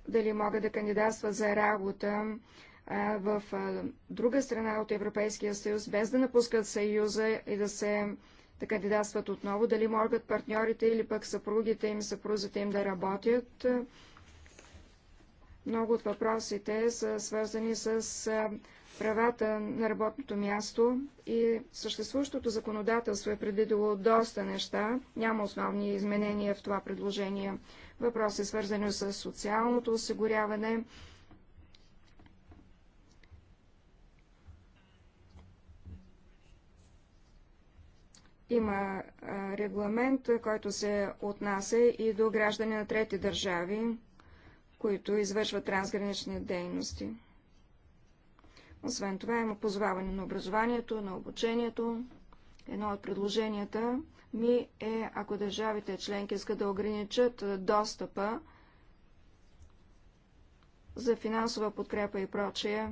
Дали могат да кандидатстват за работа а, в а, друга страна от Европейския съюз, без да напускат съюза и да се да кандидатстват отново, дали могат партньорите или пък съпругите им, съпрузите им да работят. Много от въпросите са свързани с правата на работното място и съществуващото законодателство е предвидело доста неща. Няма основни изменения в това предложение. Въпроси е свързани с социалното осигуряване, Има регламент, който се отнася и до граждани на трети държави, които извършват трансгранични дейности. Освен това има позваване на образованието, на обучението. Едно от предложенията ми е, ако държавите членки искат да ограничат е, достъпа за финансова подкрепа и прочее,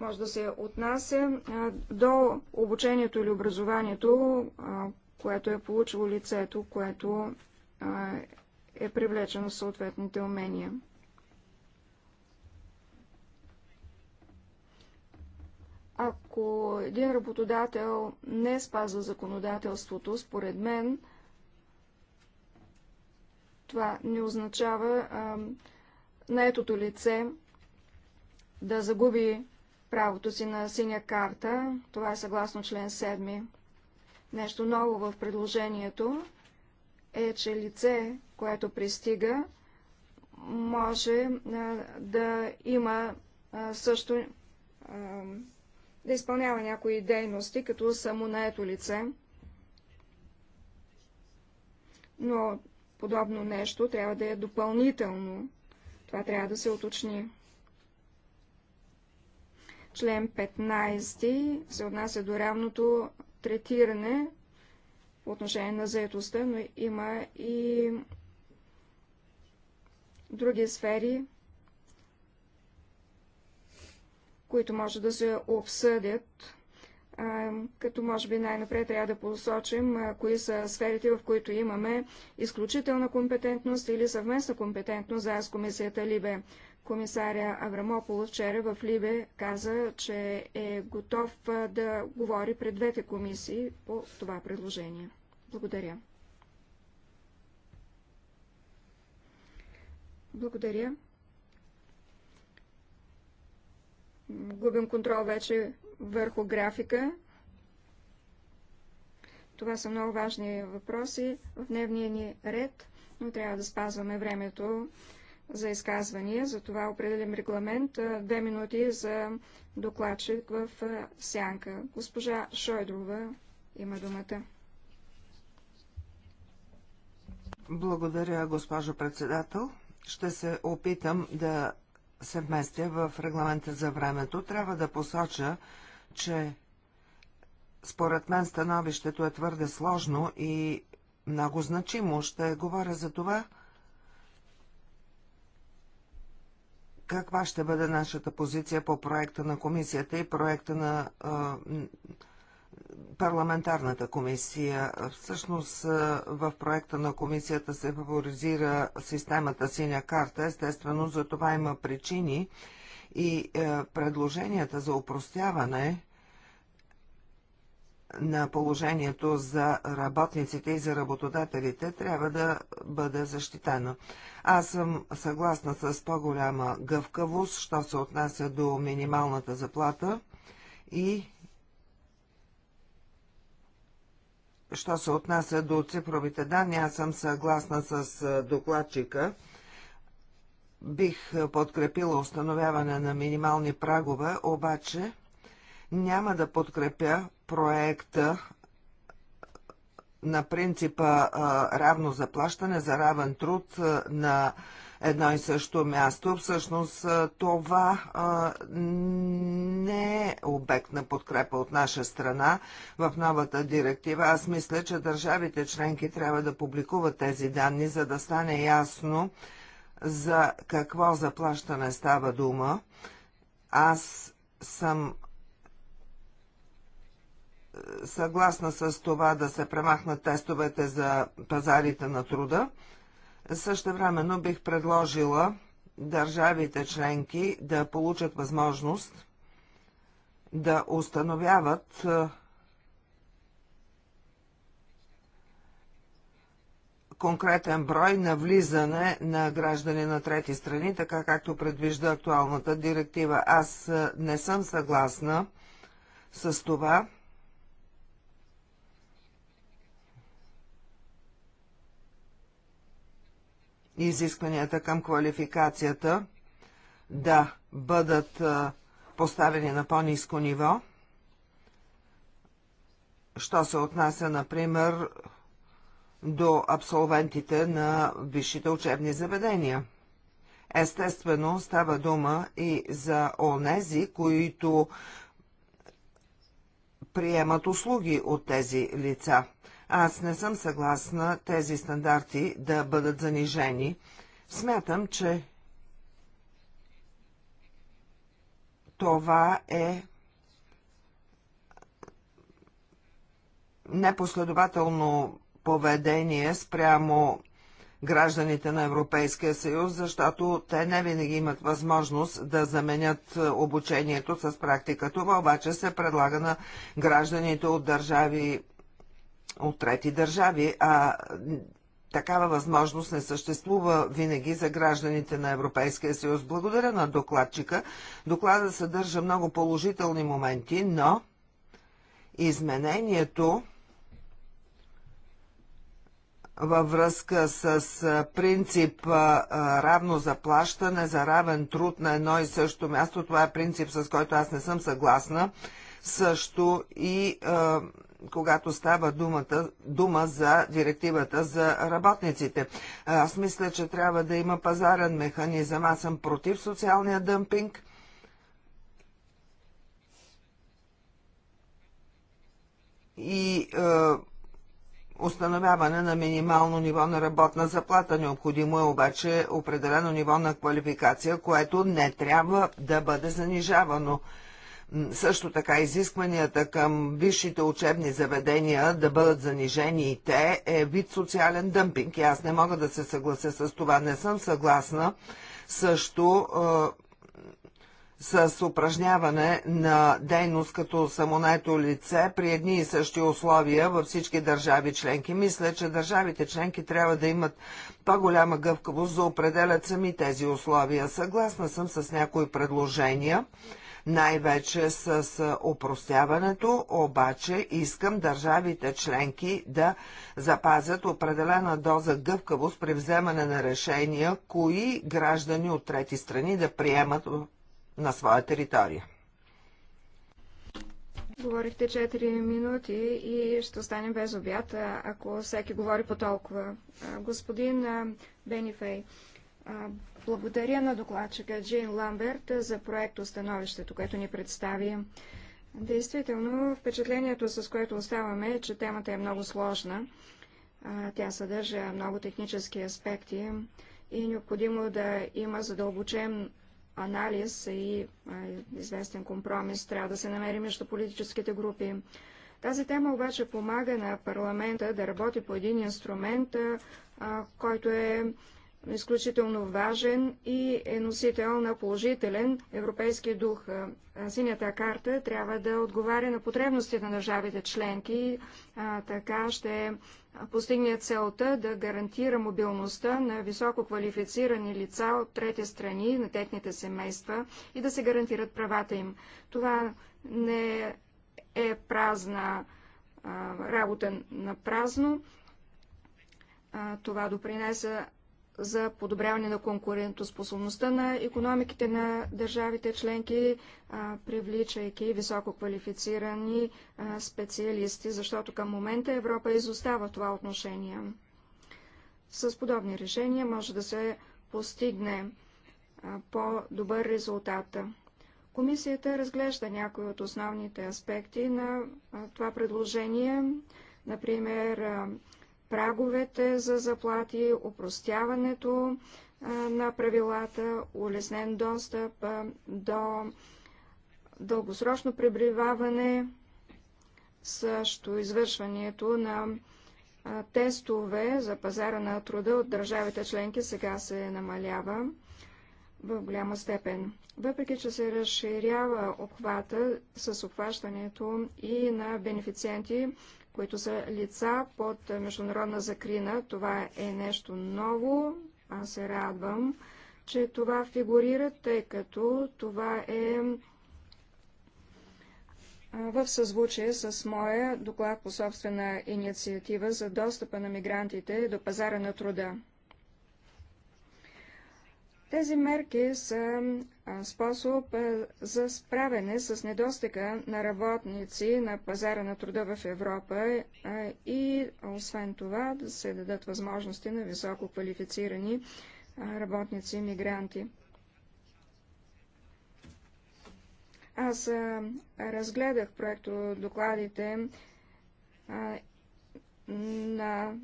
може да се отнася е, до обучението или образованието, е, което е получило лицето, което е привлечено съответните умения. Ако един работодател не спазва законодателството, според мен, това не означава а, наетото лице да загуби правото си на синя карта. Това е съгласно член 7. Нещо ново в предложението е, че лице, която пристига, може да има също да изпълнява някои дейности като самонаето лице. Но подобно нещо трябва да е допълнително. Това трябва да се уточни. Член 15 се отнася до равното третиране по отношение на заетостта, но има и други сфери, които може да се обсъдят, като може би най-напред трябва да посочим кои са сферите, в които имаме изключителна компетентност или съвместна компетентност за с комисията Либе. Комисаря Аврамопол вчера в Либе каза, че е готов да говори пред двете комисии по това предложение. Благодаря. Благодаря. Губим контрол вече върху графика. Това са много важни въпроси в дневния ни ред, но трябва да спазваме времето за изказвания. това определим регламент. Две минути за докладчик в сянка. Госпожа Шойдрова има думата. Благодаря, госпожо председател ще се опитам да се вместя в регламента за времето. Трябва да посоча, че според мен становището е твърде сложно и много значимо. Ще говоря за това, каква ще бъде нашата позиция по проекта на комисията и проекта на парламентарната комисия. Всъщност е, в проекта на комисията се фаворизира системата синя карта. Естествено, за това има причини и е, предложенията за упростяване на положението за работниците и за работодателите трябва да бъде защитено. Аз съм съгласна с по-голяма гъвкавост, що се отнася до минималната заплата и що се отнася до цифровите данни, аз съм съгласна с докладчика. Бих подкрепила установяване на минимални прагове, обаче няма да подкрепя проекта на принципа равно заплащане за равен труд на едно и също място. Всъщност това не е обект на подкрепа от наша страна в новата директива. Аз мисля, че държавите членки трябва да публикуват тези данни, за да стане ясно за какво заплащане става дума. Аз съм съгласна с това да се премахнат тестовете за пазарите на труда. Също времено бих предложила държавите членки да получат възможност да установяват е, конкретен брой на влизане на граждани на трети страни, така както предвижда актуалната директива. Аз е, не съм съгласна с това изискванията към квалификацията да бъдат поставени на по-низко ниво, що се отнася, например, до абсолвентите на висшите учебни заведения. Естествено, става дума и за онези, които приемат услуги от тези лица. Аз не съм съгласна тези стандарти да бъдат занижени. Смятам, че това е непоследователно поведение спрямо гражданите на Европейския съюз, защото те не винаги имат възможност да заменят е, обучението с практика. Това обаче се предлага на гражданите от държави от трети държави, а такава възможност не съществува винаги за гражданите на Европейския съюз. Благодаря на докладчика. Докладът съдържа много положителни моменти, но изменението във връзка с принцип равно заплащане за равен труд на едно и също място. Това е принцип, с който аз не съм съгласна. Също и когато става думата, дума за директивата за работниците. Аз мисля, че трябва да има пазарен механизъм. Аз съм против социалния дъмпинг. И е, установяване на минимално ниво на работна заплата. Необходимо е обаче определено ниво на квалификация, което не трябва да бъде занижавано. Също така изискванията към висшите учебни заведения да бъдат занижени и те е вид социален дъмпинг. И аз не мога да се съглася с това. Не съм съгласна също с упражняване на дейност като самонайто лице при едни и същи условия във всички държави членки. Мисля, че държавите членки трябва да имат по-голяма гъвкавост да определят сами тези условия. Съгласна съм с някои предложения най-вече с опростяването, обаче искам държавите членки да запазят определена доза гъвкавост при вземане на решения, кои граждани от трети страни да приемат на своя територия. Говорихте 4 минути и ще останем без обяд, ако всеки говори по толкова. Господин Бенифей, благодаря на докладчика Джейн Ламберт за проект, становището, което ни представи. Действително, впечатлението, с което оставаме, е, че темата е много сложна. Тя съдържа много технически аспекти и е необходимо да има задълбочен анализ и известен компромис. Трябва да се намери между политическите групи. Тази тема обаче помага на парламента да работи по един инструмент, който е изключително важен и е носител на положителен европейски дух. Синята карта трябва да отговаря на потребностите на държавите членки, така ще постигне целта да гарантира мобилността на високо квалифицирани лица от трети страни, на техните семейства и да се гарантират правата им. Това не е празна работа на празно. Това допринесе за подобряване на конкурентоспособността на економиките на държавите членки, привличайки високо квалифицирани специалисти, защото към момента Европа изостава в това отношение. С подобни решения може да се постигне по-добър резултат. Комисията разглежда някои от основните аспекти на това предложение, например праговете за заплати, упростяването на правилата, улеснен достъп до дългосрочно пребриваване, също извършването на тестове за пазара на труда от държавите членки сега се намалява в голяма степен. Въпреки, че се разширява обхвата с обхващането и на бенефициенти които са лица под международна закрина. Това е нещо ново. Аз се радвам, че това фигурира, тъй като това е в съзвучие с моя доклад по собствена инициатива за достъпа на мигрантите до пазара на труда. Тези мерки са способ за справяне с недостига на работници на пазара на труда в Европа и освен това да се дадат възможности на високо квалифицирани работници и мигранти. Аз разгледах проекто докладите на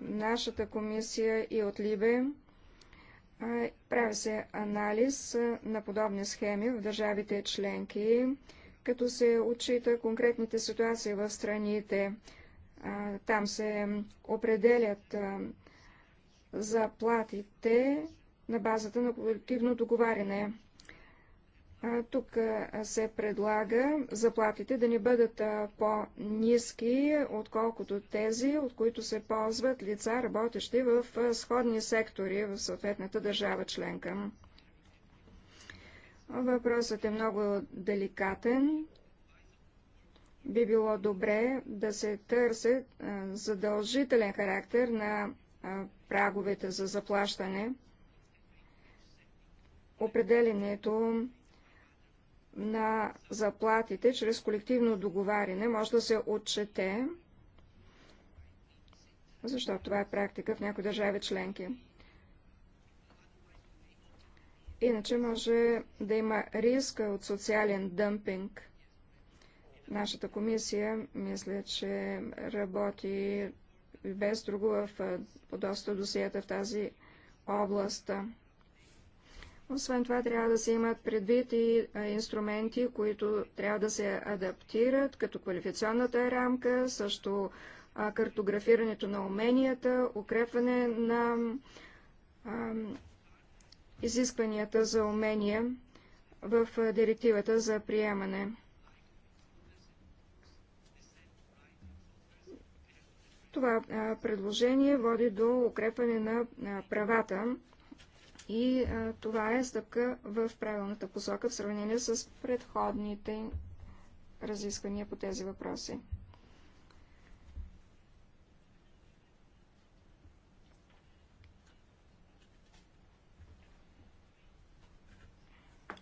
нашата комисия и от Либе. Прави се анализ на подобни схеми в държавите членки, като се отчита конкретните ситуации в страните. Там се определят заплатите на базата на колективно договаряне. Тук се предлага заплатите да не бъдат по-низки, отколкото тези, от които се ползват лица, работещи в сходни сектори в съответната държава членка. Въпросът е много деликатен. Би било добре да се търси задължителен характер на праговете за заплащане. Определенето на заплатите чрез колективно договаряне може да се отчете, защото това е практика в някои държави членки. Иначе може да има риск от социален дъмпинг. Нашата комисия, мисля, че работи без друго в, по доста досията в тази област. Освен това, трябва да се имат предвид и инструменти, които трябва да се адаптират, като квалификационната рамка, също картографирането на уменията, укрепване на изискванията за умения в директивата за приемане. Това предложение води до укрепване на правата и а, това е стъпка в правилната посока в сравнение с предходните разисквания по тези въпроси.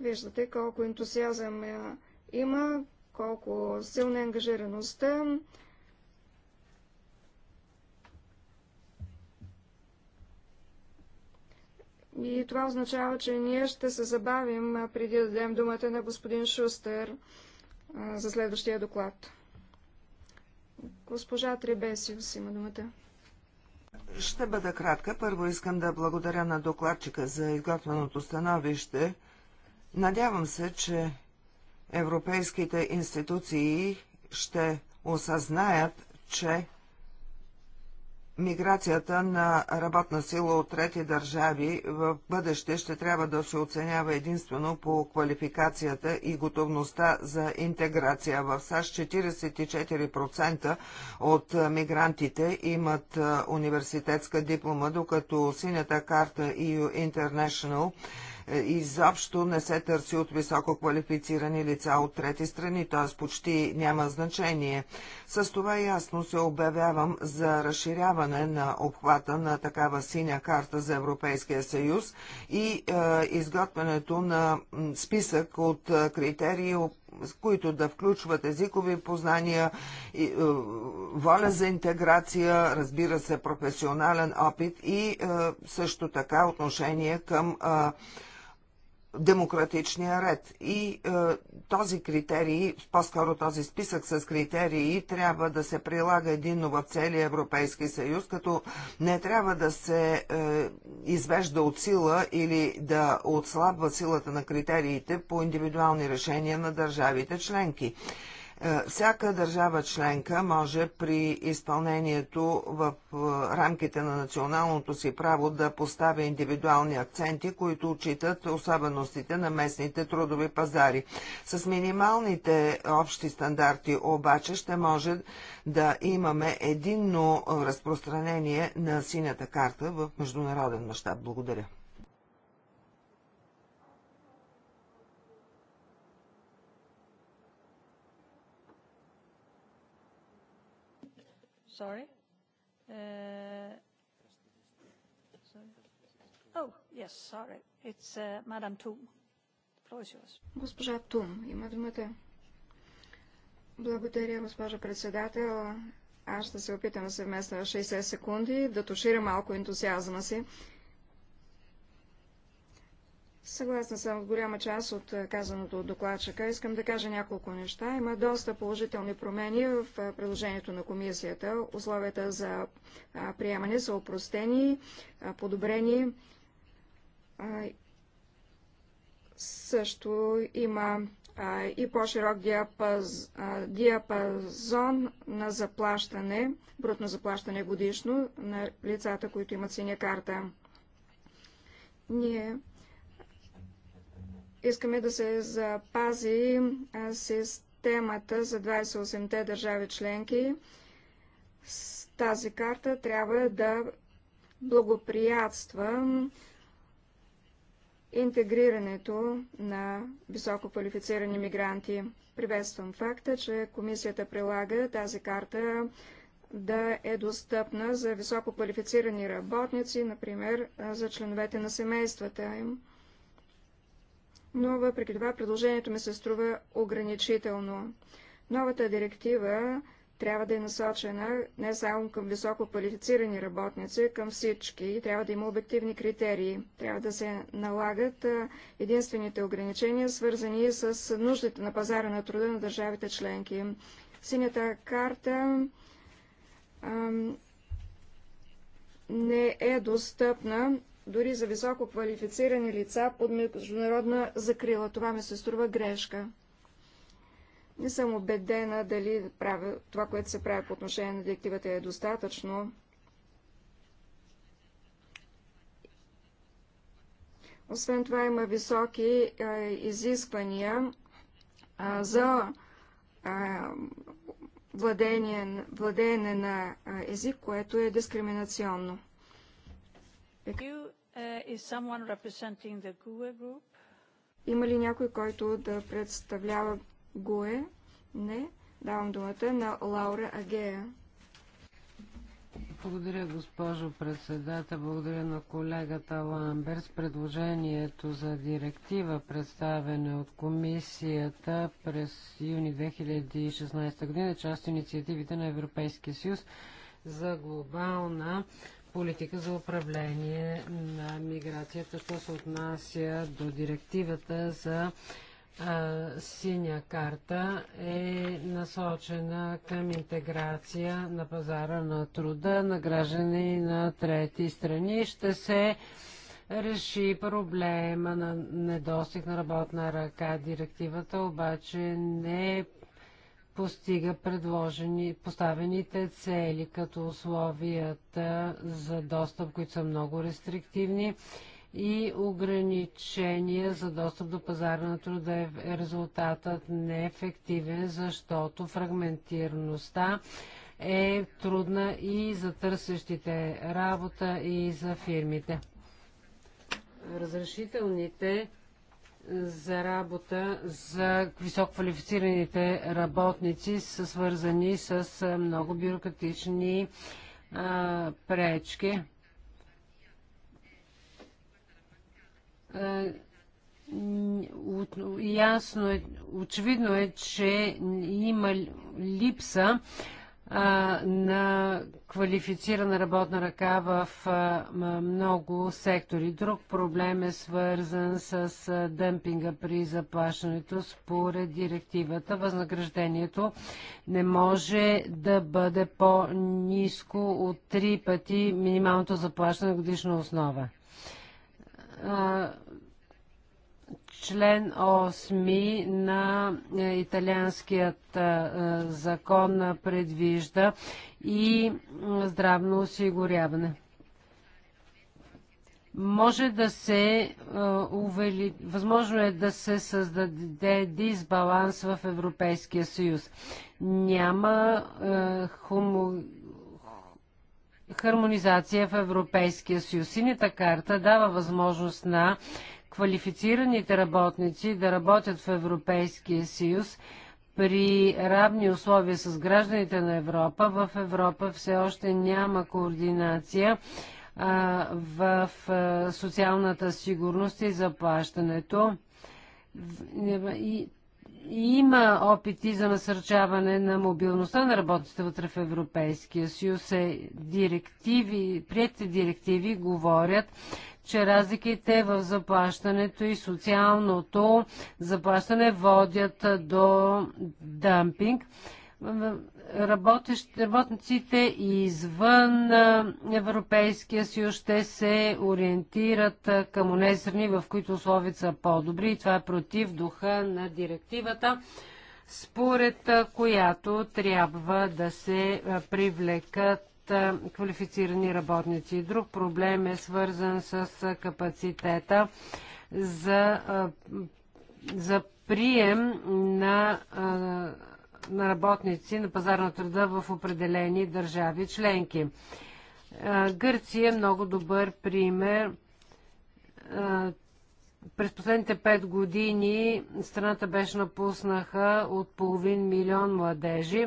Виждате колко ентусиазъм има, колко силна е ангажираността, И това означава, че ние ще се забавим преди да дадем думата на господин Шустер за следващия доклад. Госпожа Требесиус има думата. Ще бъда кратка. Първо искам да благодаря на докладчика за изготвеното становище. Надявам се, че европейските институции ще осъзнаят, че миграцията на работна сила от трети държави в бъдеще ще трябва да се оценява единствено по квалификацията и готовността за интеграция. В САЩ 44% от мигрантите имат университетска диплома, докато синята карта EU International – изобщо не се търси от високо квалифицирани лица от трети страни, т.е. почти няма значение. С това ясно се обявявам за разширяване на обхвата на такава синя карта за Европейския съюз и е, изготвянето на списък от е, критерии, критерии, които да включват езикови познания, и, е, воля за интеграция, разбира се, професионален опит и е, също така отношение към е, демократичния ред. И е, този критерий, по-скоро този списък с критерии, трябва да се прилага единно в целия Европейски съюз, като не трябва да се е, извежда от сила или да отслабва силата на критериите по индивидуални решения на държавите членки. Е, всяка държава членка може при изпълнението в е, рамките на националното си право да поставя индивидуални акценти, които отчитат особеностите на местните трудови пазари. С минималните общи стандарти обаче ще може да имаме единно разпространение на синята карта в международен мащаб. Благодаря. Uh, sorry. Oh, yes, sorry. It's uh, Madam Toom. Floor is yours. Госпожа Тум има думата. Благодаря, госпожа председател. Аз ще се опитам съвместно в 60 секунди да тушира малко ентусиазма си. Uh, Съгласна съм в голяма част от е, казаното от докладчика. Искам да кажа няколко неща. Има доста положителни промени в е, предложението на комисията. Условията за приемане са опростени, подобрени. Също има и по-широк диапазон на заплащане, брутно заплащане годишно на лицата, които имат синя карта. Ние искаме да се запази системата за 28-те държави членки. С тази карта трябва да благоприятства интегрирането на висококвалифицирани мигранти. Приветствам факта, че комисията прилага тази карта да е достъпна за висококвалифицирани работници, например за членовете на семействата им но въпреки това предложението ми се струва ограничително. Новата директива трябва да е насочена не само към високо квалифицирани работници, към всички. Трябва да има обективни критерии. Трябва да се налагат единствените ограничения, свързани с нуждите на пазара на труда на държавите членки. Синята карта ам, не е достъпна дори за високо квалифицирани лица под международна закрила. Това ми се струва грешка. Не съм убедена дали правя, това, което се прави по отношение на директивата е достатъчно. Освен това има високи а, е, изисквания а, за а, владение, владеене на език, което е дискриминационно. You, Uh, e Има ли някой, който да представлява ГУЕ? E? Не. Давам думата на Лаура Агея. Благодаря, госпожо председател. Благодаря на колегата Ламберс. Предложението за директива, представена от комисията през юни 2016 година, е част от инициативите на Европейския съюз за глобална политика за управление на миграцията, що се отнася до директивата за а, синя карта, е насочена към интеграция на пазара на труда на граждани на трети страни. Ще се реши проблема на недостиг на работна ръка. Директивата обаче не постига предложени, поставените цели, като условията за достъп, които са много рестриктивни и ограничения за достъп до пазара на труда е резултатът неефективен, е защото фрагментираността е трудна и за търсещите работа и за фирмите. Разрешителните за работа за висококвалифицираните работници са свързани с много бюрократични а, пречки. А, ясно е, очевидно е, че има липса а, на квалифицирана работна ръка в а, много сектори. Друг проблем е свързан с а, дъмпинга при заплащането според директивата. Възнаграждението не може да бъде по-низко от три пъти минималното заплащане на годишна основа член 8 на е, италианският е, е, закон предвижда и здравно осигуряване. Може да се увели... Възможно е да се създаде дисбаланс в Европейския съюз. Няма хомо... хармонизация в Европейския съюз. Синята карта дава възможност на квалифицираните работници да работят в Европейския съюз при равни условия с гражданите на Европа. В Европа все още няма координация а, в а, социалната сигурност и заплащането. И, има опити за насърчаване на мобилността на работниците вътре в Европейския съюз. Е, директиви, приятите директиви говорят че разликите в заплащането и социалното заплащане водят до дампинг. работниците извън Европейския съюз ще се ориентират към унесени, в които условията са по-добри. Това е против духа на директивата според която трябва да се привлекат квалифицирани работници. Друг проблем е свързан с капацитета за, за прием на, на работници на пазар на труда в определени държави членки. Гърция е много добър пример. През последните пет години страната беше напуснаха от половин милион младежи.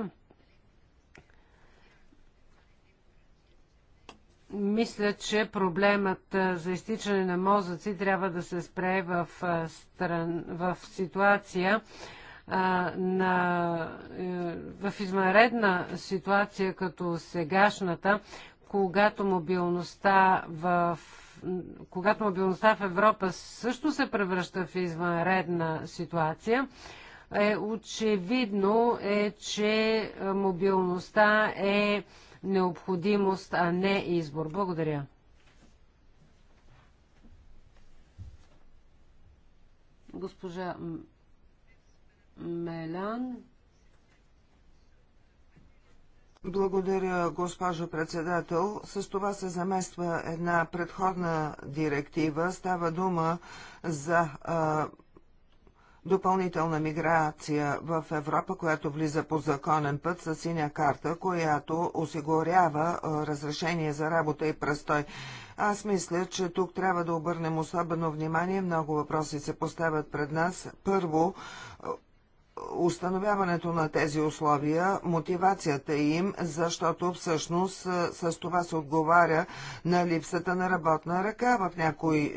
Мисля, че проблемът за изтичане на мозъци трябва да се спре в, стран, в ситуация, на, е, в измаредна ситуация като сегашната, когато мобилността в когато мобилността в Европа също се превръща в извънредна ситуация, е очевидно е, че мобилността е необходимост, а не избор. Благодаря. Госпожа Мелян. Благодаря, госпожо председател. С това се замества една предходна директива. Става дума за а, допълнителна миграция в Европа, която влиза по законен път с синя карта, която осигурява разрешение за работа и престой. Аз мисля, че тук трябва да обърнем особено внимание. Много въпроси се поставят пред нас. Първо, установяването на тези условия, мотивацията им, защото всъщност с това се отговаря на липсата на работна ръка в някои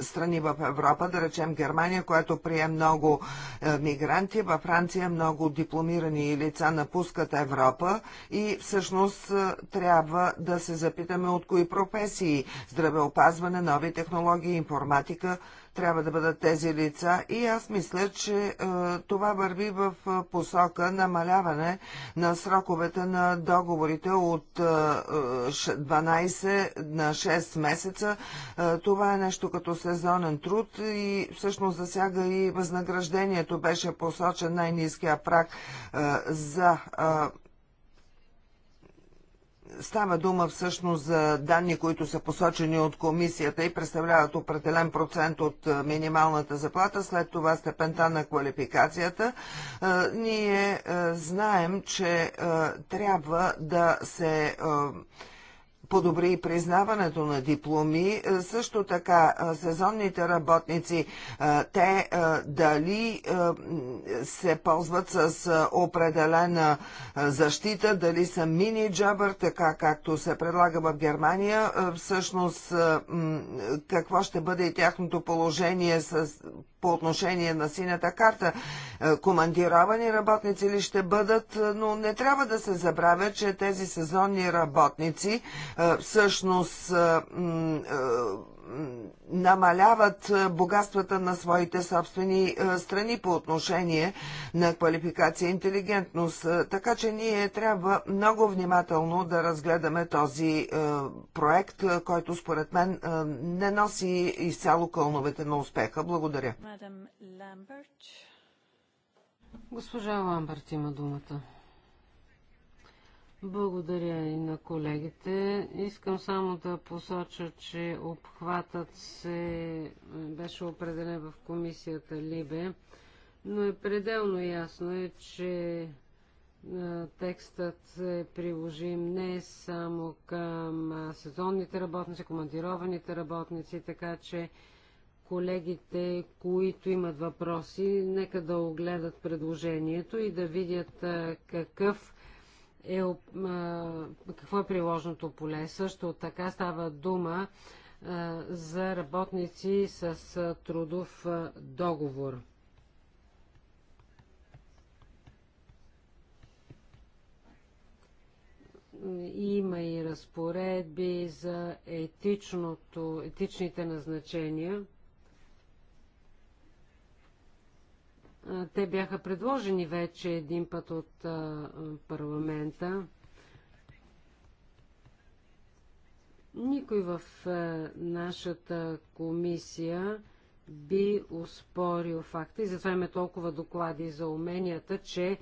страни в Европа, да речем Германия, която прие много е, мигранти, във Франция много дипломирани лица напускат Европа и всъщност е, трябва да се запитаме от кои професии – здравеопазване, нови технологии, информатика – трябва да бъдат тези лица и аз мисля, че е, това върви в е, посока намаляване на сроковете на договорите от 12 е, на 6 месеца. Това е нещо като сезонен труд и всъщност засяга и възнаграждението. Беше посочен най-низкия прак за Става дума всъщност за данни, които са посочени от комисията и представляват определен процент от е, минималната заплата, след това степента на квалификацията. Е, ние е, знаем, че трябва да се подобри и признаването на дипломи. Също така сезонните работници, те дали се ползват с определена защита, дали са мини-джабър, така както се предлага в Германия. Всъщност, какво ще бъде и тяхното положение с по отношение на синята карта. Е, командировани работници ли ще бъдат, е, но не трябва да се забравя, че тези сезонни работници е, всъщност намаляват е, богатствата на своите собствени е, страни по отношение на квалификация и интелигентност. Е, така че ние трябва много внимателно да разгледаме този проект, който според мен не носи изцяло кълновете на успеха. Благодаря. Госпожа Ламберт има думата. Благодаря и на колегите. Искам само да посоча, че обхватът се беше определен в комисията Либе, но е пределно ясно е, че текстът е приложим не само към сезонните работници, командированите работници, така че колегите, които имат въпроси, нека да огледат предложението и да видят какъв е, какво е приложното поле. Също така става дума за работници с трудов договор. Има и разпоредби за етичното, етичните назначения. Те бяха предложени вече един път от парламента. Никой в нашата комисия би успорил факта и затова имаме толкова доклади за уменията, че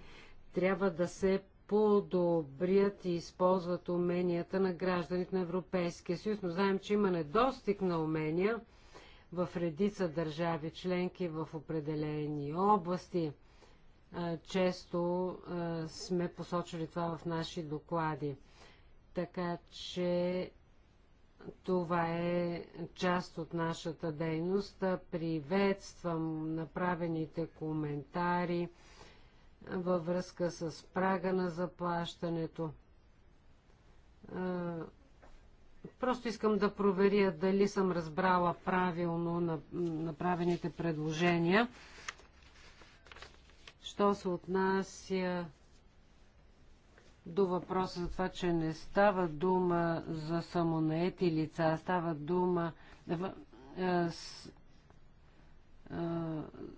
трябва да се подобрят и използват уменията на гражданите на Европейския съюз, но знаем, че има недостиг на умения – в редица държави членки в определени области. Често сме посочили това в наши доклади. Така че това е част от нашата дейност. Приветствам направените коментари във връзка с прага на заплащането Просто искам да проверя дали съм разбрала правилно направените предложения. Що се отнася до въпроса за това, че не става дума за самонаети лица, а става дума... Е, е, е,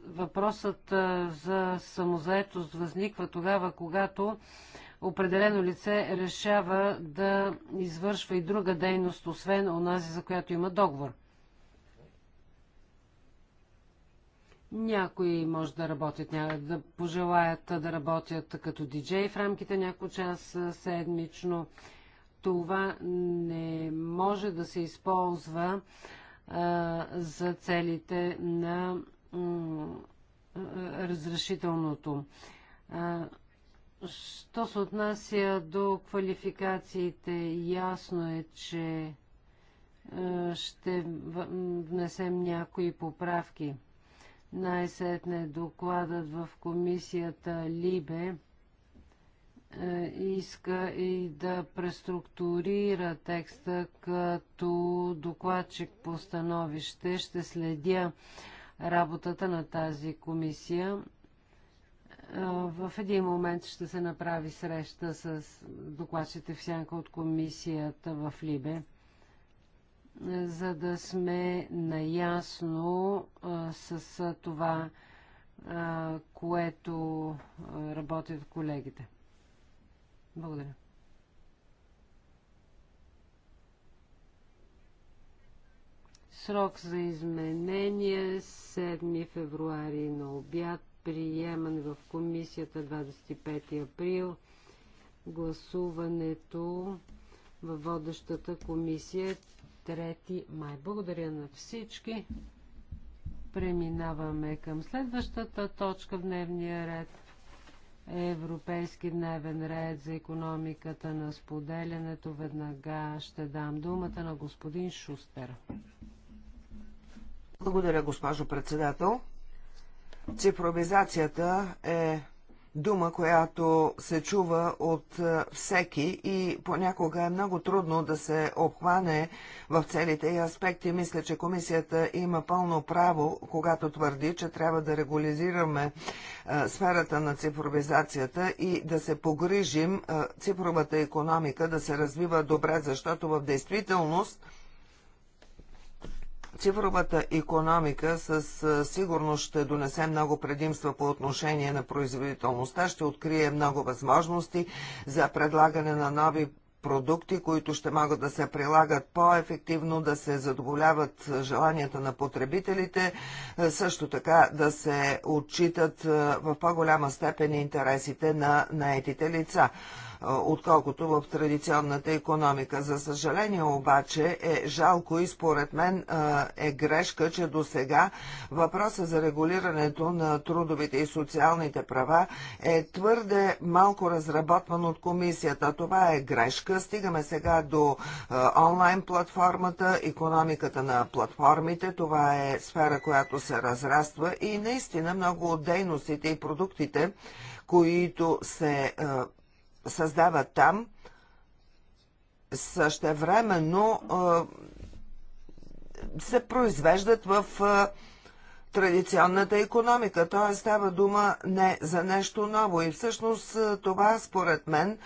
въпросът за самозаетост възниква тогава, когато определено лице решава да извършва и друга дейност, освен онази, за която има договор. Някои може да работят, да пожелаят да работят като диджей в рамките няколко час седмично. Това не може да се използва а, за целите на разрешителното. А, Що се отнася до квалификациите, ясно е, че е, ще внесем някои поправки. Най-сетне докладът в комисията Либе е, иска и да преструктурира текста като докладчик по становище. Ще следя работата на тази комисия в един момент ще се направи среща с докладчите в сянка от комисията в Либе, за да сме наясно с това, което работят колегите. Благодаря. Срок за изменение 7 февруари на обяд приемане в комисията 25 април. Гласуването във водещата комисия 3 май. Благодаря на всички. Преминаваме към следващата точка в дневния ред. Европейски дневен ред за економиката на споделянето. Веднага ще дам думата на господин Шустер. Благодаря, госпожо председател. Цифровизацията е дума, която се чува от е, всеки и понякога е много трудно да се обхване в целите и аспекти. Мисля, че комисията има пълно право, когато твърди, че трябва да регулизираме е, сферата на цифровизацията и да се погрижим е, цифровата економика да се развива добре, защото в действителност Цифровата економика със сигурност ще донесе много предимства по отношение на производителността, ще открие много възможности за предлагане на нови продукти, които ще могат да се прилагат по-ефективно, да се задоволяват желанията на потребителите, също така да се отчитат в по-голяма степен интересите на наетите лица отколкото в традиционната економика. За съжаление обаче е жалко и според мен е грешка, че до сега въпроса за регулирането на трудовите и социалните права е твърде малко разработван от комисията. Това е грешка. Стигаме сега до онлайн платформата, економиката на платформите. Това е сфера, която се разраства и наистина много от дейностите и продуктите, които се Създава там, същевременно се произвеждат в традиционната економика, т.е. става дума не за нещо ново. И всъщност това, според мен,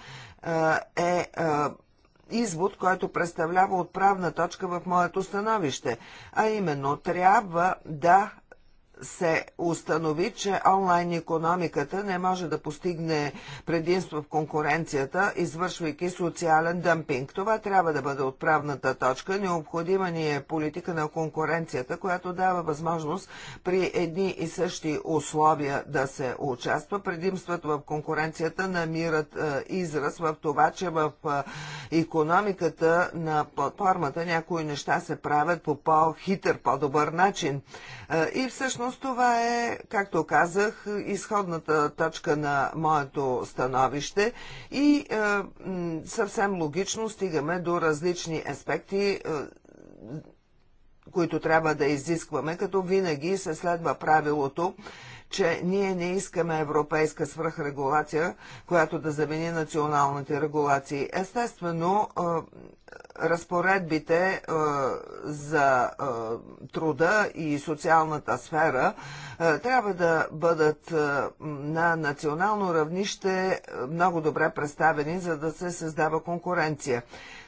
е извод, който представлява отправна точка в моето становище. А именно, трябва да се установи, че онлайн економиката не може да постигне предимство в конкуренцията, извършвайки социален дъмпинг. Това трябва да бъде отправната точка. Необходима ни е политика на конкуренцията, която дава възможност при едни и същи условия да се участва. Предимствата в конкуренцията намират е, израз в това, че в е, економиката на платформата някои неща се правят по по-хитър, по-добър начин. Е, и всъщност всъщност това е, както казах, изходната точка на моето становище и е, съвсем логично стигаме до различни аспекти, е, които трябва да изискваме, като винаги се следва правилото че ние не искаме европейска свръхрегулация, която да замени националните регулации. Естествено, разпоредбите за труда и социалната сфера трябва да бъдат на национално равнище много добре представени, за да се създава конкуренция.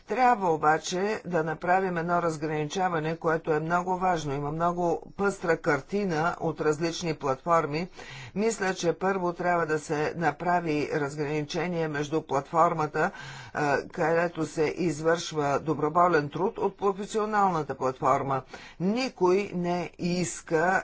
Трябва обаче да направим едно разграничаване, което е много важно. Има много пъстра картина от различни платформи. Мисля, че първо трябва да се направи разграничение между платформата, където се извършва доброволен труд, от професионалната платформа. Никой не иска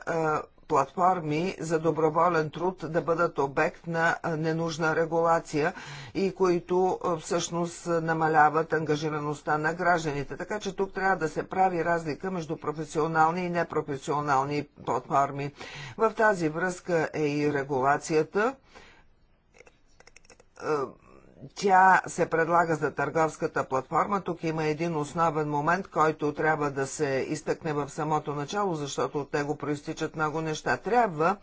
платформи за доброволен труд да бъдат обект на ненужна регулация и които всъщност намаляват ангажираността на гражданите. Така че тук трябва да се прави разлика между професионални и непрофесионални платформи. В тази връзка е и регулацията тя се предлага за търговската платформа. Тук има един основен момент, който трябва да се изтъкне в самото начало, защото от него проистичат много неща. Трябва,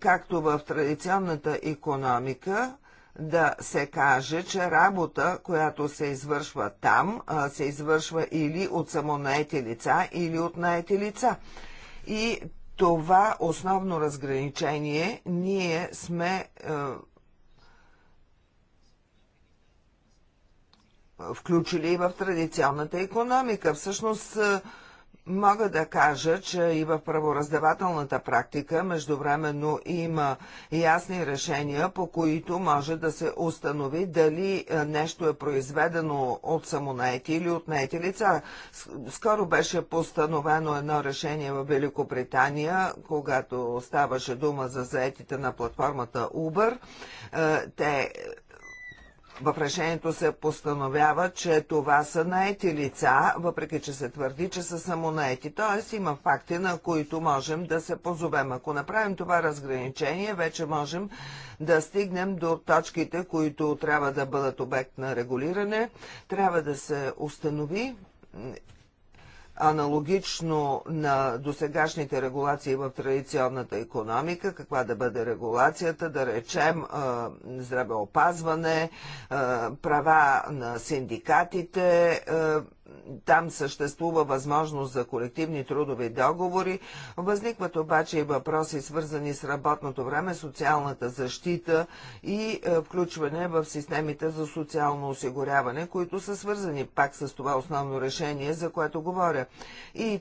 както в традиционната економика, да се каже, че работа, която се извършва там, се извършва или от самонаети лица, или от наети лица. И това основно разграничение ние сме е, включили и в традиционната економика. Всъщност, е, Мога да кажа, че и в правораздавателната практика междувременно има ясни решения, по които може да се установи дали е, нещо е произведено от самонаети или от наети лица. Скоро беше постановено едно решение в Великобритания, когато ставаше дума за заетите на платформата Uber. Е, те в решението се постановява, че това са наети лица, въпреки че се твърди, че са самонаети. Т.е. има факти, на които можем да се позовем. Ако направим това разграничение, вече можем да стигнем до точките, които трябва да бъдат обект на регулиране. Трябва да се установи аналогично на досегашните регулации в традиционната економика, каква да бъде регулацията, да речем здравеопазване, права на синдикатите, там съществува възможност за колективни трудови договори. Възникват обаче и въпроси, свързани с работното време, социалната защита и е, включване в системите за социално осигуряване, които са свързани пак с това основно решение, за което говоря. И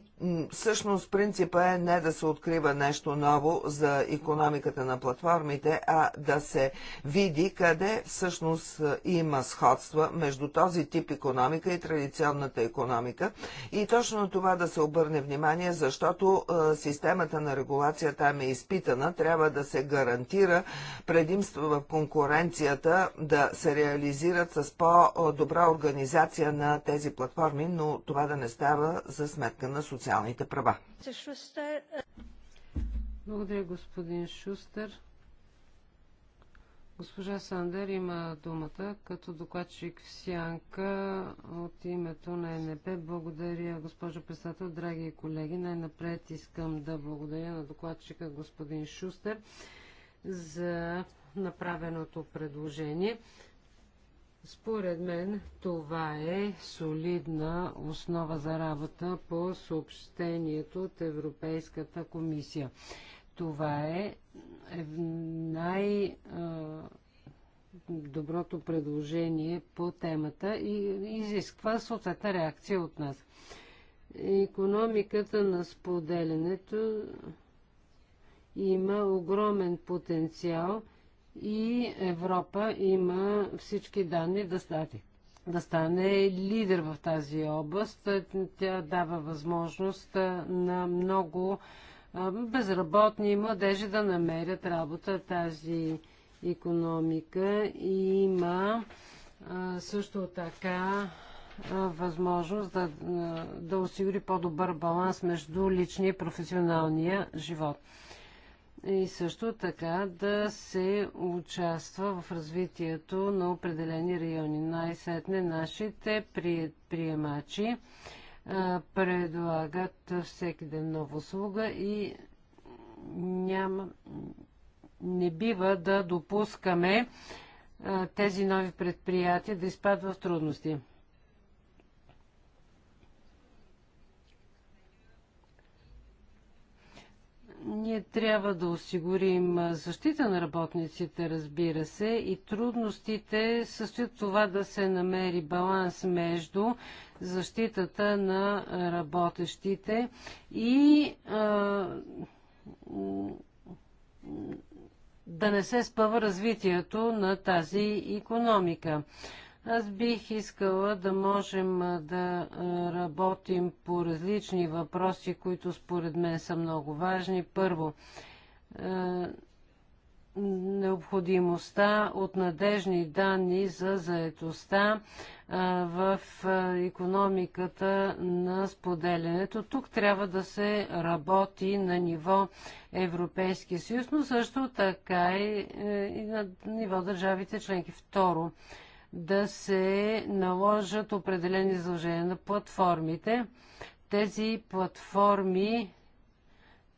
всъщност принципа е не да се открива нещо ново за економиката на платформите, а да се види къде всъщност е, има сходства между този тип економика и традиционната економика економика. И точно на това да се обърне внимание, защото системата на регулация там е изпитана. Трябва да се гарантира предимство в конкуренцията да се реализират с по-добра организация на тези платформи, но това да не става за сметка на социалните права. Е- Благодаря, господин Шустер. Госпожа Сандер има думата като докладчик в Сянка от името на НП. Благодаря, госпожо председател, драги колеги. Най-напред искам да благодаря на докладчика господин Шустер за направеното предложение. Според мен това е солидна основа за работа по съобщението от Европейската комисия. Това е е най-доброто предложение по темата и изисква съответна реакция от нас. Економиката на споделянето има огромен потенциал и Европа има всички данни да стане. Да стане лидер в тази област. Тя дава възможност на много безработни младежи да намерят работа. Тази економика има също така възможност да, да осигури по-добър баланс между личния и професионалния живот. И също така да се участва в развитието на определени райони. Най-сетне нашите приемачи предлагат всеки ден нова услуга и няма, не бива да допускаме тези нови предприятия да изпадат в трудности. ние трябва да осигурим защита на работниците, разбира се, и трудностите състоят това да се намери баланс между защитата на работещите и а, да не се спъва развитието на тази економика. Аз бих искала да можем да работим по различни въпроси, които според мен са много важни. Първо, необходимостта от надежни данни за заетостта в економиката на споделянето. Тук трябва да се работи на ниво Европейския съюз, но също така и е, на ниво държавите членки. Второ, да се наложат определени задължения на платформите. Тези платформи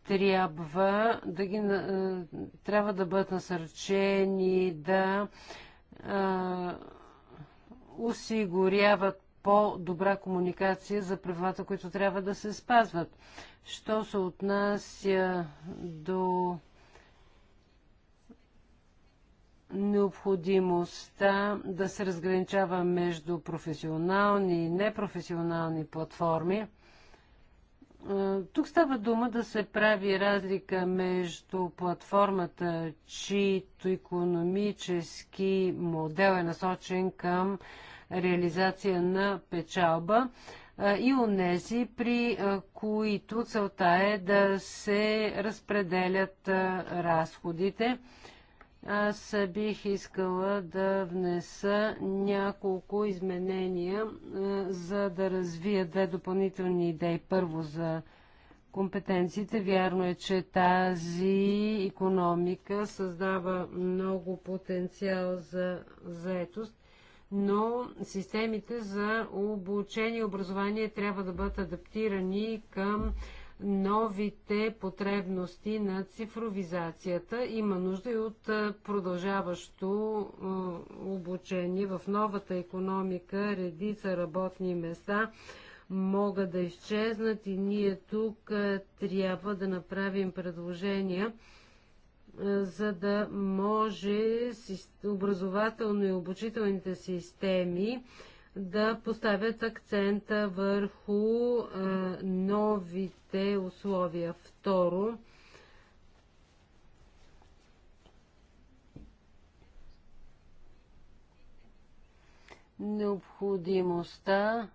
трябва да, ги, е, трябва да бъдат насърчени да а, е, осигуряват по-добра комуникация за правилата, които трябва да се спазват. Що се отнася до необходимостта да се разграничава между професионални и непрофесионални платформи, тук става дума да се прави разлика между платформата, чието економически модел е насочен към реализация на печалба и онези, при които целта е да се разпределят разходите аз бих искала да внеса няколко изменения, за да развия две допълнителни идеи. Първо за компетенциите. Вярно е, че тази економика създава много потенциал за заетост, но системите за обучение и образование трябва да бъдат адаптирани към новите потребности на цифровизацията. Има нужда и от продължаващо обучение в новата економика, редица работни места могат да изчезнат и ние тук трябва да направим предложения за да може образователно и обучителните системи да поставят акцента върху а, новите условия. Второ, необходимостта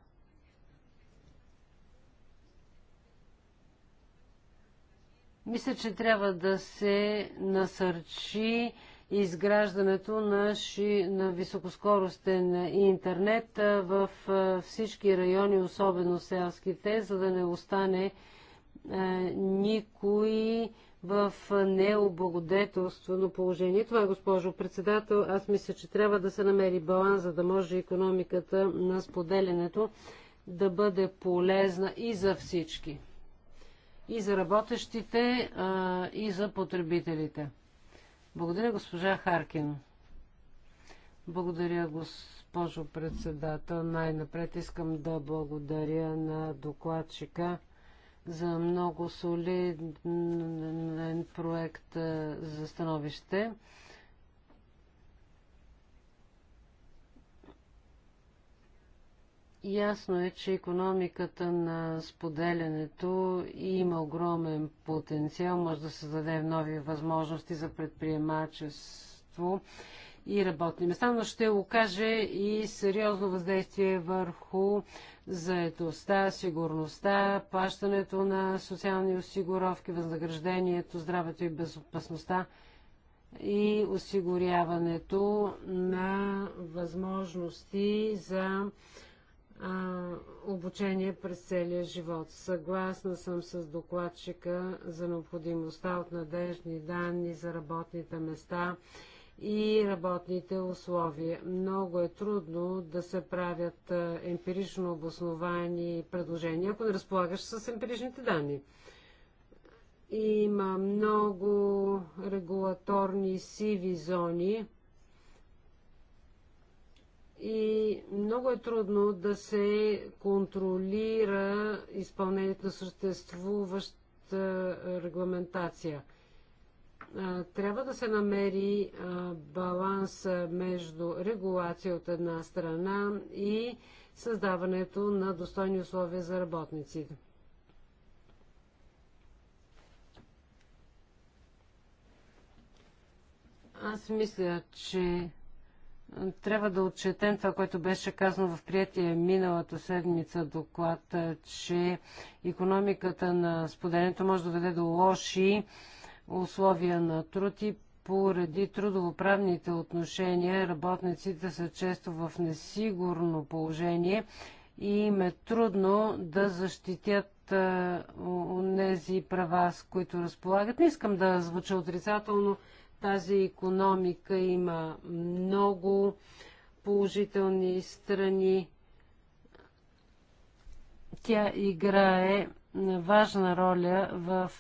мисля, че трябва да се насърчи изграждането на, ши, на високоскоростен интернет в всички райони, особено селските, за да не остане никой в необлагодетелствено положение. Това, е, госпожо председател, аз мисля, че трябва да се намери баланс, за да може економиката на споделянето да бъде полезна и за всички. И за работещите, и за потребителите. Благодаря, госпожа Харкин. Благодаря, госпожо председател. Най-напред искам да благодаря на докладчика за много солиден проект за становище. Ясно е, че економиката на споделянето има огромен потенциал, може да създаде нови възможности за предприемачество и работни места, но ще окаже и сериозно въздействие върху заетостта, сигурността, плащането на социални осигуровки, възнаграждението, здравето и безопасността и осигуряването на възможности за а, обучение през целия живот. Съгласна съм с докладчика за необходимостта от надежни данни за работните места и работните условия. Много е трудно да се правят емпирично обосновани предложения, ако не разполагаш с емпиричните данни. Има много регулаторни сиви зони, и много е трудно да се контролира изпълнението на съществуваща регламентация. Трябва да се намери баланс между регулация от една страна и създаването на достойни условия за работниците. Аз мисля, че трябва да отчетем това, което беше казано в приятия миналата седмица доклад, че економиката на споделението може да доведе до лоши условия на труд и поради трудовоправните отношения работниците са често в несигурно положение и им е трудно да защитят тези права, с които разполагат. Не искам да звуча отрицателно тази економика има много положителни страни. Тя играе важна роля в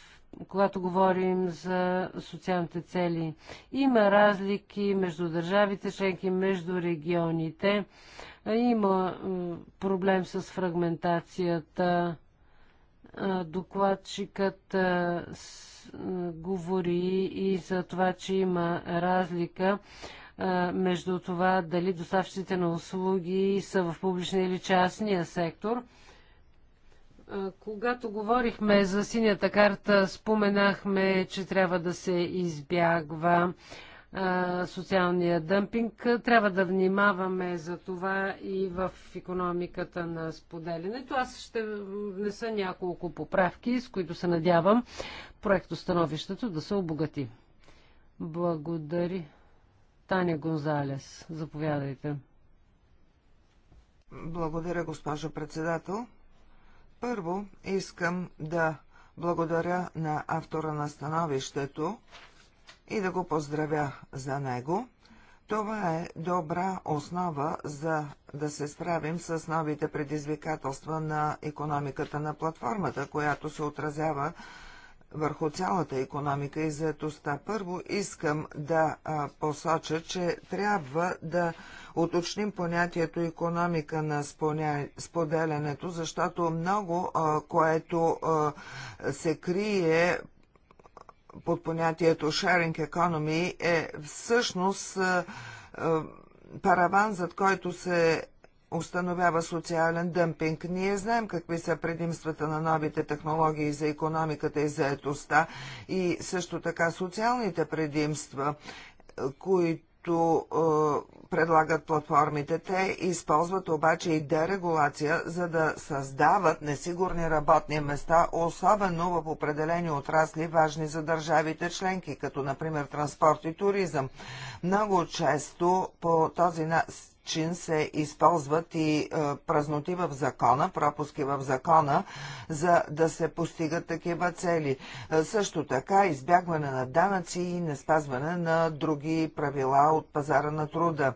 когато говорим за социалните цели. Има разлики между държавите членки, между регионите. Има проблем с фрагментацията Докладчикът говори и за това, че има разлика между това дали доставчиците на услуги са в публичния или частния сектор. Когато говорихме за синята карта, споменахме, че трябва да се избягва социалния дъмпинг. Трябва да внимаваме за това и в економиката на споделянето. Аз ще внеса няколко поправки, с които се надявам проектостановището да се обогати. Благодари. Таня Гонзалес, заповядайте. Благодаря, госпожо председател. Първо искам да благодаря на автора на становището, и да го поздравя за него. Това е добра основа за да се справим с новите предизвикателства на економиката на платформата, която се отразява върху цялата економика и заедостта. Първо искам да а, посоча, че трябва да уточним понятието економика на споня... споделянето, защото много, а, което а, се крие под понятието sharing economy е всъщност е, е, параван, зад който се установява социален дъмпинг. Ние знаем какви са предимствата на новите технологии за економиката и заетостта и също така социалните предимства, които които е, предлагат платформите. Те използват обаче и дерегулация, за да създават несигурни работни места, особено в определени отрасли, важни за държавите членки, като например транспорт и туризъм. Много често по този начин се използват и е, празноти в закона, пропуски в закона, за да се постигат такива цели. Е, също така избягване на данъци и не спазване на други правила от пазара на труда.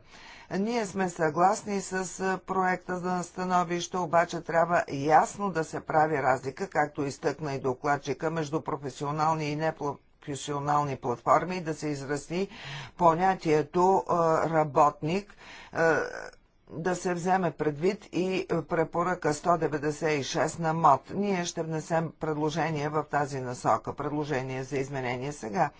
Ние сме съгласни с е, проекта за становище, обаче трябва ясно да се прави разлика, както изтъкна и докладчика, между професионални и непрофесионални дискусионални платформи да се изразни понятието работник, да се вземе предвид и препоръка 196 на МОД. Ние ще внесем предложение в тази насока, предложение за изменение сега.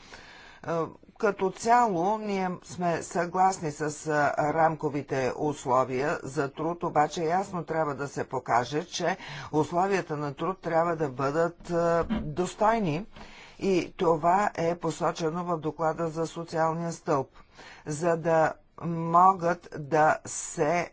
Като цяло ние сме съгласни с рамковите условия за труд, обаче ясно трябва да се покаже, че условията на труд трябва да бъдат достойни и това е посочено в доклада за социалния стълб. За да могат да се е,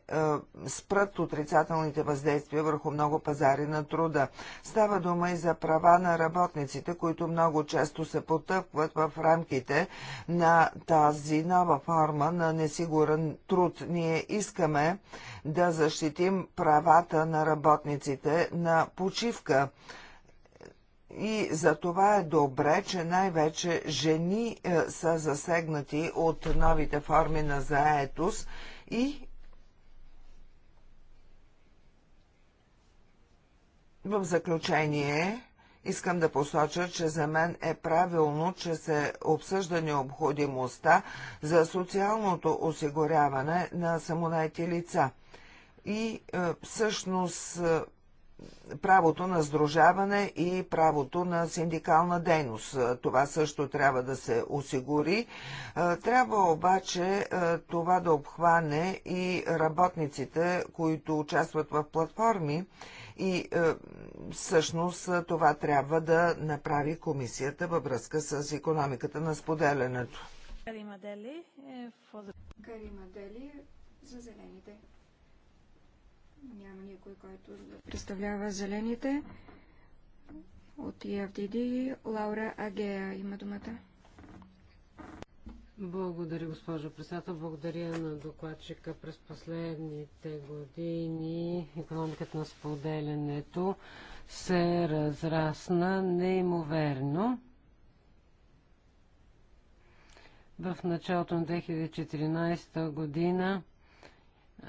спрат отрицателните въздействия върху много пазари на труда. Става дума и за права на работниците, които много често се потъпват в рамките на тази нова форма на несигурен труд. Ние искаме да защитим правата на работниците на почивка. И за това е добре, че най-вече жени е, са засегнати от новите форми на заетост и в заключение Искам да посоча, че за мен е правилно, че се обсъжда необходимостта за социалното осигуряване на самонайти лица. И е, всъщност е, правото на сдружаване и правото на синдикална дейност. Това също трябва да се осигури. Трябва обаче това да обхване и работниците, които участват в платформи и всъщност това трябва да направи комисията във връзка с економиката на споделянето. Карима Дели е, за зелените. Няма никой, който да представлява зелените. От ЕФДД Лаура Агея има думата. Благодаря, госпожо председател. Благодаря на докладчика през последните години. Економиката на споделянето се разрасна неимоверно. В началото на 2014 година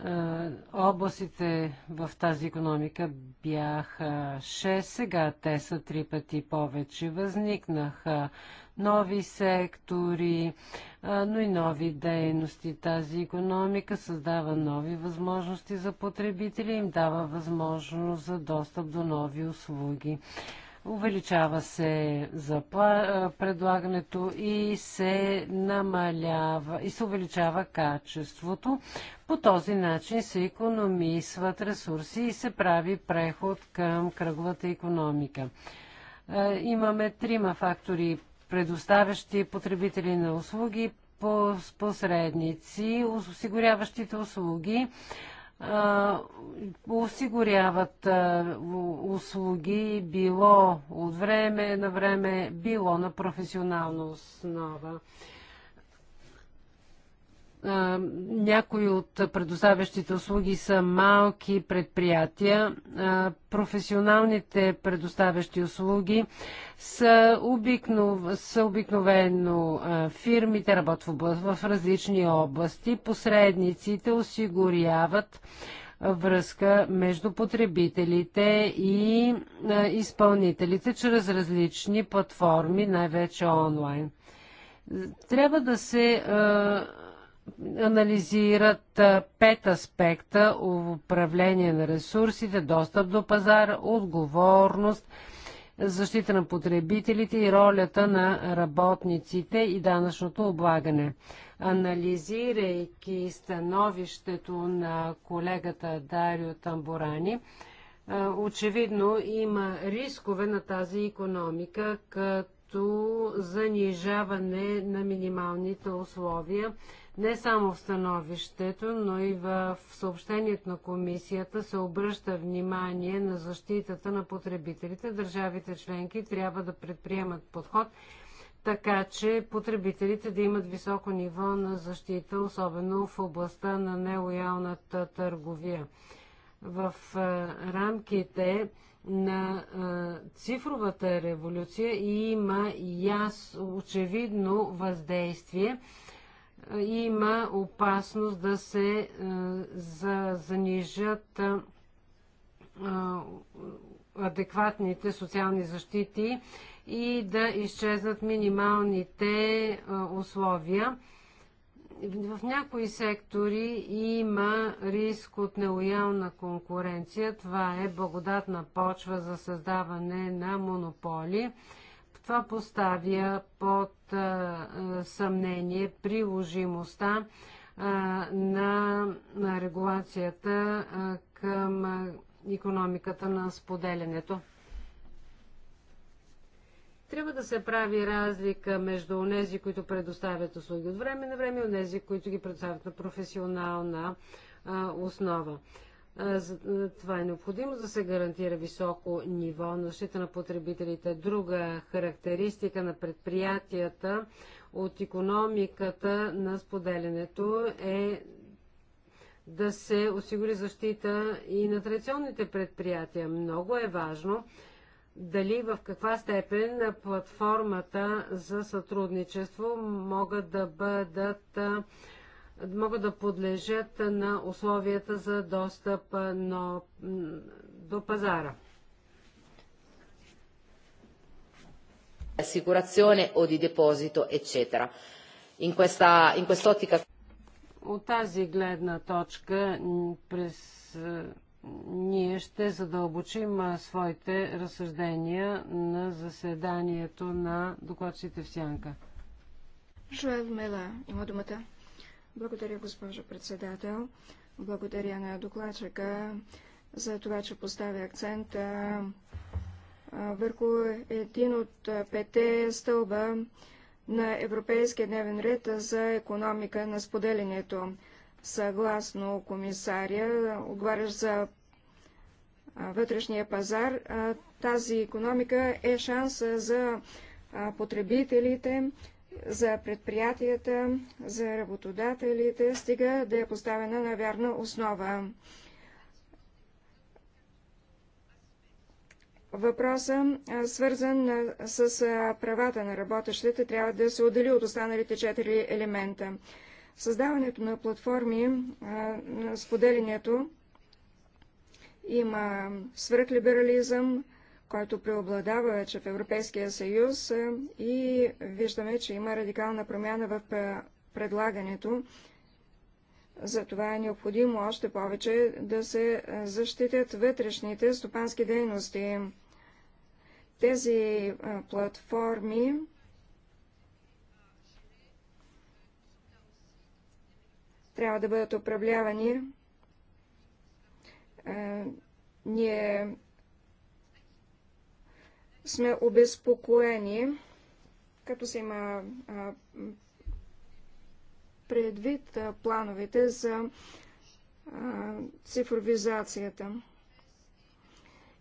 е, областите в тази економика бяха 6, сега те са три пъти повече. Възникнаха нови сектори, е, но и нови дейности. Тази економика създава нови възможности за потребители, им дава възможност за достъп до нови услуги увеличава се запла... предлагането и се намалява и се увеличава качеството. По този начин се економисват ресурси и се прави преход към кръговата економика. Имаме трима фактори предоставящи потребители на услуги, посредници, осигуряващите услуги осигуряват услуги било от време на време, било на професионална основа някои от предоставящите услуги са малки предприятия. Професионалните предоставящи услуги са, обикнов... са обикновено фирмите, работят в различни области. Посредниците осигуряват връзка между потребителите и изпълнителите чрез различни платформи, най-вече онлайн. Трябва да се анализират пет аспекта управление на ресурсите, достъп до пазара, отговорност, защита на потребителите и ролята на работниците и данъчното облагане. Анализирайки становището на колегата Дарио Тамбурани, очевидно има рискове на тази економика, като срещу занижаване на минималните условия. Не само в становището, но и в съобщението на комисията се обръща внимание на защитата на потребителите. Държавите членки трябва да предприемат подход, така че потребителите да имат високо ниво на защита, особено в областта на нелоялната търговия. В е, рамките на а, цифровата революция и има яс, очевидно въздействие. Има опасност да се а, за, занижат а, адекватните социални защити и да изчезнат минималните а, условия в някои сектори има риск от нелоялна конкуренция. Това е благодатна почва за създаване на монополи. Това поставя под а, съмнение приложимостта а, на, на регулацията а, към економиката на споделянето. Трябва да се прави разлика между онези, които предоставят услуги от време на време и онези, които ги предоставят на професионална а, основа. А, това е необходимо да се гарантира високо ниво на защита на потребителите. Друга характеристика на предприятията от економиката на споделянето е да се осигури защита и на традиционните предприятия. Много е важно дали в каква степен платформата за сътрудничество могат да бъдат могат да подлежат на условията за достъп но, до пазара. Асигурационе o di deposito, In questa, in От тази гледна точка през ние ще задълбочим своите разсъждения на заседанието на докладчите в Сянка. Жоев Мела има думата. Благодаря, госпожо председател. Благодаря на докладчика за това, че поставя акцент върху един от пете стълба на Европейския дневен ред за економика на споделението. Съгласно комисаря, отговарящ за вътрешния пазар, тази економика е шанс за потребителите, за предприятията, за работодателите, стига да е поставена на вярна основа. Въпросът, свързан с правата на работещите, трябва да се отдели от останалите четири елемента. Създаването на платформи на споделянето има свръхлиберализъм, който преобладава че в Европейския съюз и виждаме, че има радикална промяна в предлагането. Затова е необходимо още повече да се защитят вътрешните стопански дейности. Тези платформи трябва да бъдат управлявани. Е, ние сме обезпокоени, като се има предвид плановете за цифровизацията.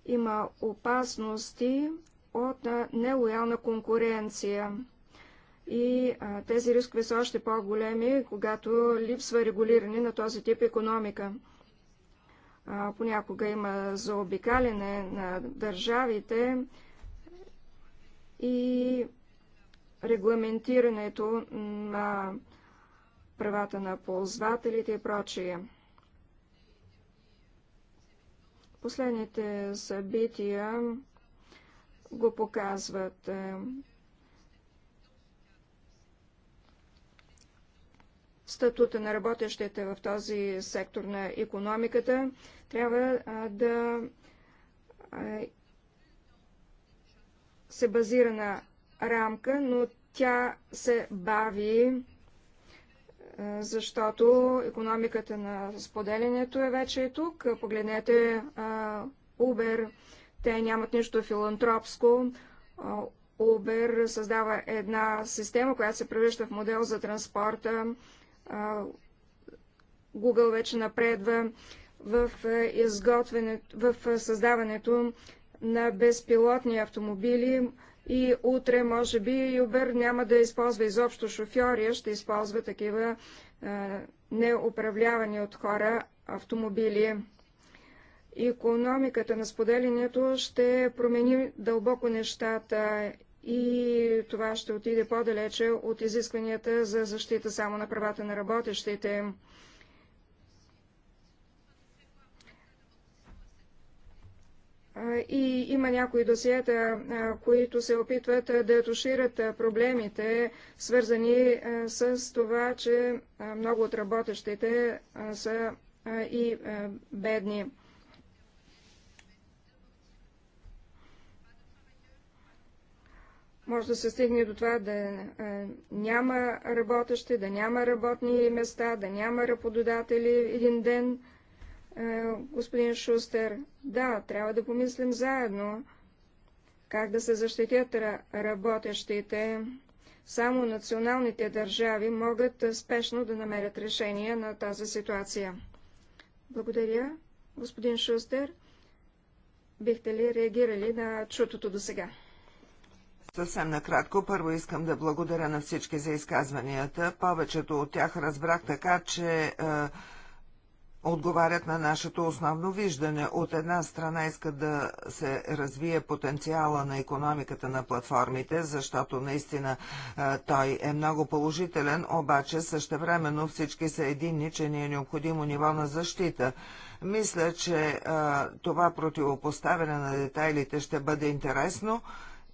Има опасности от нелоялна конкуренция и а, тези рискове са още по-големи, когато липсва регулиране на този тип економика. А, понякога има заобикаляне на държавите и регламентирането на правата на ползвателите и прочие. Последните събития го показват. статута на работещите в този сектор на економиката, трябва да се базира на рамка, но тя се бави, защото економиката на споделянето е вече и тук. Погледнете Uber. Те нямат нищо филантропско. Uber създава една система, която се превръща в модел за транспорта. Google вече напредва в, е, изготвянето, в е, създаването на безпилотни автомобили и утре, може би, Uber няма да използва изобщо шофьори, ще използва такива а, е, неуправлявани от хора автомобили. Икономиката на споделянето ще промени дълбоко нещата и това ще отиде по-далече от изискванията за защита само на правата на работещите. И има някои досиета, които се опитват да тушират проблемите, свързани с това, че много от работещите са и бедни. може да се стигне до това да няма работещи, да няма работни места, да няма работодатели един ден. Господин Шустер, да, трябва да помислим заедно как да се защитят работещите. Само националните държави могат спешно да намерят решение на тази ситуация. Благодаря, господин Шустер. Бихте ли реагирали на чутото до сега? Съвсем накратко, първо искам да благодаря на всички за изказванията. Повечето от тях разбрах така, че е, отговарят на нашето основно виждане. От една страна иска да се развие потенциала на економиката на платформите, защото наистина е, той е много положителен, обаче същевременно всички са единни, че ни е необходимо ниво на защита. Мисля, че е, това противопоставяне на детайлите ще бъде интересно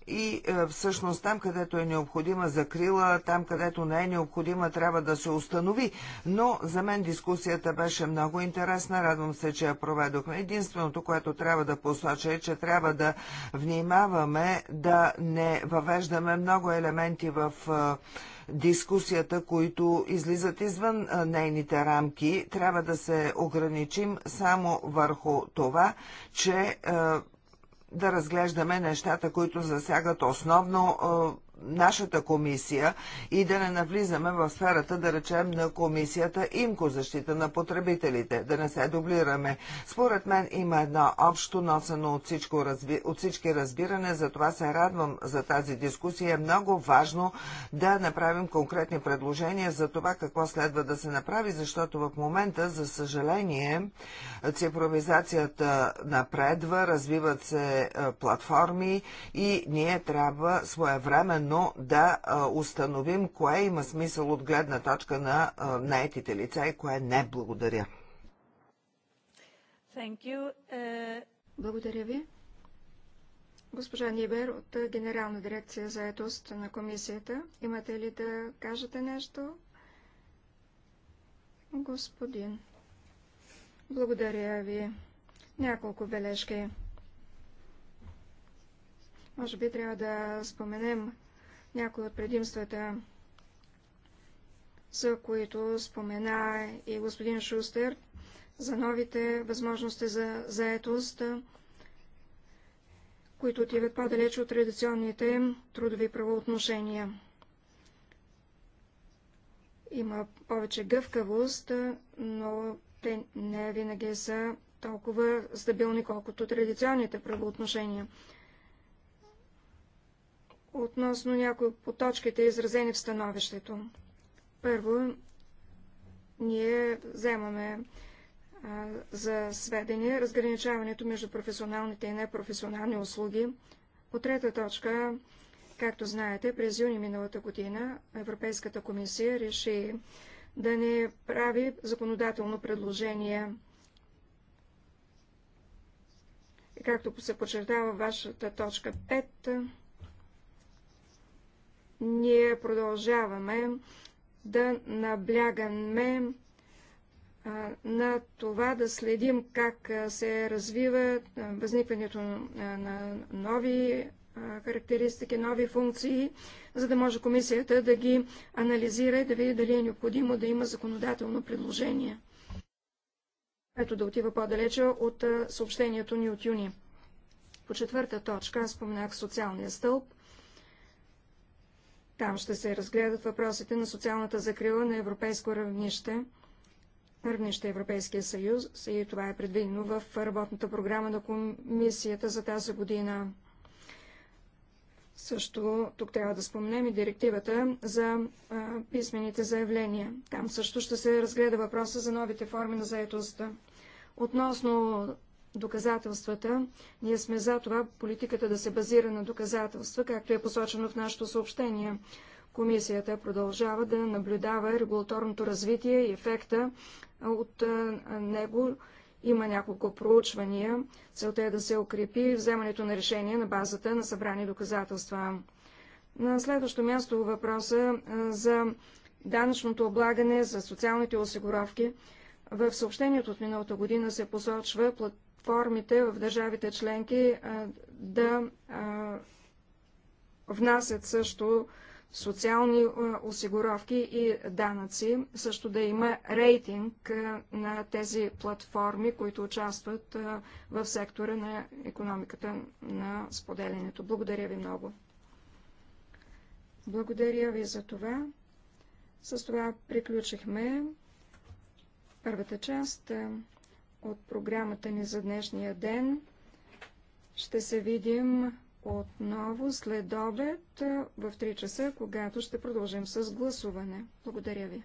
и е, всъщност там, където е необходима закрила, там, където не е необходима, трябва да се установи. Но за мен дискусията беше много интересна. Радвам се, че я проведохме. Единственото, което трябва да посоча е, че трябва да внимаваме да не въвеждаме много елементи в е, дискусията, които излизат извън е, нейните рамки. Трябва да се ограничим само върху това, че да разглеждаме нещата, които засягат основно нашата комисия и да не навлизаме в сферата, да речем, на комисията имко защита на потребителите, да не се дублираме. Според мен има едно общо носено от, всичко, от всички разбиране, затова се радвам за тази дискусия. Е много важно да направим конкретни предложения за това какво следва да се направи, защото в момента, за съжаление, цифровизацията напредва, развиват се е, платформи и ние трябва своевременно именно да установим кое има смисъл от гледна точка на наетите лица и кое не. Благодаря. Uh... Благодаря ви. Госпожа Нибер от Генерална дирекция за етост на комисията. Имате ли да кажете нещо? Господин. Благодаря ви. Няколко бележки. Може би трябва да споменем някои от предимствата, за които спомена и господин Шустер, за новите възможности за заетост, които отиват по-далеч от традиционните трудови правоотношения. Има повече гъвкавост, но те не винаги са толкова стабилни, колкото традиционните правоотношения относно някои от точките, изразени в становището. Първо, ние вземаме а, за сведение разграничаването между професионалните и непрофесионални услуги. По трета точка, както знаете, през юни миналата година Европейската комисия реши да не прави законодателно предложение. И както се подчертава вашата точка 5, ние продължаваме да наблягаме на това да следим как се развива възникването на нови характеристики, нови функции, за да може комисията да ги анализира и да види дали е необходимо да има законодателно предложение, което да отива по-далече от съобщението ни от юни. По четвърта точка аз споменах социалния стълб. Там ще се разгледат въпросите на социалната закрила на европейско равнище, равнище Европейския съюз и това е предвидено в работната програма на комисията за тази година. Също тук трябва да спомнем и директивата за а, писмените заявления. Там също ще се разгледа въпроса за новите форми на заедостта. Относно доказателствата. Ние сме за това политиката да се базира на доказателства, както е посочено в нашето съобщение. Комисията продължава да наблюдава регулаторното развитие и ефекта от него. Има няколко проучвания. Целта е да се укрепи вземането на решение на базата на събрани доказателства. На следващо място въпроса за данъчното облагане, за социалните осигуровки. В съобщението от миналата година се посочва платформите в държавите членки да внасят също социални осигуровки и данъци, също да има рейтинг на тези платформи, които участват в сектора на економиката на споделянето. Благодаря ви много. Благодаря ви за това. С това приключихме първата част от програмата ни за днешния ден. Ще се видим отново след обед в 3 часа, когато ще продължим с гласуване. Благодаря ви.